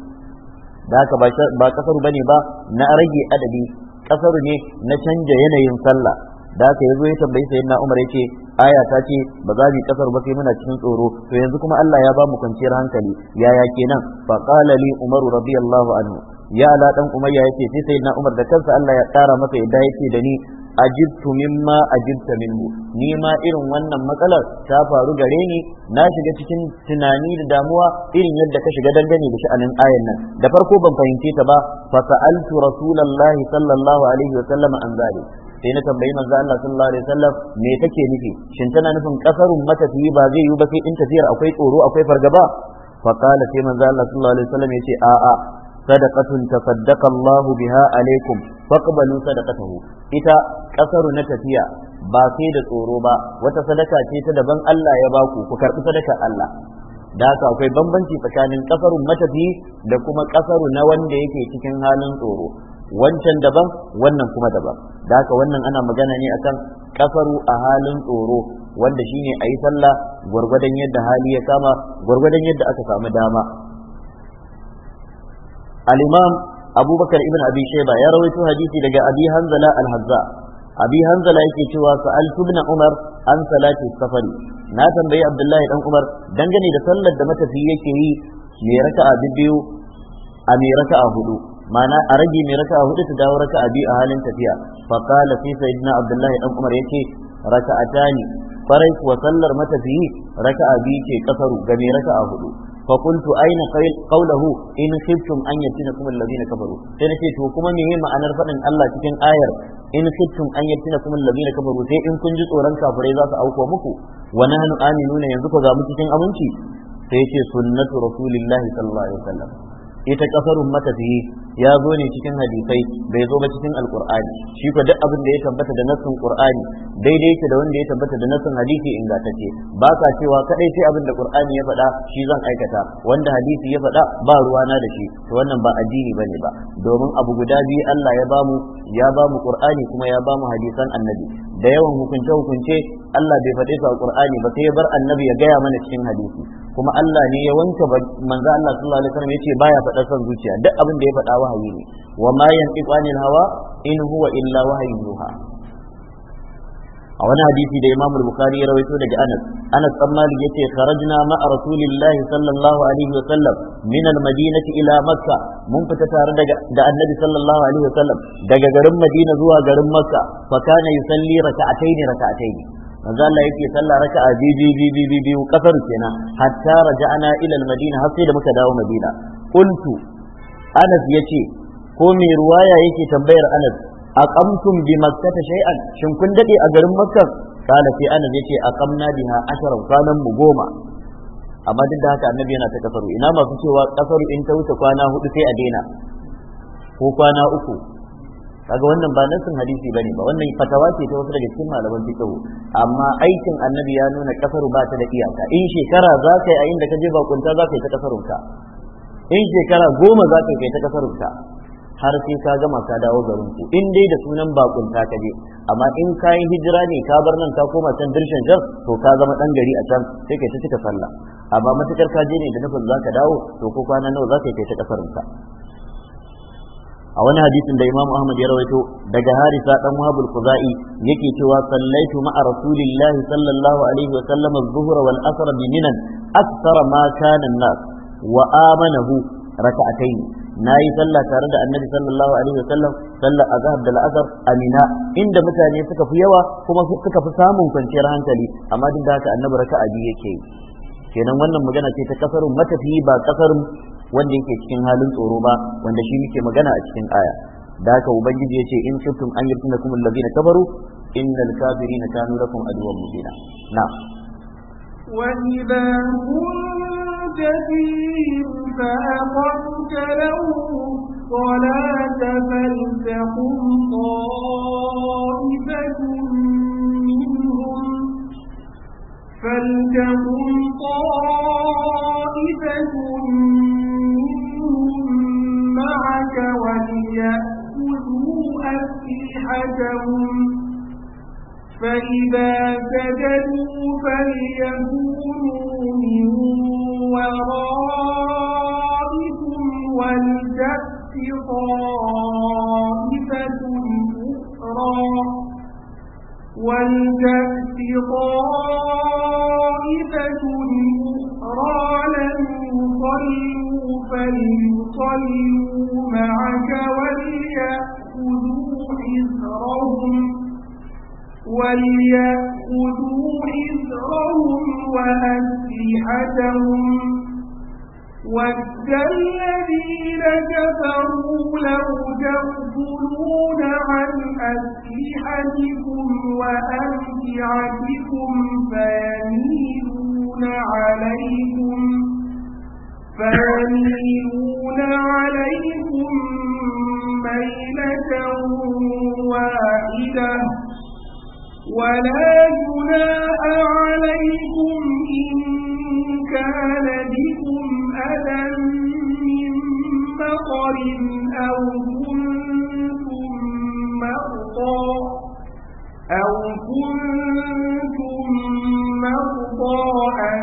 da haka ba kasar bane ba na rage adadi kasar ne na canja yanayin sallah da haka yazo ya tambayi na, Umar ce aya ta ce ba za mu kasar ba sai muna cikin tsoro to yanzu kuma Allah ya ba mu kwanciyar hankali yaya kenan fa qala li Umar radiyallahu anhu ya ala dan umayya yake sai na, Umar da kansa Allah ya kara masa yadda yace da ni ajibtu mimma ajibta minhu ni ma irin wannan matsalar ta faru gare ni na shiga cikin tunani da damuwa irin yadda ka shiga dangane da sha'anin ayan nan da farko ban fahimce ta ba fa sa'altu rasulullahi sallallahu alaihi wa sallam an sai na tambayi manzo Allah sallallahu alaihi wasallam me take nufi shin tana nufin kasarun matafiyi ba zai yi ba sai in tafiyar akwai tsoro akwai fargaba fa qala sai manzo Allah sallallahu alaihi wasallam yace a a sadaqatun tasaddaqa biha alaikum faqbalu sadaqatahu ita kasaru na tafiya ba sai da tsoro ba wata sadaka ce ta daban Allah ya baku ku karbi sadaka Allah da haka akwai bambanci tsakanin kasarun matafi da kuma kasaru na wanda yake cikin halin tsoro wancan daban wannan kuma daban da haka wannan ana magana ne akan kasaru a halin tsoro wanda shine a yi sallah gwargwadon yadda hali ya kama gwargwadon yadda aka samu dama al-imam abubakar ibn abi shayba ya rawaito hadisi daga abi hanzala al-hazza abi hanzala yake cewa sa'al ibn umar an salati safari na tambayi abdullahi dan umar dangane da sallar da matafi yake yi me raka'a biyu a me raka'a hudu ma'ana a rage me raka'a hudu ta dawo raka'a biyu a halin tafiya fa qala sai sayyidina abdullahi dan umar yake raka'atani farai kuwa sallar matafiyi raka'a biyu ke kasaru ga me raka'a hudu فقلت أين قوله إن خفتم أن يفتنكم الذين كفروا سنتي تو كما مي معنى فدن الله cikin ayar in khiftum an yaftinakum alladhina kafaru sai in kun ji tsoron kafirai za su auko muku hannu Aminu na yanzu ko za mu cikin aminci sai yace sunnatu rasulillahi ita ummata matafiyi ya zo ne cikin hadisai bai zo ba cikin alkur'ani shi ko duk abin da ya tabbata da nassin qur'ani daidai yake da wanda ya tabbata da nassin hadisi ingantacce ba ka cewa kadai sai abin da qur'ani ya faɗa shi zan aikata wanda hadisi ya faɗa ba ruwana da shi to wannan ba addini bane ba domin abu guda biyu Allah ya bamu ya bamu qur'ani kuma ya bamu hadisan annabi da yawan hukunce hukunce Allah bai faɗe su a qur'ani ba sai ya bar annabi ya gaya mana cikin hadisi kuma Allah ne ya wanke manzo Allah sallallahu alaihi wasallam yace baya faɗa son zuciya duk abin da ya faɗa wahayi ne wa ma yantiqu anil hawa in huwa illa wahayun yuha a wani hadisi da Imam Bukhari ya rawaito daga Anas Anas dan Malik yace kharajna ma Rasulillah sallallahu alaihi wa sallam min al-Madinati ila Makka mun fita tare daga da Annabi sallallahu alaihi wa sallam daga garin Madina zuwa garin Makka fa kana yusalli raka'ataini raka'ataini manzo Allah yake sallah raka'a bi bi bi bi kasar kenan hatta raja'ana ila al-madina har sai da muka dawo madina qultu Anas yace ko mai ruwaya yake tambayar Anas aqamtum bi makkah shay'an shin kun dade a garin makkah kana sai Anas yace aqamna biha ashara kwanan mu goma amma duk da haka annabi yana ta kafaru ina masu cewa kasar in ta wuce kwana hudu sai a daina ko kwana uku kaga wannan ba nasin hadisi bane ba wannan fatawa ce ta wasu daga cikin malaman fiqh amma aikin annabi ya nuna kafaru ba ta da iyaka in shekara za ka yi a inda ka je kunta za ka yi ta ka, in shekara goma za ka yi ta ka, har sai ka gama ka dawo garin ku in dai da sunan bakunta ka je amma in ka yi hijira ne ka bar nan ka koma can dirshin jar to ka zama dan gari a can sai kai ta cika sallah amma matukar ka je ne da nufin za ka dawo to ko kwana nawa za ka yi ta ka. a wani hadisin da Imam Ahmad ya rawaito daga Harisa dan Wahabul Quzai yake cewa sallaitu ma'a rasulillahi sallallahu alaihi wa sallam az-zuhr wal asr bi akthar ma kana an-nas wa amanahu rak'atayn nayi sallah tare da Annabi sallallahu alaihi wa sallam sallar azhar da al'azhar amina inda mutane suka fi yawa kuma suka fi samun kwanciyar hankali amma duk da haka Annabi raka'a biyu yake kenan wannan magana ce ta kasarun matafi ba kasarun wanda yake cikin halin tsoro ba wanda shi muke magana a cikin aya da haka ubangiji ya ce in kuntum an yirtuna kum allazina kabaru innal kafirina kanu lakum aduwwan mubina na wa idha kuntum fihim طائفة منهم فلتقم طائفة معك وليأخذوا أسلحتهم فإذا سجدوا فليكونوا من ورائكم ولتأت طائفة أخرى ولتأت طائفة أخرى أخرى لم يصلوا فليصلوا معك وليأخذوا حذرهم وأسلحتهم ود الذين كفروا لو تغفلون عن أسلحتكم وأمتعتكم فيميلون يَتَلَاوْنَ عَلَيْكُمْ فَيَمِيلُونَ عَلَيْكُمْ مَيْلَةً وَاحِدَةً وَلَا جناء عَلَيْكُمْ إِن كَانَ بِكُمْ أَذًى مِّن مَّطَرٍ أَوْ كُنتُم مَّرْضَىٰ أو كنتم مرضى أن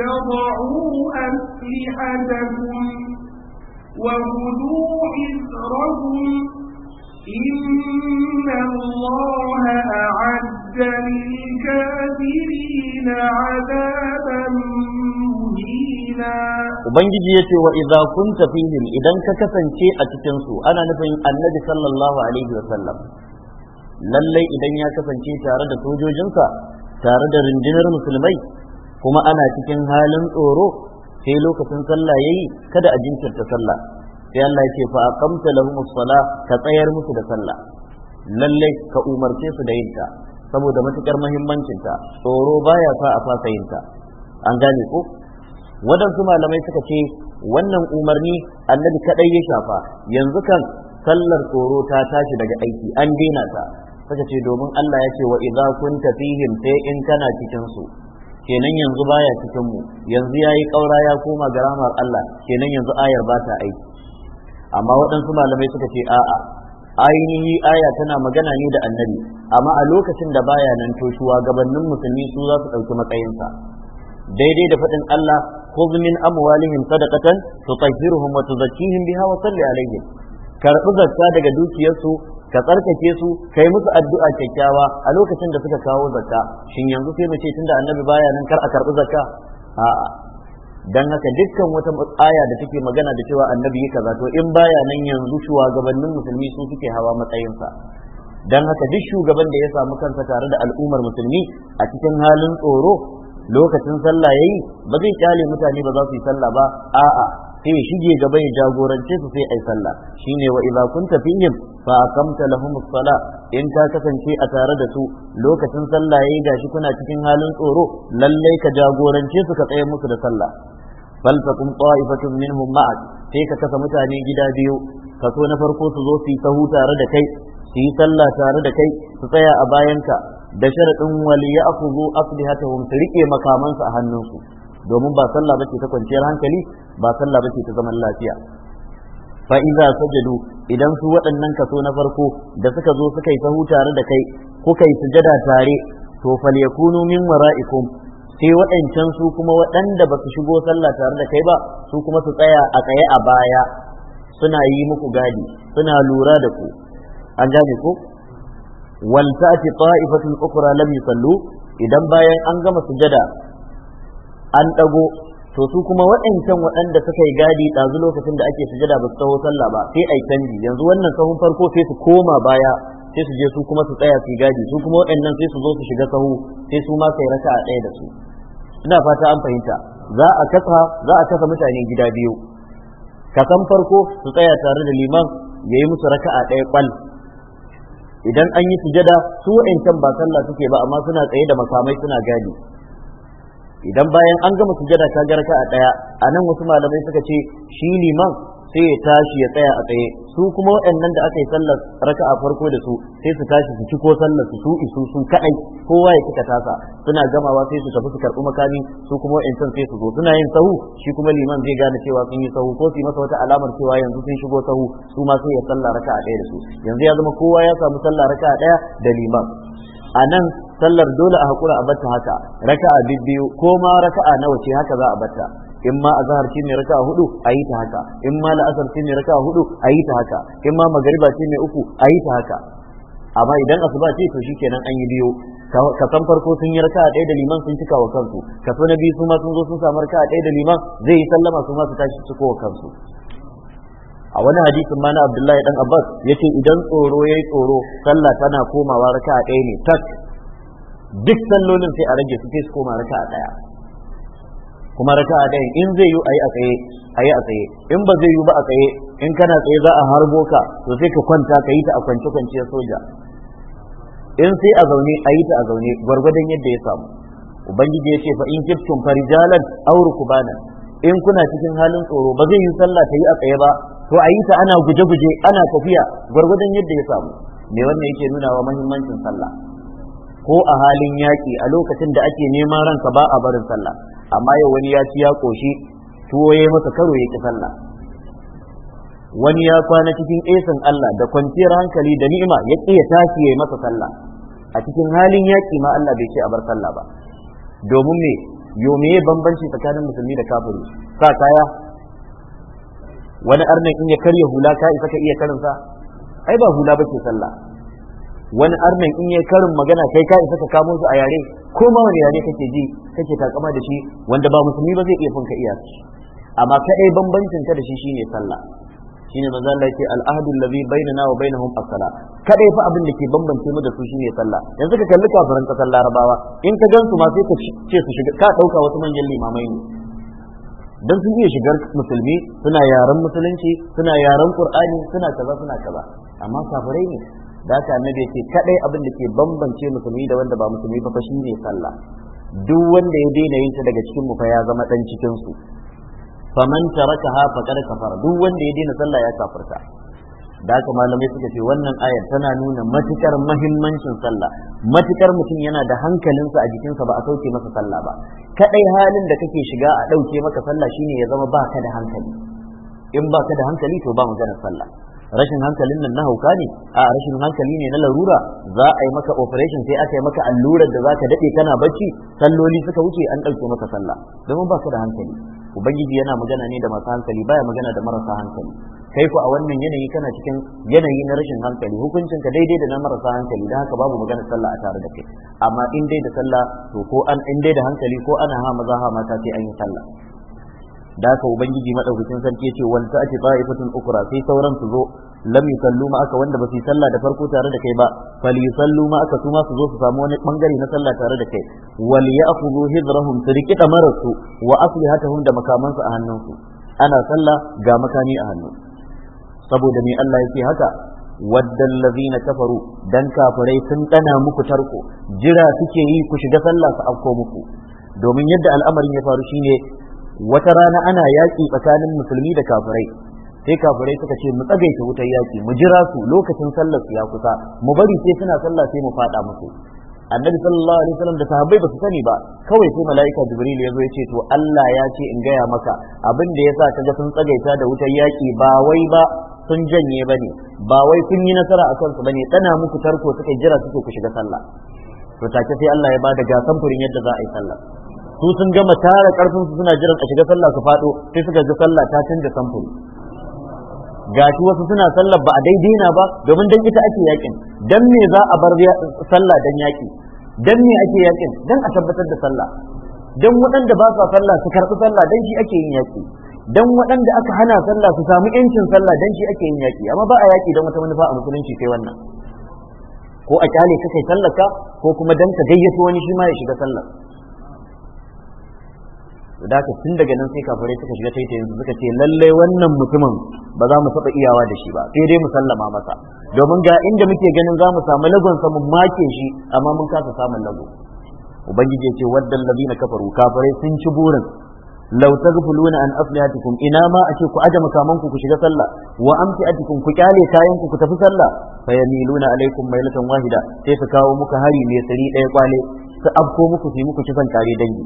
تضعوا أسلحتكم وخذوا حذركم إن الله أعد للكافرين عذابا Ubangiji ya ce wa idza kunta fihim idan ka kasance a cikin su ana nufin Annabi sallallahu alaihi wa sallam lallai idan ya kasance tare da sojojinsa tare da rundunar musulmai kuma ana cikin halin tsoro sai lokacin sallah yayi kada a jinkirta sallah sai Allah ya ce fa aqamta lahum as-salah ka tsayar musu da sallah lallai ka umarce su da yinta saboda matukar muhimmancin ta tsoro baya sa a fasa yinta. an gane ko wadansu malamai suka ce wannan umarni annabi kadai ya shafa yanzu kan sallar tsoro ta tashi daga aiki an daina ta suka ce domin Allah ya ce wa idza kunta fihim sai in kana cikin su kenan yanzu baya cikin mu yanzu yayi kaura ya koma garamar Allah kenan yanzu ayar ba ta aiki amma waɗansu malamai suka ce a'a ainihi aya tana magana ne da annabi amma a lokacin da baya nan to gabanin musulmi su za su ɗauki matsayinsa daidai da faɗin Allah khudh min amwalihim sadaqatan tutahhiruhum wa tuzakkihim biha wa salli alaihim karɓi zakka daga dukiyarsu ka tsarkake su ka musu addu'a kyakkyawa a lokacin da suka kawo zakka shin yanzu sai mu ce tunda annabi baya nan kar a karɓi zakka a'a dan haka dukkan wata aya da take magana da cewa annabi yi kaza to in baya nan yanzu shugabannin musulmi su suke hawa matsayinsa dan haka duk shugaban da ya samu kansa tare da al'ummar musulmi a cikin halin tsoro lokacin sallah yayi ba zai kyale mutane ba za su yi sallah ba a'a sai ya shige gaba ya jagorance su sai ai sallah shine wa idza kunta fihim fa aqamta lahum as salah in ta kasance a tare da su lokacin sallah yayi gashi kuna cikin halin tsoro lalle ka jagorance su ka tsaya musu da sallah faltakum ta'ifatun minhum ma'ak sai ka kasa mutane gida biyu kaso na farko su zo su yi sahu tare da kai su yi sallah tare da kai su tsaya a bayanka da sharaɗin waliya aku zo aslihatahum su riƙe makamansu a hannunsu domin ba sallah bace ta kwanciyar hankali ba sallah bace ta zaman lafiya fa idza sajadu idan su waɗannan kaso na farko da suka zo suka yi sahu tare da kai kuka yi sujada tare to fal yakunu min wara'ikum sai waɗancan su kuma waɗanda ba su shigo sallah tare da kai ba su kuma su tsaya a tsaye a baya suna yi muku gadi suna lura da ku an gane ku? wal ta'ti ta'ifatun ukra lam yusallu idan bayan an gama sujada an ɗago to su kuma waɗancan waɗanda suka yi gadi ɗazu lokacin da ake sujada ba su taho sallah ba sai ai canji yanzu wannan sahun farko sai su koma baya sai su je su kuma su tsaya su gadi su kuma waɗannan sai su zo su shiga sahu sai su ma sai a ɗaya da su ina fata an fahimta za a kasa za a kasa mutane gida biyu kasan farko su tsaya tare da liman ya yi musu raka'a ɗaya kwal idan an yi sujada su wa'ancan ba sallah suke ba amma suna tsaye da makamai suna gadi idan bayan an gama sujada ta garka a daya nan wasu malamai suka ce shi liman sai ya tashi ya tsaya a tsaye su kuma waɗannan da aka yi sallar a farko da su sai su tashi su ci ko sallar su isu su kadai kowa ya kika tasa suna gamawa sai su tafi su karɓi makami su kuma waɗancan sai su zo suna yin sahu shi kuma liman zai gane cewa sun yi sahu ko su yi masa wata alamar cewa yanzu sun shigo sahu su ma sai ya sallar raka a ɗaya da su yanzu ya zama kowa ya samu sallar raka a ɗaya da liman a nan sallar dole a haƙura a bata haka raka'a biyu ko ma raka'a nawa ce haka za a bata. in ma azhar shine raka'a hudu a yi ta haka in ma la'asar shine raka'a hudu a yi ta haka in ma magariba shine uku a yi ta haka amma idan asuba ce to shikenan an yi biyu ka san farko sun yi raka'a ɗaya da liman sun cika wa kansu ka so na biyu su ma sun zo sun samu raka'a ɗaya da liman zai yi sallama su ma su tashi ciko wa kansu a wani hadisin ma na Abdullahi dan Abbas yace idan tsoro yayi tsoro sallah tana komawa raka'a ɗaya ne tak duk sallolin sai a rage su sai su koma raka'a ɗaya kuma raka'a ɗaya in zai yi ayi a tsaye ayi a tsaye in ba zai yi ba a tsaye in kana tsaye za a harbo ka to sai ka kwanta ka yi ta a kwance kwance soja in sai a zaune ayi ta a zaune gwargwadon yadda ya samu ubangiji ya ce fa in kiftum farijalan aw rukbanan in kuna cikin halin tsoro ba zai yi sallah ta yi a tsaye ba to a yi ta ana guje-guje ana tafiya gwargwadon yadda ya samu me wannan yake nuna wa mahimmancin sallah ko a halin yaƙi a lokacin da ake neman ranka ba a barin sallah amma yau wani ya ci ya ƙoshi tuwo ya masa karo ya ki sallah wani ya kwana cikin esan Allah da kwanciyar hankali da ni'ima ya ƙi ya tashi ya masa sallah a cikin halin yaƙi ma Allah bai ce a bar sallah ba domin me yo me bambanci tsakanin musulmi da kafiri sa kaya wani arnan in ya karya hula ka isa ka iya karinsa ai ba hula bace sallah wani arnan in ya karin magana kai ka isa ka kamo su a yare ko ma wani yare kake ji kake takama da shi wanda ba musulmi ba zai iya funka iya amma kadai bambancin ka da shi shine sallah shine manzo Allah yake al'ahdu allazi bainana wa bainahum as-sala kadai fa abin da ke bambance mu da su shine sallah yanzu ka kalli kafiran kasar larabawa in ka gansu ma sai ka ce su shiga ka dauka wasu manyan limamai ne Don sun iya shigar musulmi suna yaren musulunci suna yaren qur'ani suna kaza suna kaza amma kafirai ne da haka annabi ce kadai abin da ke bambance musulmi da wanda ba musulmi ba shi ne sallah duk wanda ya daina yin ta daga cikin mu fa ya zama dan cikin su faman tarakaha faqad kafara duk wanda ya daina sallah ya kafirta da haka malamai suka ce wannan ayar tana nuna matukar mahimmancin sallah matukar mutum yana da hankalinsa a jikinsa ba a sauke masa sallah ba kadai halin da kake shiga a dauke maka sallah shine ya zama baka da hankali in baka da hankali to ba maganar sallah rashin hankalin nan na hauka ne a rashin hankali ne na larura za a yi maka operation sai aka yi maka allurar da zaka dade kana bacci salloli suka wuce an dauke maka sallah domin baka da hankali ubangiji yana magana ne da masu hankali baya magana da marasa hankali kai ku a wannan yanayi kana cikin yanayi na rashin hankali hukuncin ka daidai da na marasa hankali da haka babu magana sallah a tare da kai amma in dai da sallah to ko an in dai da hankali ko ana ha maza ha mata sai an yi sallah da haka ubangiji madaukakin sarki yace wal ta'ati ta'ifatun ukra sai sauran su zo lam yusallu ma aka wanda ba su sallah da farko tare da kai ba fal yusallu ma aka su ma su zo su samu wani bangare na sallah tare da kai wal ya'khudhu hidrahum su rikita marasu wa aslihatahum da makamansu a hannunsu ana sallah ga makami a hannu saboda me Allah yake haka waddan ta kafaru dan kafirai sun tsana muku tarko jira suke yi ku shiga sallah su afko muku domin yadda al'amarin ya faru shine wata rana ana yaƙi tsakanin musulmi da kafirai sai kafirai suka ce mu tsagaita wutar yaƙi mu jira su lokacin sallar su ya kusa mu bari sai suna sallah sai mu faɗa musu annabi sallallahu alaihi wasallam da sahabbai ba su sani ba kawai sai mala'ika jibril ya zo ya ce to Allah ya ce in gaya maka abin da yasa kaga sun tsagaita da wutar yaki ba wai ba sun janye ba ne ba wai sun yi nasara a kansu ba ne tana muku tarko suka jira suke ku shiga sallah to take sai Allah ya bada ga samfurin yadda za a yi sallah su sun gama tara karfin su suna jiran a shiga sallah su fado sai suka ga sallah ta canza Ga gashi wasu suna sallah ba a daidai na ba domin dan ita ake yakin dan me za a bar sallah dan yaki dan me ake yakin dan a tabbatar da sallah dan waɗanda ba su sallah su karɓi sallah dan shi ake yin yaki Don waɗanda aka hana sallah su samu yancin sallah don shi ake yin yaƙi, amma ba a yaƙi don wata manufa a musulunci sai wannan ko a kyale ka kai sallaka ko kuma don ka gayyato wani shi ma ya shiga sallah da haka tun daga nan sai kafare suka shiga taita yanzu suka ce lallai wannan mutumin ba za mu saba iyawa da shi ba sai dai mu sallama masa domin ga inda muke ganin za mu samu lagonsa mu make shi amma mun kasa samun lago ubangiji ya ce waddan ladina kafaru kafare sun ci burin law taghfuluna an afniyatikum ina ma a ce ku aje makaman ku ku shiga sallah wa tukun ku kyale kayanku ku tafi sallah fa yamiluna alaikum mailatan wahida sai su kawo muka hari mai sari ɗaya kwale su afko muku su muku kisan tare dangi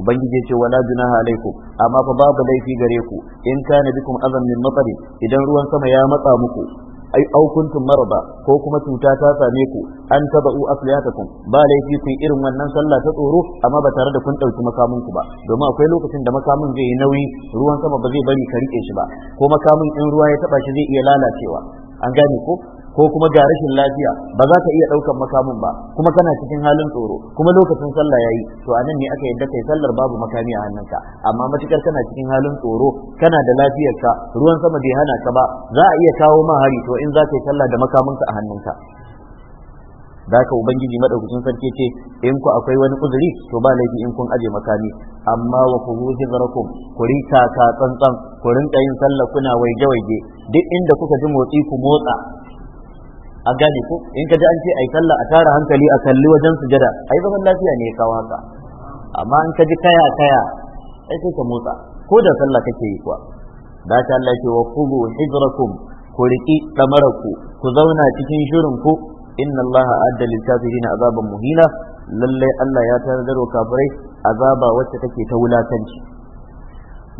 ubangiji ce wala junaha alaikum amma fa babu laifi gare ku in kana bikum azan min matsari idan ruwan sama ya matsa muku ai aukuntum marada ko kuma cuta ta same ku an taba'u asliyatakum ba laifi ku irin wannan sallah ta tsoro amma ba tare da kun dauki makamin ku ba domin akwai lokacin da makamin zai yi nauyi ruwan sama ba zai bari ka rike shi ba ko makamin in ruwa ya taba shi zai iya lalacewa an gane ko ko kuma ga rashin lafiya ba za ka iya ɗaukan makamin ba kuma kana cikin halin tsoro kuma lokacin sallah yayi to a nan ne aka yadda kai sallar babu makami a hannunka amma matukar kana cikin halin tsoro kana da lafiyar lafiyarka ruwan sama bai hana ka ba za a iya kawo ma hari to in za ka yi sallah da makaminka a hannunka da haka ubangiji madaukakin sarki ce in ku akwai wani uzuri to ba laifi in kun aje makami amma wa ku kuhu hizrakum ku rika ka tsantsan ku rinka yin sallah kuna waige waige duk inda kuka ji motsi ku motsa a gane ko in ka ji an ce ai sallah a tara hankali a kalli wajen sujada ai zaman lafiya ne ya kawo haka amma in ka ji kaya kaya ai sai ka motsa ko da sallah kake yi kuwa da ta Allah ce wa kubu hijrakum ku riki damaraku ku zauna cikin shirin ku inna Allah adda lil kafirin azaban muhina lalle Allah ya tanadar wa kafirai azaba wacce take ta wulakanci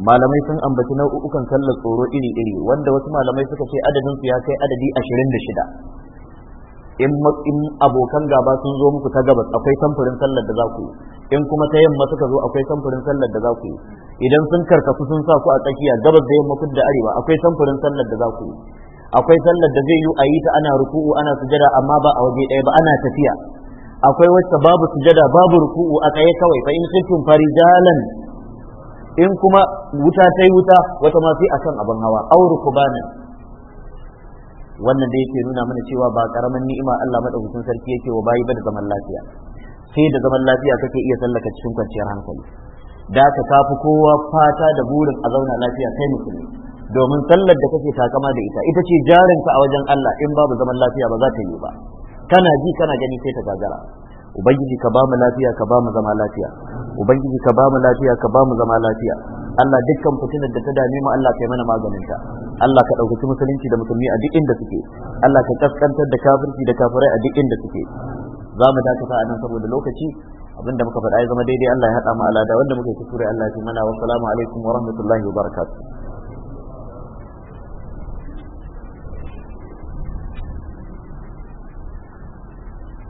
malamai sun ambaci nau'ukan sallar tsoro iri-iri wanda wasu malamai suka ce adadin su ya kai adadi 26 in abokan gaba sun zo muku ta gabas akwai samfurin sallar da za ku yi in kuma ta yamma suka zo akwai samfurin sallar da za ku yi idan sun karkasu sun sa ku a tsakiya gabas da yamma da arewa akwai samfurin sallar da za ku yi akwai sallar da zai yi a yi ta ana ruku'u ana sujada amma ba a waje ɗaya ba ana tafiya akwai wacce babu sujada babu ruku'u a tsaye kawai fa in fari jalan, in kuma wuta ta yi wuta wata ma sai a kan abin hawa auru kubanan wannan da yake nuna mana cewa ba karamin ni'ima Allah madaukakin sarki yake wa bayi ba da zaman lafiya sai da zaman lafiya kake iya sallaka cikin kwanciyar hankali da ka tafi kowa fata da burin a zauna lafiya kai musulmi domin sallar da kake takama da ita ita ce jarinka a wajen Allah in babu zaman lafiya ba za ta yi ba kana ji kana gani sai ta gagara ubangiji ka bamu lafiya ka bamu zama lafiya ubangiji ka bamu lafiya ka bamu zama lafiya Allah dukkan fitinar da ta dame mu Allah kai mana maganin ta Allah ka ɗaukaci musulunci da musulmi a duk inda suke Allah ka kaskantar da kafirci da kafirai a duk inda suke za mu dakata a nan saboda lokaci abinda muka faɗa ya zama daidai Allah ya haɗa mu alada wanda muka yi kuskure Allah ya fi mana wa salamu alaikum wa rahmatullahi wa barakatuh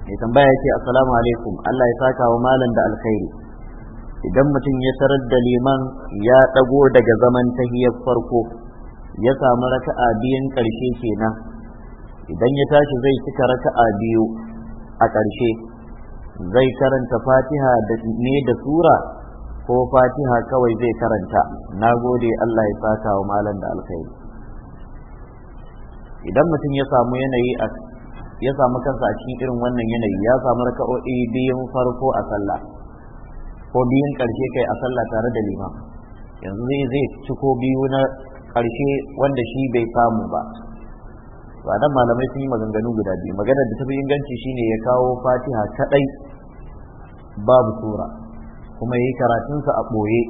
mai tambaya ce assalamu alaikum Allah ya saka wa malam da alkhairi idan mutum ya tarar da liman ya ɗago daga zaman tahiyar farko ya samu raka'a biyan karshe kenan idan ya tashi zai cika raka'a biyu a ƙarshe zai karanta fatiha ne da sura ko fatiha kawai zai karanta na gode Allah ya saka wa malam da alkhairi idan mutum ya samu yanayi a ya samu kansa a cikin irin wannan yanayi ya samu raka'o'i biyun farko a sallah ko biyun karshe kai a sallah tare da liman yanzu zai zai ci ko biyu na karshe wanda shi bai samu ba ba nan malamai sun yi maganganu guda biyu maganar da ta fi inganci shine ya kawo fatiha kadai babu sura kuma yayi karatunsa a boye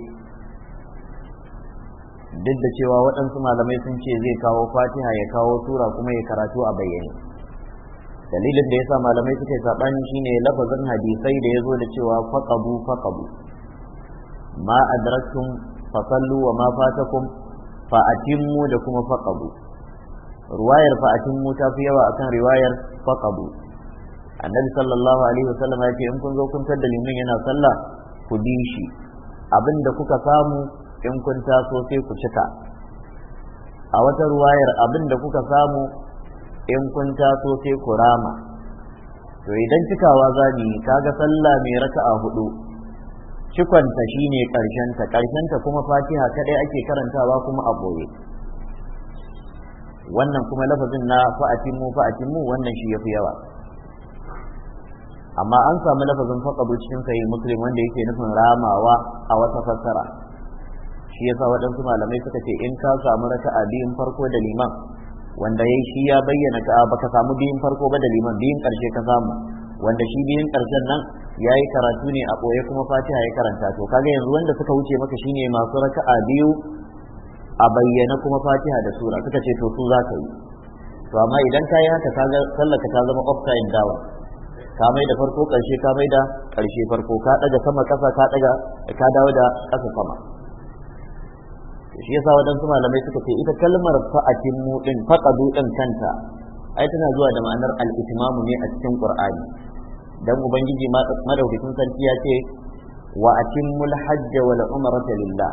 duk da cewa waɗansu malamai sun ce zai kawo fatiha ya kawo sura kuma ya karatu a bayyane dalilin da yasa malamai suka yi shi shine lafazin hadisai da ya zo da cewa faƙabu faƙabu ma adraktum fasallu wa ma fatakum fa atimmu da kuma faƙabu ruwayar fa atimmu ta fi yawa akan riwayar faqabu annabi sallallahu alaihi wasallam ya ce in kun zo kun da limin yana sallah ku bi shi Abin da kuka samu in kun taso sai ku cika a wata ruwayar abin da kuka samu in kun taso sai ku rama to idan cikawa za ni kaga sallah mai raka'a hudu cikonta shine karshenta ta kuma fatiha kadai ake karantawa kuma a boye wannan kuma lafazin na fa'atimu fa'atimu wannan shi yafi yawa amma an samu lafazin faqabu cikin sahih muslim wanda yake nufin ramawa a wata fassara shi yasa waɗansu malamai suka ce in ka samu raka'a biyun farko da liman wanda ya shi ya bayyana ka baka samu biyun farko ba da liman biyun karshe ka samu wanda shi biyun karshen nan ya yi karatu ne a ɓoye kuma fatiha ya karanta to kaga yanzu wanda suka wuce maka shine masu raka'a biyu a bayyana kuma fatiha da sura suka ce to su za ka yi to amma idan ka yi haka kaga sallaka ta zama time dawa ka mai da farko karshe ka mai da karshe farko ka daga sama kasa ka daga ka dawo da kasa sama shi yasa waɗansu malamai suka ce ita kalmar fa'atin mu din faqadu din kanta ai tana zuwa da ma'anar al-itmamu ne a cikin qur'ani dan ubangiji madaukakin sarki ya ce wa atimmul hajj wal umrata lillah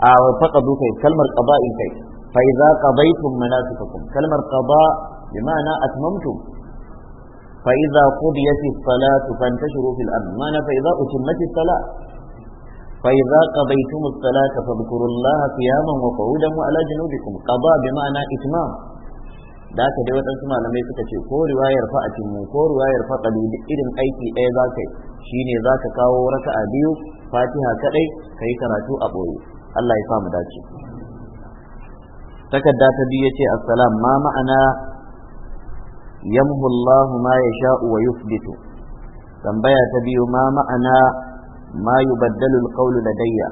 a faqadu kai kalmar qada'in kai fa idza qadaytum manasikakum kalmar qada bi ma'ana atmamtum fa idza qudiyat as-salatu fantashiru fil ard ma'ana fa idza utimmat as-salatu فإذا قضيتم الصلاة فاذكروا الله قياما وقعودا وعلى جنوبكم قضاء بمعنى إتمام da aka dai waɗansu malamai suka ce ko riwayar fa a cimu ko riwayar fa duk irin aiki ɗaya za ka yi shine za ka kawo raka'a biyu fatiha kaɗai ka yi karatu a ɓoye Allah ya samu dace takarda ta biyu ya ce assalam ma ma'ana yamhu Allahu ma yasha'u wa yusbitu tambaya ta biyu ma ma'ana ma yubaddalu da ladayya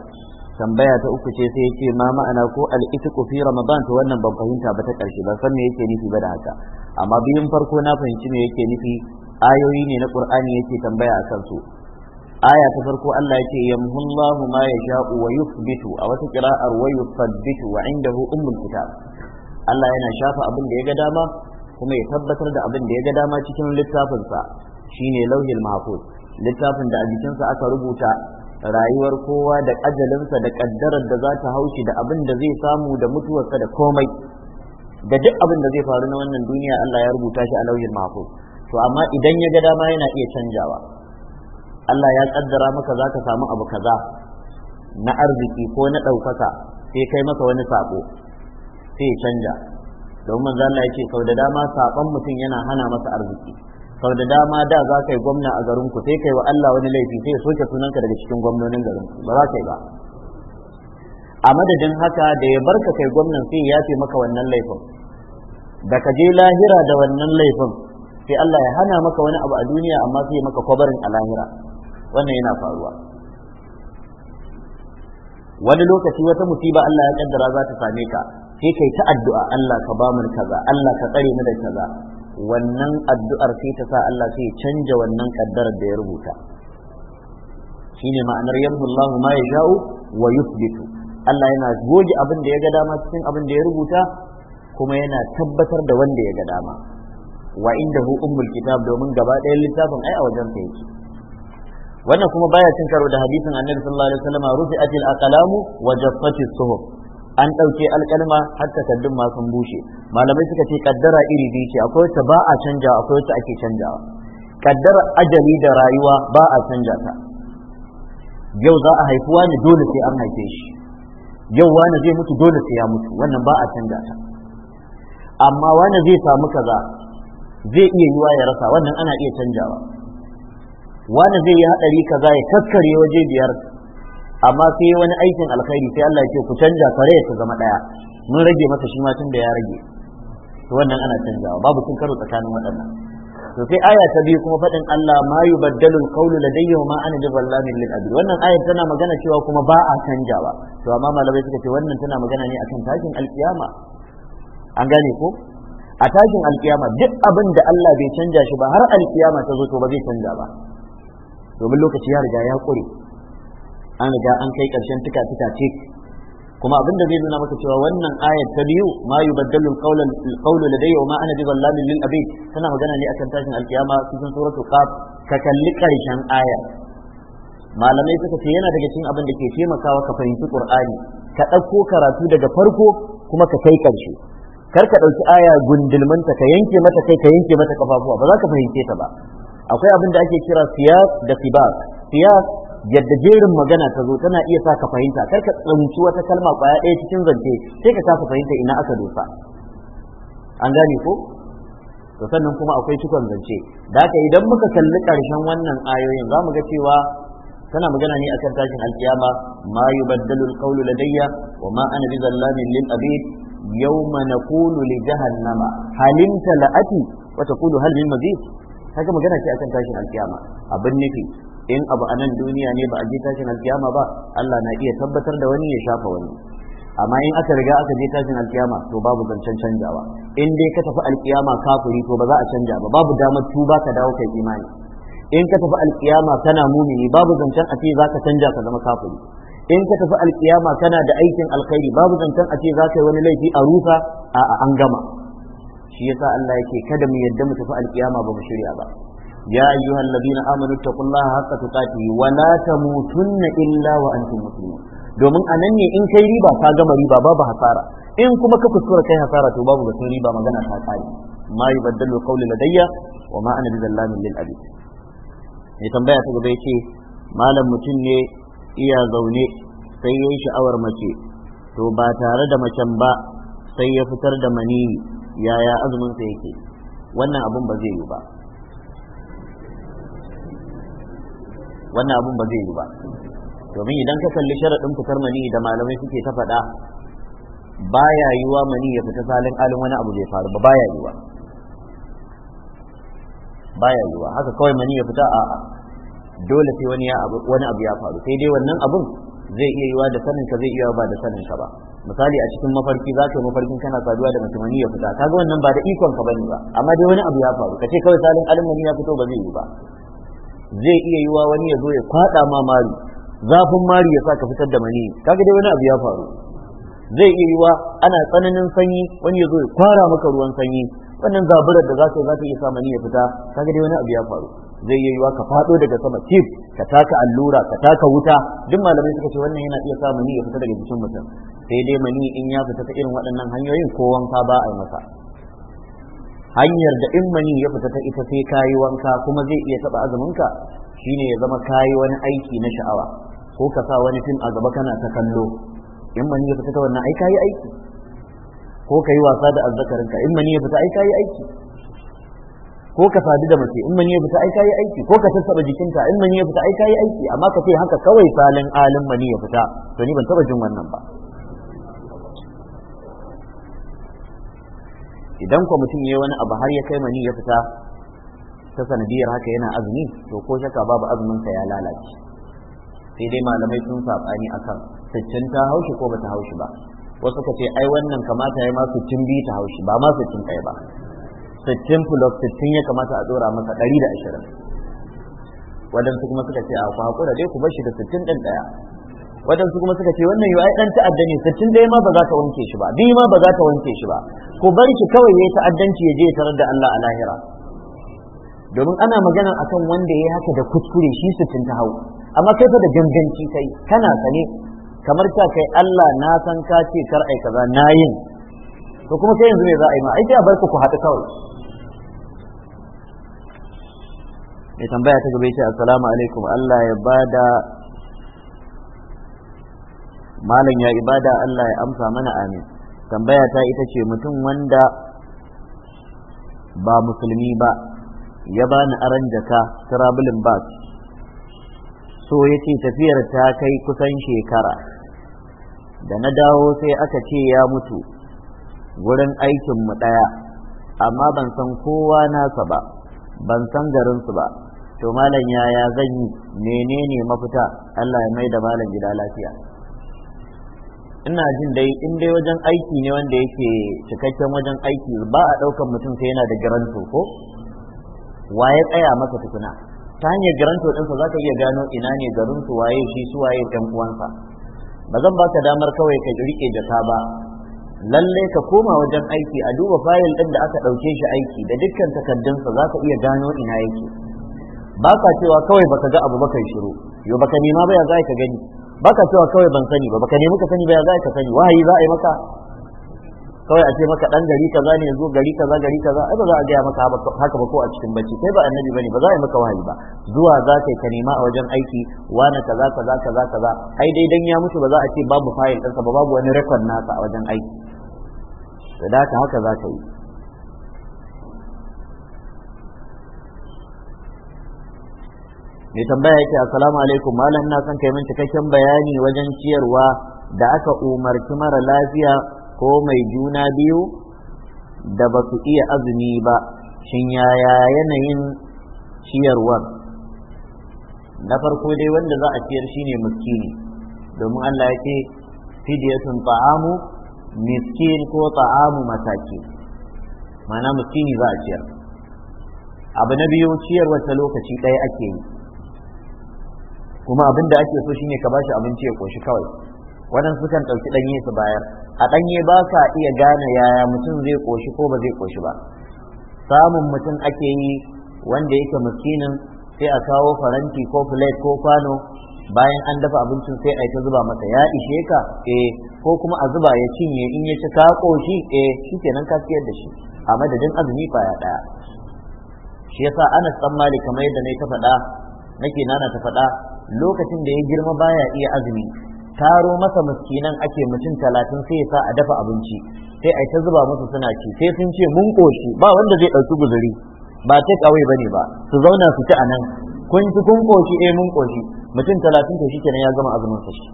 tambaya ta uku ce sai yace ma ma'ana ko al-itqu fi ramadan to wannan ban fahimta ba ta karshe ba san me yake nufi ba da haka amma biyun farko na fahimci me yake nufi ayoyi ne na qur'ani yake tambaya a su. aya ta farko Allah yake yamhullahu ma yasha'u wa yuthbitu a wata qira'ar wa yuthabbitu wa indahu ummul kitab Allah yana shafa abin da ya ga dama kuma ya tabbatar da abin da ya ga dama cikin littafinsa shine lauhil mahfuz littafin da a jikinsa aka rubuta rayuwar kowa da ajalinsa da ƙaddarar da za ta haushi da abin da zai samu da mutuwarsa da komai da duk abin da zai faru na wannan duniya Allah ya rubuta shi a lauyin mako. to amma idan ya ga dama yana iya canjawa Allah ya kaddara maka za ka samu abu kaza na arziki ko na ɗaukaka sai kai maka wani sako sai ya canja domin manzo Allah ya ce sau da dama saƙon mutum yana hana masa arziki sau da dama da za ka yi gwamna a garinku ku sai kai wa Allah wani laifi sai ya soke sunanka daga cikin gwamnonin garin ba za ka yi ba a madadin haka da ya barka kai gwamnan sai ya fi maka wannan laifin da ka je lahira da wannan laifin sai Allah ya hana maka wani abu a duniya amma sai maka kwabarin a lahira wannan yana faruwa wani lokaci wata musiba Allah ya kaddara za ta same ka sai kai ta addu'a Allah ka ba mu kaza Allah ka tsare mu da kaza wannan addu'ar sai ta sa Allah sai ya canja wannan kaddarar da ya rubuta shine ma'anar yamhullahu ma yasha'u wa Allah yana goge abin da ya ga dama cikin abin da ya rubuta kuma yana tabbatar da wanda ya ga dama wa indahu ummul kitab domin gaba ɗayan littafin ai a wajen sa yake wannan kuma baya cin karo da hadisin annabi sallallahu alaihi wasallam rufi'atil aqlamu wa jaffatis suhuf an ɗauke alƙalma har takardun ma sun bushe malamai suka ce kaddara iri biyu ce akwai wacce ba a canja akwai wacce ake canjawa kaddara ajali da rayuwa ba a canja ta yau za a haifi wani dole sai an haife shi yau wani zai mutu dole sai ya mutu wannan ba a canja ta amma wani zai samu kaza zai iya yiwa ya rasa wannan ana iya canjawa wani zai yi haɗari kaza ya kaskare waje biyar amma sai wani aikin alkhairi sai Allah ya ce ku canja kare ta zama daya mun rage masa shi ma tun da ya rage to wannan ana canjawa babu cin karo tsakanin waɗannan to sai aya ta biyu kuma faɗin Allah ma yubaddalu qawlu ladayya ma ana jaballamin lil abid wannan ayar tana magana cewa kuma ba a canjawa to amma malamai suka ce wannan tana magana ne akan tashin alkiyama an gane ko a tashin alkiyama duk abin da Allah bai canja shi ba har alkiyama ta zo to ba zai canja ba domin lokaci ya riga ya ƙure an riga an kai karshen tuka tuka ce kuma da zai nuna maka cewa wannan ayat ta biyu ma yubaddalu alqawlu ladayya wa ma ana bizallamin lil abid tana magana ne akan tashin alkiyama cikin suratul qaf ka kalli karshen aya malamai suka ce yana daga cikin abin da ke taimakawa ka fahimci qur'ani ka ɗauko karatu daga farko kuma ka kai ƙarshe kar ka ɗauki aya gundulmanta ka yanke mata kai ka yanke mata kafafuwa ba za ka fahimce ta ba akwai abin da ake kira siyas da sibas siyas yadda jerin magana ta zo tana iya sa ka fahimta kar ka tsanci wata kalma kwaya ɗaya cikin zance sai ka kasa fahimta ina aka dosa an gane ko to sannan kuma akwai cikon zance da haka idan muka kalli ƙarshen wannan ayoyin za mu ga cewa tana magana ne akan tashin alkiyama ma yubaddalu alqawlu ladayya wa ma ana bizallamin lil abid yawma naqulu li jahannama halim talati wa taqulu hal min mazid kaga magana ce akan tashin alkiyama abin nufi in abu a nan duniya ne ba a je tashin alkiyama ba Allah na iya tabbatar da wani ya shafa wani amma in aka riga aka je tashin alkiyama to babu zancen canjawa in dai ka tafi alkiyama kafiri to ba za a canja ba babu damar tuba ka dawo kai imani in ka tafi alkiyama kana mumini babu zancen a ce za ka canja ka zama kafiri in ka tafi alkiyama kana da aikin alkhairi babu zancen a ce za ka yi wani laifi a ruka a an gama shi yasa Allah yake kada mu yadda mu tafi alkiyama ba mu shirya ba يا أيها الذين آمنوا اتقوا الله حق تقاته ولا تموتن إلا وأنتم مسلمون domin a nan ne in kai riba ka gama riba babu hasara in kuma ka kuskura kai hasara to babu batun riba magana ta kare ma yubaddalu qawli ladayya wa ma ana bizallamin lil abid ne tambaya ta gaba ce malam mutum ne iya zaune sai yayi sha'awar mace to ba tare da macen ba sai ya fitar da mani yaya azumin sa yake wannan abun ba zai yi ba wannan abun ba zai yi ba domin idan ka kalli sharaɗin fitar mani da malamai suke ta faɗa baya yiwa mani ya fita salin alin wani abu zai faru ba baya yiwa baya yiwa haka kawai mani ya fita a dole sai wani wani abu ya faru sai dai wannan abun zai iya yiwa da sanin ka zai iya ba da sanin ka ba misali a cikin mafarki za ka mafarkin kana saduwa da mutum mani ya fita kaga wannan ba da ikon ka bane ba amma dai wani abu ya faru kace kawai salin alin mani ya fito ba zai yi ba zai iya yiwa wani ya zo ya kwada ma mari zafin mari ya sa ka fitar da mani kaga dai wani abu ya faru zai iya yiwa ana tsananin sanyi wani ya zo ya kwara maka ruwan sanyi wannan zaburar da za ka za ka iya sa mani ya fita kaga dai wani abu ya faru zai iya yiwa ka faɗo daga sama cif ka taka allura ka taka wuta duk malamai suka ce wannan yana iya sa mani ya fita daga cikin mutum sai dai mani in ya fita ta irin waɗannan hanyoyin ko wanka ba a yi masa hanyar da in mani ya fita ta ita sai kayi wanka kuma zai iya taba azuminka shine ya zama kayi wani aiki na sha'awa ko ka sa wani fim a gaba kana ta kallo in mani ya fita ta wannan ai kayi aiki ko ka yi wasa da azzakarinka in mani ya fita ai kayi aiki ko ka sadu da mace in mani ya fita ai kayi aiki ko ka tattaba jikinta in mani ya fita ai kayi aiki amma ka ce haka kawai salin alin mani ya fita to ni ban taba jin wannan ba idan ko mutum yayi wani abu har ya kai mani ya fita ta sanadiyar haka yana azumi to ko shaka babu azumin sa ya lalace sai dai malamai sun sabani akan sittin ta haushi ko bata haushi ba wasu ka ce ai wannan kamata ya ma sittin biyu ta haushi ba ma sittin ɗaya ba sittin plus sittin ya kamata a dora masa ɗari da ashirin Wadansu kuma suka ce a ku haƙura dai ku bar shi da sittin ɗin ɗaya waɗansu kuma suka ce wannan yi ai dan ta'adda ne sittin dai ma ba za ta wanke shi ba biyu ma ba za ta wanke shi ba ko bar shi kawai yi ta'addanci ya je ya tarar da Allah a lahira domin ana magana akan wanda ya yi haka da kuskure shi sittin ta hau amma kai fa da ganganci kai kana sane kamar ta kai Allah na san ka ce kar ai kaza na yin to kuma kai yanzu me za a yi ma ai a bar ku ku haɗu kawai mai tambaya ta gaba ce assalamu alaikum Allah ya bada malam ya ibada Allah ya amsa mana amin tambaya ta ita ce mutum wanda ba musulmi ba ya bani aran jaka traveling bus so ya ce tafiyar ta kai kusan shekara da na dawo sai aka ce ya mutu wurin aikinmu ɗaya amma ban san kowa nasa ba ban san garinsu ba to malam yaya zan yi menene mafita Allah ya mai da malam gida lafiya ina jin dai in dai wajen aiki ne wanda yake cikakken wajen aiki ba a ɗaukan mutum sai yana da garanto ko wa ya tsaya masa tukuna ta hanyar garanto ɗinsa za ka iya gano ina ne garin su waye shi su waye ɗan uwansa ba zan baka damar kawai ka riƙe da ta ba lalle ka koma wajen aiki a duba fayil ɗin da aka ɗauke shi aiki da dukkan takardunsa za ka iya gano ina yake ba ka cewa kawai baka ga abu ba baka shiru ba baka nema ba ya za ka gani baka cewa kawai ban sani ba baka nemi ka sani ba ya za ka sani wahayi za a yi maka kawai a ce maka dan gari kaza ne yanzu gari kaza gari kaza ai ba za a gaya maka haka ba ko a cikin bacci kai ba annabi bane ba za a yi maka wahayi ba zuwa za ka yi ka nema a wajen aiki wani kaza kaza kaza kaza ai dai dan ya mutu ba za a ce babu fayil ɗinsa ba babu wani record nasa a wajen aiki da haka haka za ka yi mai tambaya yake assalamu alaikum malam na son kai min cikakken bayani wajen ciyarwa da aka umarci mara lafiya ko mai juna biyu da ba su iya azumi ba shin yaya yanayin ciyarwar na farko dai wanda za a ciyar shine miskini domin Allah ya fidiyatun ta'amu miskin ko ta'amu mataki mana miskini za a ciyar abu na biyu ciyarwar ta lokaci ɗaya ake yi kuma abin da ake so shine ka bashi abinci ya koshi kawai su sukan ɗauki ɗanye su bayar a ɗanye ba sa iya gane yaya mutum zai koshi ko ba zai koshi ba samun mutum ake yi wanda yake miskinin sai a kawo faranti ko plate ko kwano bayan an dafa abincin sai a yi ta zuba masa ya ishe ka eh ko kuma a zuba ya cinye in ya ci ka koshi eh shikenan ka siyar da shi a madadin azumi ya daya shi yasa Anas dan Malik kamar yadda nayi ta faɗa nake nana ta faɗa lokacin da ya girma baya iya azumi taro masa miskinan ake mutum talatin sai ya sa a dafa abinci sai a ta zuba musu suna ci sai sun ce mun koshi ba wanda zai ɗauki guzuri ba ta kawai ba ne ba su zauna su ci a nan kun ci kun koshi eh mun koshi mutum talatin to kenan ya zama azumin sa shi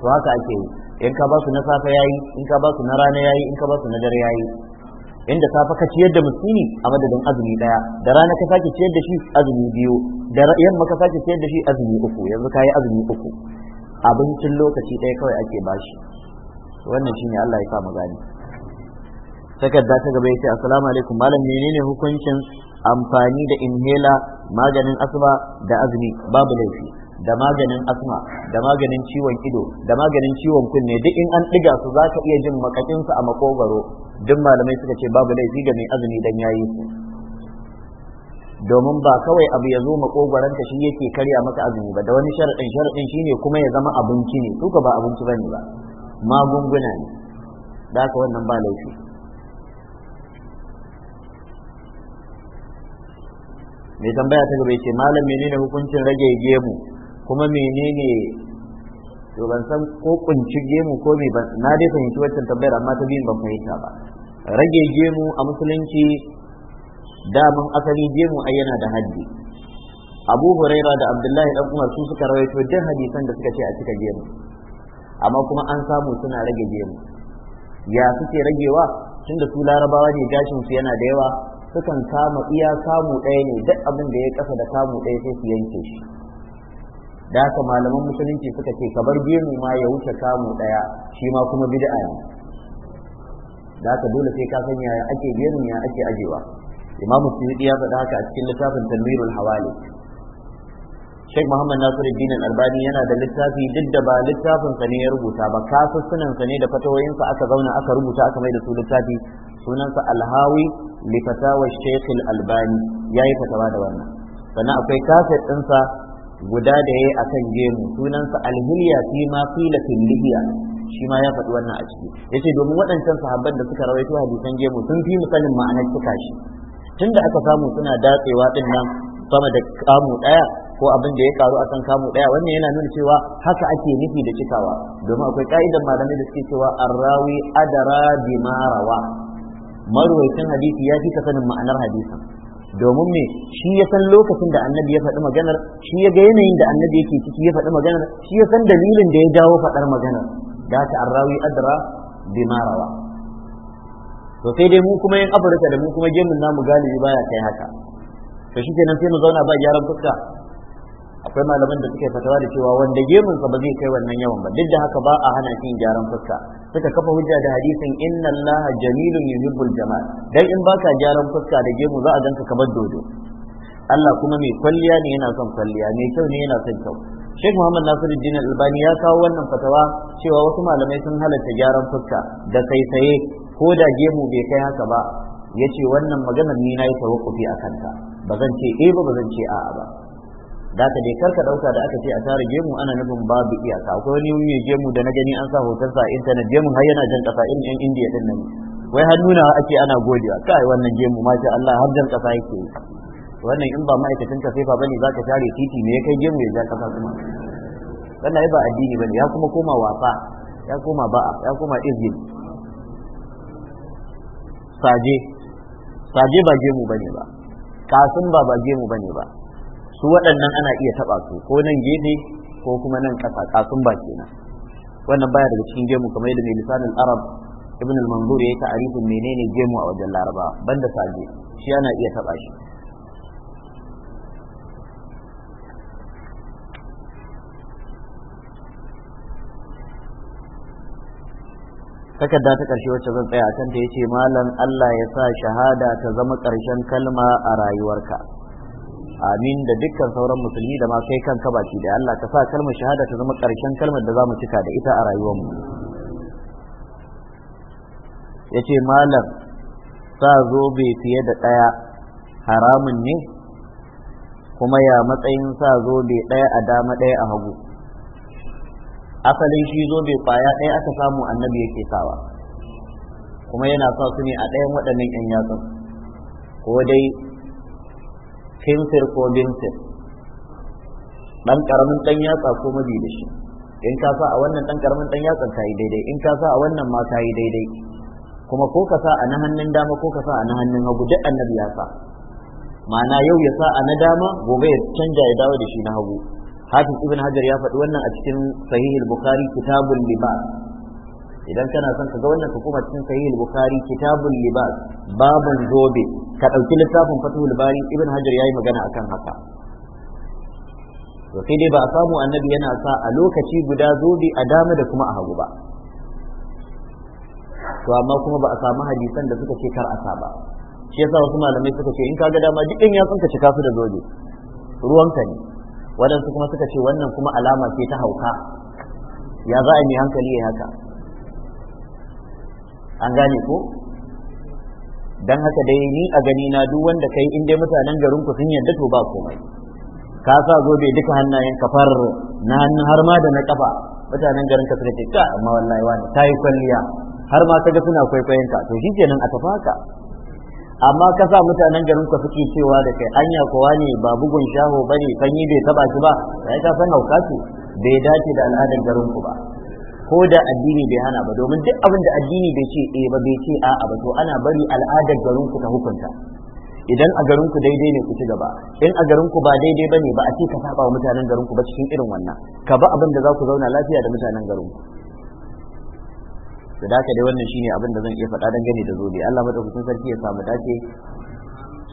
to haka ake yi in ka ba su na safe yayi in ka ba su na rana yayi in ka ba su na dare yayi inda safa ka ciyar da musulmi a madadin azumi daya da rana ka sake ciyar da shi azumi biyu da yamma ka sake ciyar da shi azumi uku yanzu ka yi azumi uku abincin lokaci ɗaya kawai ake bashi wannan shine Allah ya sa mu gani takarda ta gaba ya yace assalamu alaikum malam ne hukuncin amfani da inhaler maganin asma da azumi babu laifi da maganin asma da maganin ciwon ido da maganin ciwon kunne duk in an diga su zaka iya jin makakin su a makogaro duk malamai suka ce babu laifi ga mai azumi dan yayi su domin ba kawai abu ya zo makogwaranka shi yake karya maka azumi ba da wani sharadin sharaɗin shine kuma ya zama abinci ne suka ba abinci bane ba magunguna ne da haka wannan ba laifi mai tambaya ta gaba ce malam menene hukuncin rage gemu kuma menene to ban san ko kunci gemu ko me ban na dai fahimci wancan tambayar amma ta biyun ban fahimta ba rage gemu a musulunci daman asali gemu a yana da haddi abu huraira da abdullahi dan umar su suka rawaito duk hadisan da suka ce a cika gemu amma kuma an samu suna rage gemu ya suke ragewa tunda su larabawa ne gashin su yana da yawa sukan kama iya samu ɗaya ne duk abin da ya kasa da samu ɗaya sai su yanke shi da haka malaman musulunci suka ce kabar gemu ma ya wuce samu ɗaya shi ma kuma bid'a ne da haka dole sai ka san yaya ake gerin ya ake ajewa imamu suyuti ya faɗa haka a cikin littafin tanwirul hawali Sheikh Muhammad Nasiruddin Al-Albani yana da littafi duk da ba littafin sa ne ya rubuta ba kasussunan sa ne da fatawoyinsa aka zauna aka rubuta aka mai da su littafi sunansa Alhawi, likatawa hawi li fatawa Sheikh Al-Albani yayi fatawa da wannan sannan akwai kaset ɗinsa guda da yayi akan gemu sunansa sa Al-Hilya fi ma lihiya shi ma ya faɗi wannan a ciki Ya ce domin waɗancan sahabban da suka rawaito hadisan gemu sun fi mu ma'anar cika shi tunda aka samu suna datsewa din nan sama da kamu ɗaya ko abin da ya karu akan kamu ɗaya wannan yana nuna cewa haka ake nufi da cikawa domin akwai ka'idar malamai da suke cewa arrawi adara marawa. rawa marwaitin hadisi ya fi ka sanin ma'anar hadisin domin me shi ya san lokacin da annabi ya faɗi maganar shi ya ga yanayin da annabi yake ciki ya faɗi maganar shi ya san dalilin da ya jawo faɗar maganar ذات الراوي arrawi بما روى rawa to sai dai mu kuma yin afirka da mu kuma gemun namu galibi baya kai haka to shi kenan sai mu zauna ba gyaran fuska akwai malaman da suke fatawa da cewa wanda gemunsa ba zai kai wannan yawan ba duk da haka ba a hana shi gyaran fuska suka kafa hujja da hadisin inna allaha jamilun yuhibbul jamal dan in baka gyaran fuska da gemu za a ganka kamar dodo Allah kuma mai kwalliya ne yana son kwalliya mai kyau ne yana son kyau Sheikh Muhammad Nasiruddin Albani ya kawo wannan fatawa cewa wasu malamai sun halatta gyaran fuska da saisaye ko da gemu bai kai haka ba ce wannan maganar ni na yi tawakkufi a kanta ba zan ce eh ba ba zan ce a'a ba da ka dai karka dauka da aka ce a tare gemu ana nufin babu iyaka akwai wani mai gemu da na gani an sa hotonsa a intanet gemun har yana jan kasa irin yan indiya din nan wai har nuna ake ana godiya kai wannan gemu masha Allah har jan kasa yake wannan in ba ma'aikatan ka sai fa bane ka share titi ne kai gemu ya ja kasa kuma wannan ba addini bane ya kuma koma wasa ya koma ba'a ya koma izgil saje saje ba gemu bane ba kasin ba ba gemu bane ba su waɗannan ana iya taɓa su ko nan gefe ko kuma nan ƙasa kasin ba kenan wannan baya daga cikin gemu kamar yadda mai lisanin arab ibn al-manzur yayi ta'arifin menene gemu a wajen laraba banda saje shi ana iya taɓa shi takarda ta ƙarshe wacce zan tsaya akan ta yace malam Allah ya sa shahada ta zama ƙarshen kalma a rayuwarka amin da dukkan sauran musulmi da ma kai kanka baki da Allah ka sa kalmar shahada ta zama ƙarshen kalmar da za mu cika da ita a rayuwarmu yace malam sa zobe fiye da ɗaya haramun ne kuma ya matsayin sa zobe ɗaya a dama ɗaya a hagu asalin shi zo bai kwaya ɗaya aka samu annabi yake sawa kuma yana sa su ne a ɗayan waɗannan ƴan yatsun ko dai kinsir ko bimfir ɗan ƙaramin ɗan yatsa ko mabi da shi in ka sa a wannan ɗan ƙaramin ɗan yatsan ka yi daidai in ka sa a wannan ma ka yi daidai kuma ko ka sa a na hannun dama ko ka sa a na hannun hagu duk annabi ya sa ma'ana yau ya sa a na dama gobe ya canja ya dawo da shi na hagu hafiz ibn hajar ya faɗi wannan a cikin sahih al-bukhari kitabul libas idan kana son ka ga wannan ka koma cikin sahih al-bukhari kitabul libas baban zobe ka ɗauki littafin fathul bari ibn hajar yayi magana akan haka to sai dai ba a samu annabi yana sa a lokaci guda zobe a dama da kuma a hagu ba to amma kuma ba a samu hadisan da suka ce kar a sa ba shi yasa wasu malamai suka ce in ka ga dama duk ɗin ya tsinka cika su da zobe ruwanka ne Wadansu kuma suka ce wannan kuma alama ce ta hauka ya za a yi hankali ya haka an gane ko dan haka dai ni a gani na duk wanda kai in dai mutanen garin ku sun yarda to ba komai ka sa bai duka hannayen kafar na hannun har ma da na kafa mutanen garin ka suka ce amma wallahi wani ta yi kwalliya har ma ta ga suna kwaikwayon ka to kenan a tafaka amma ka sa mutanen garin ku suke cewa da kai anya kowa ne ba bugun shaho ne, sanyi bai taba shi ba sai ka san hauka ce bai dace da al'adar garin ku ba ko da addini bai hana ba domin duk abin da addini bai ce eh ba bai ce a'a ba to ana bari al'adar garin ku ta hukunta idan a garin ku daidai ne ku ci gaba in a garin ku ba daidai bane ba a ce ka saba wa mutanen garin ku ba cikin irin wannan ka ba abin da za ku zauna lafiya da mutanen garin ku to da haka dai wannan shine abin da zan iya faɗa dan gani da zobe Allah madaukakin sarki ya samu dace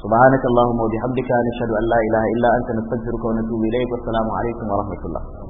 subhanakallahumma wa bihamdika nashhadu an la ilaha illa anta nastaghfiruka wa natubu ilayk wa assalamu alaikum wa rahmatullah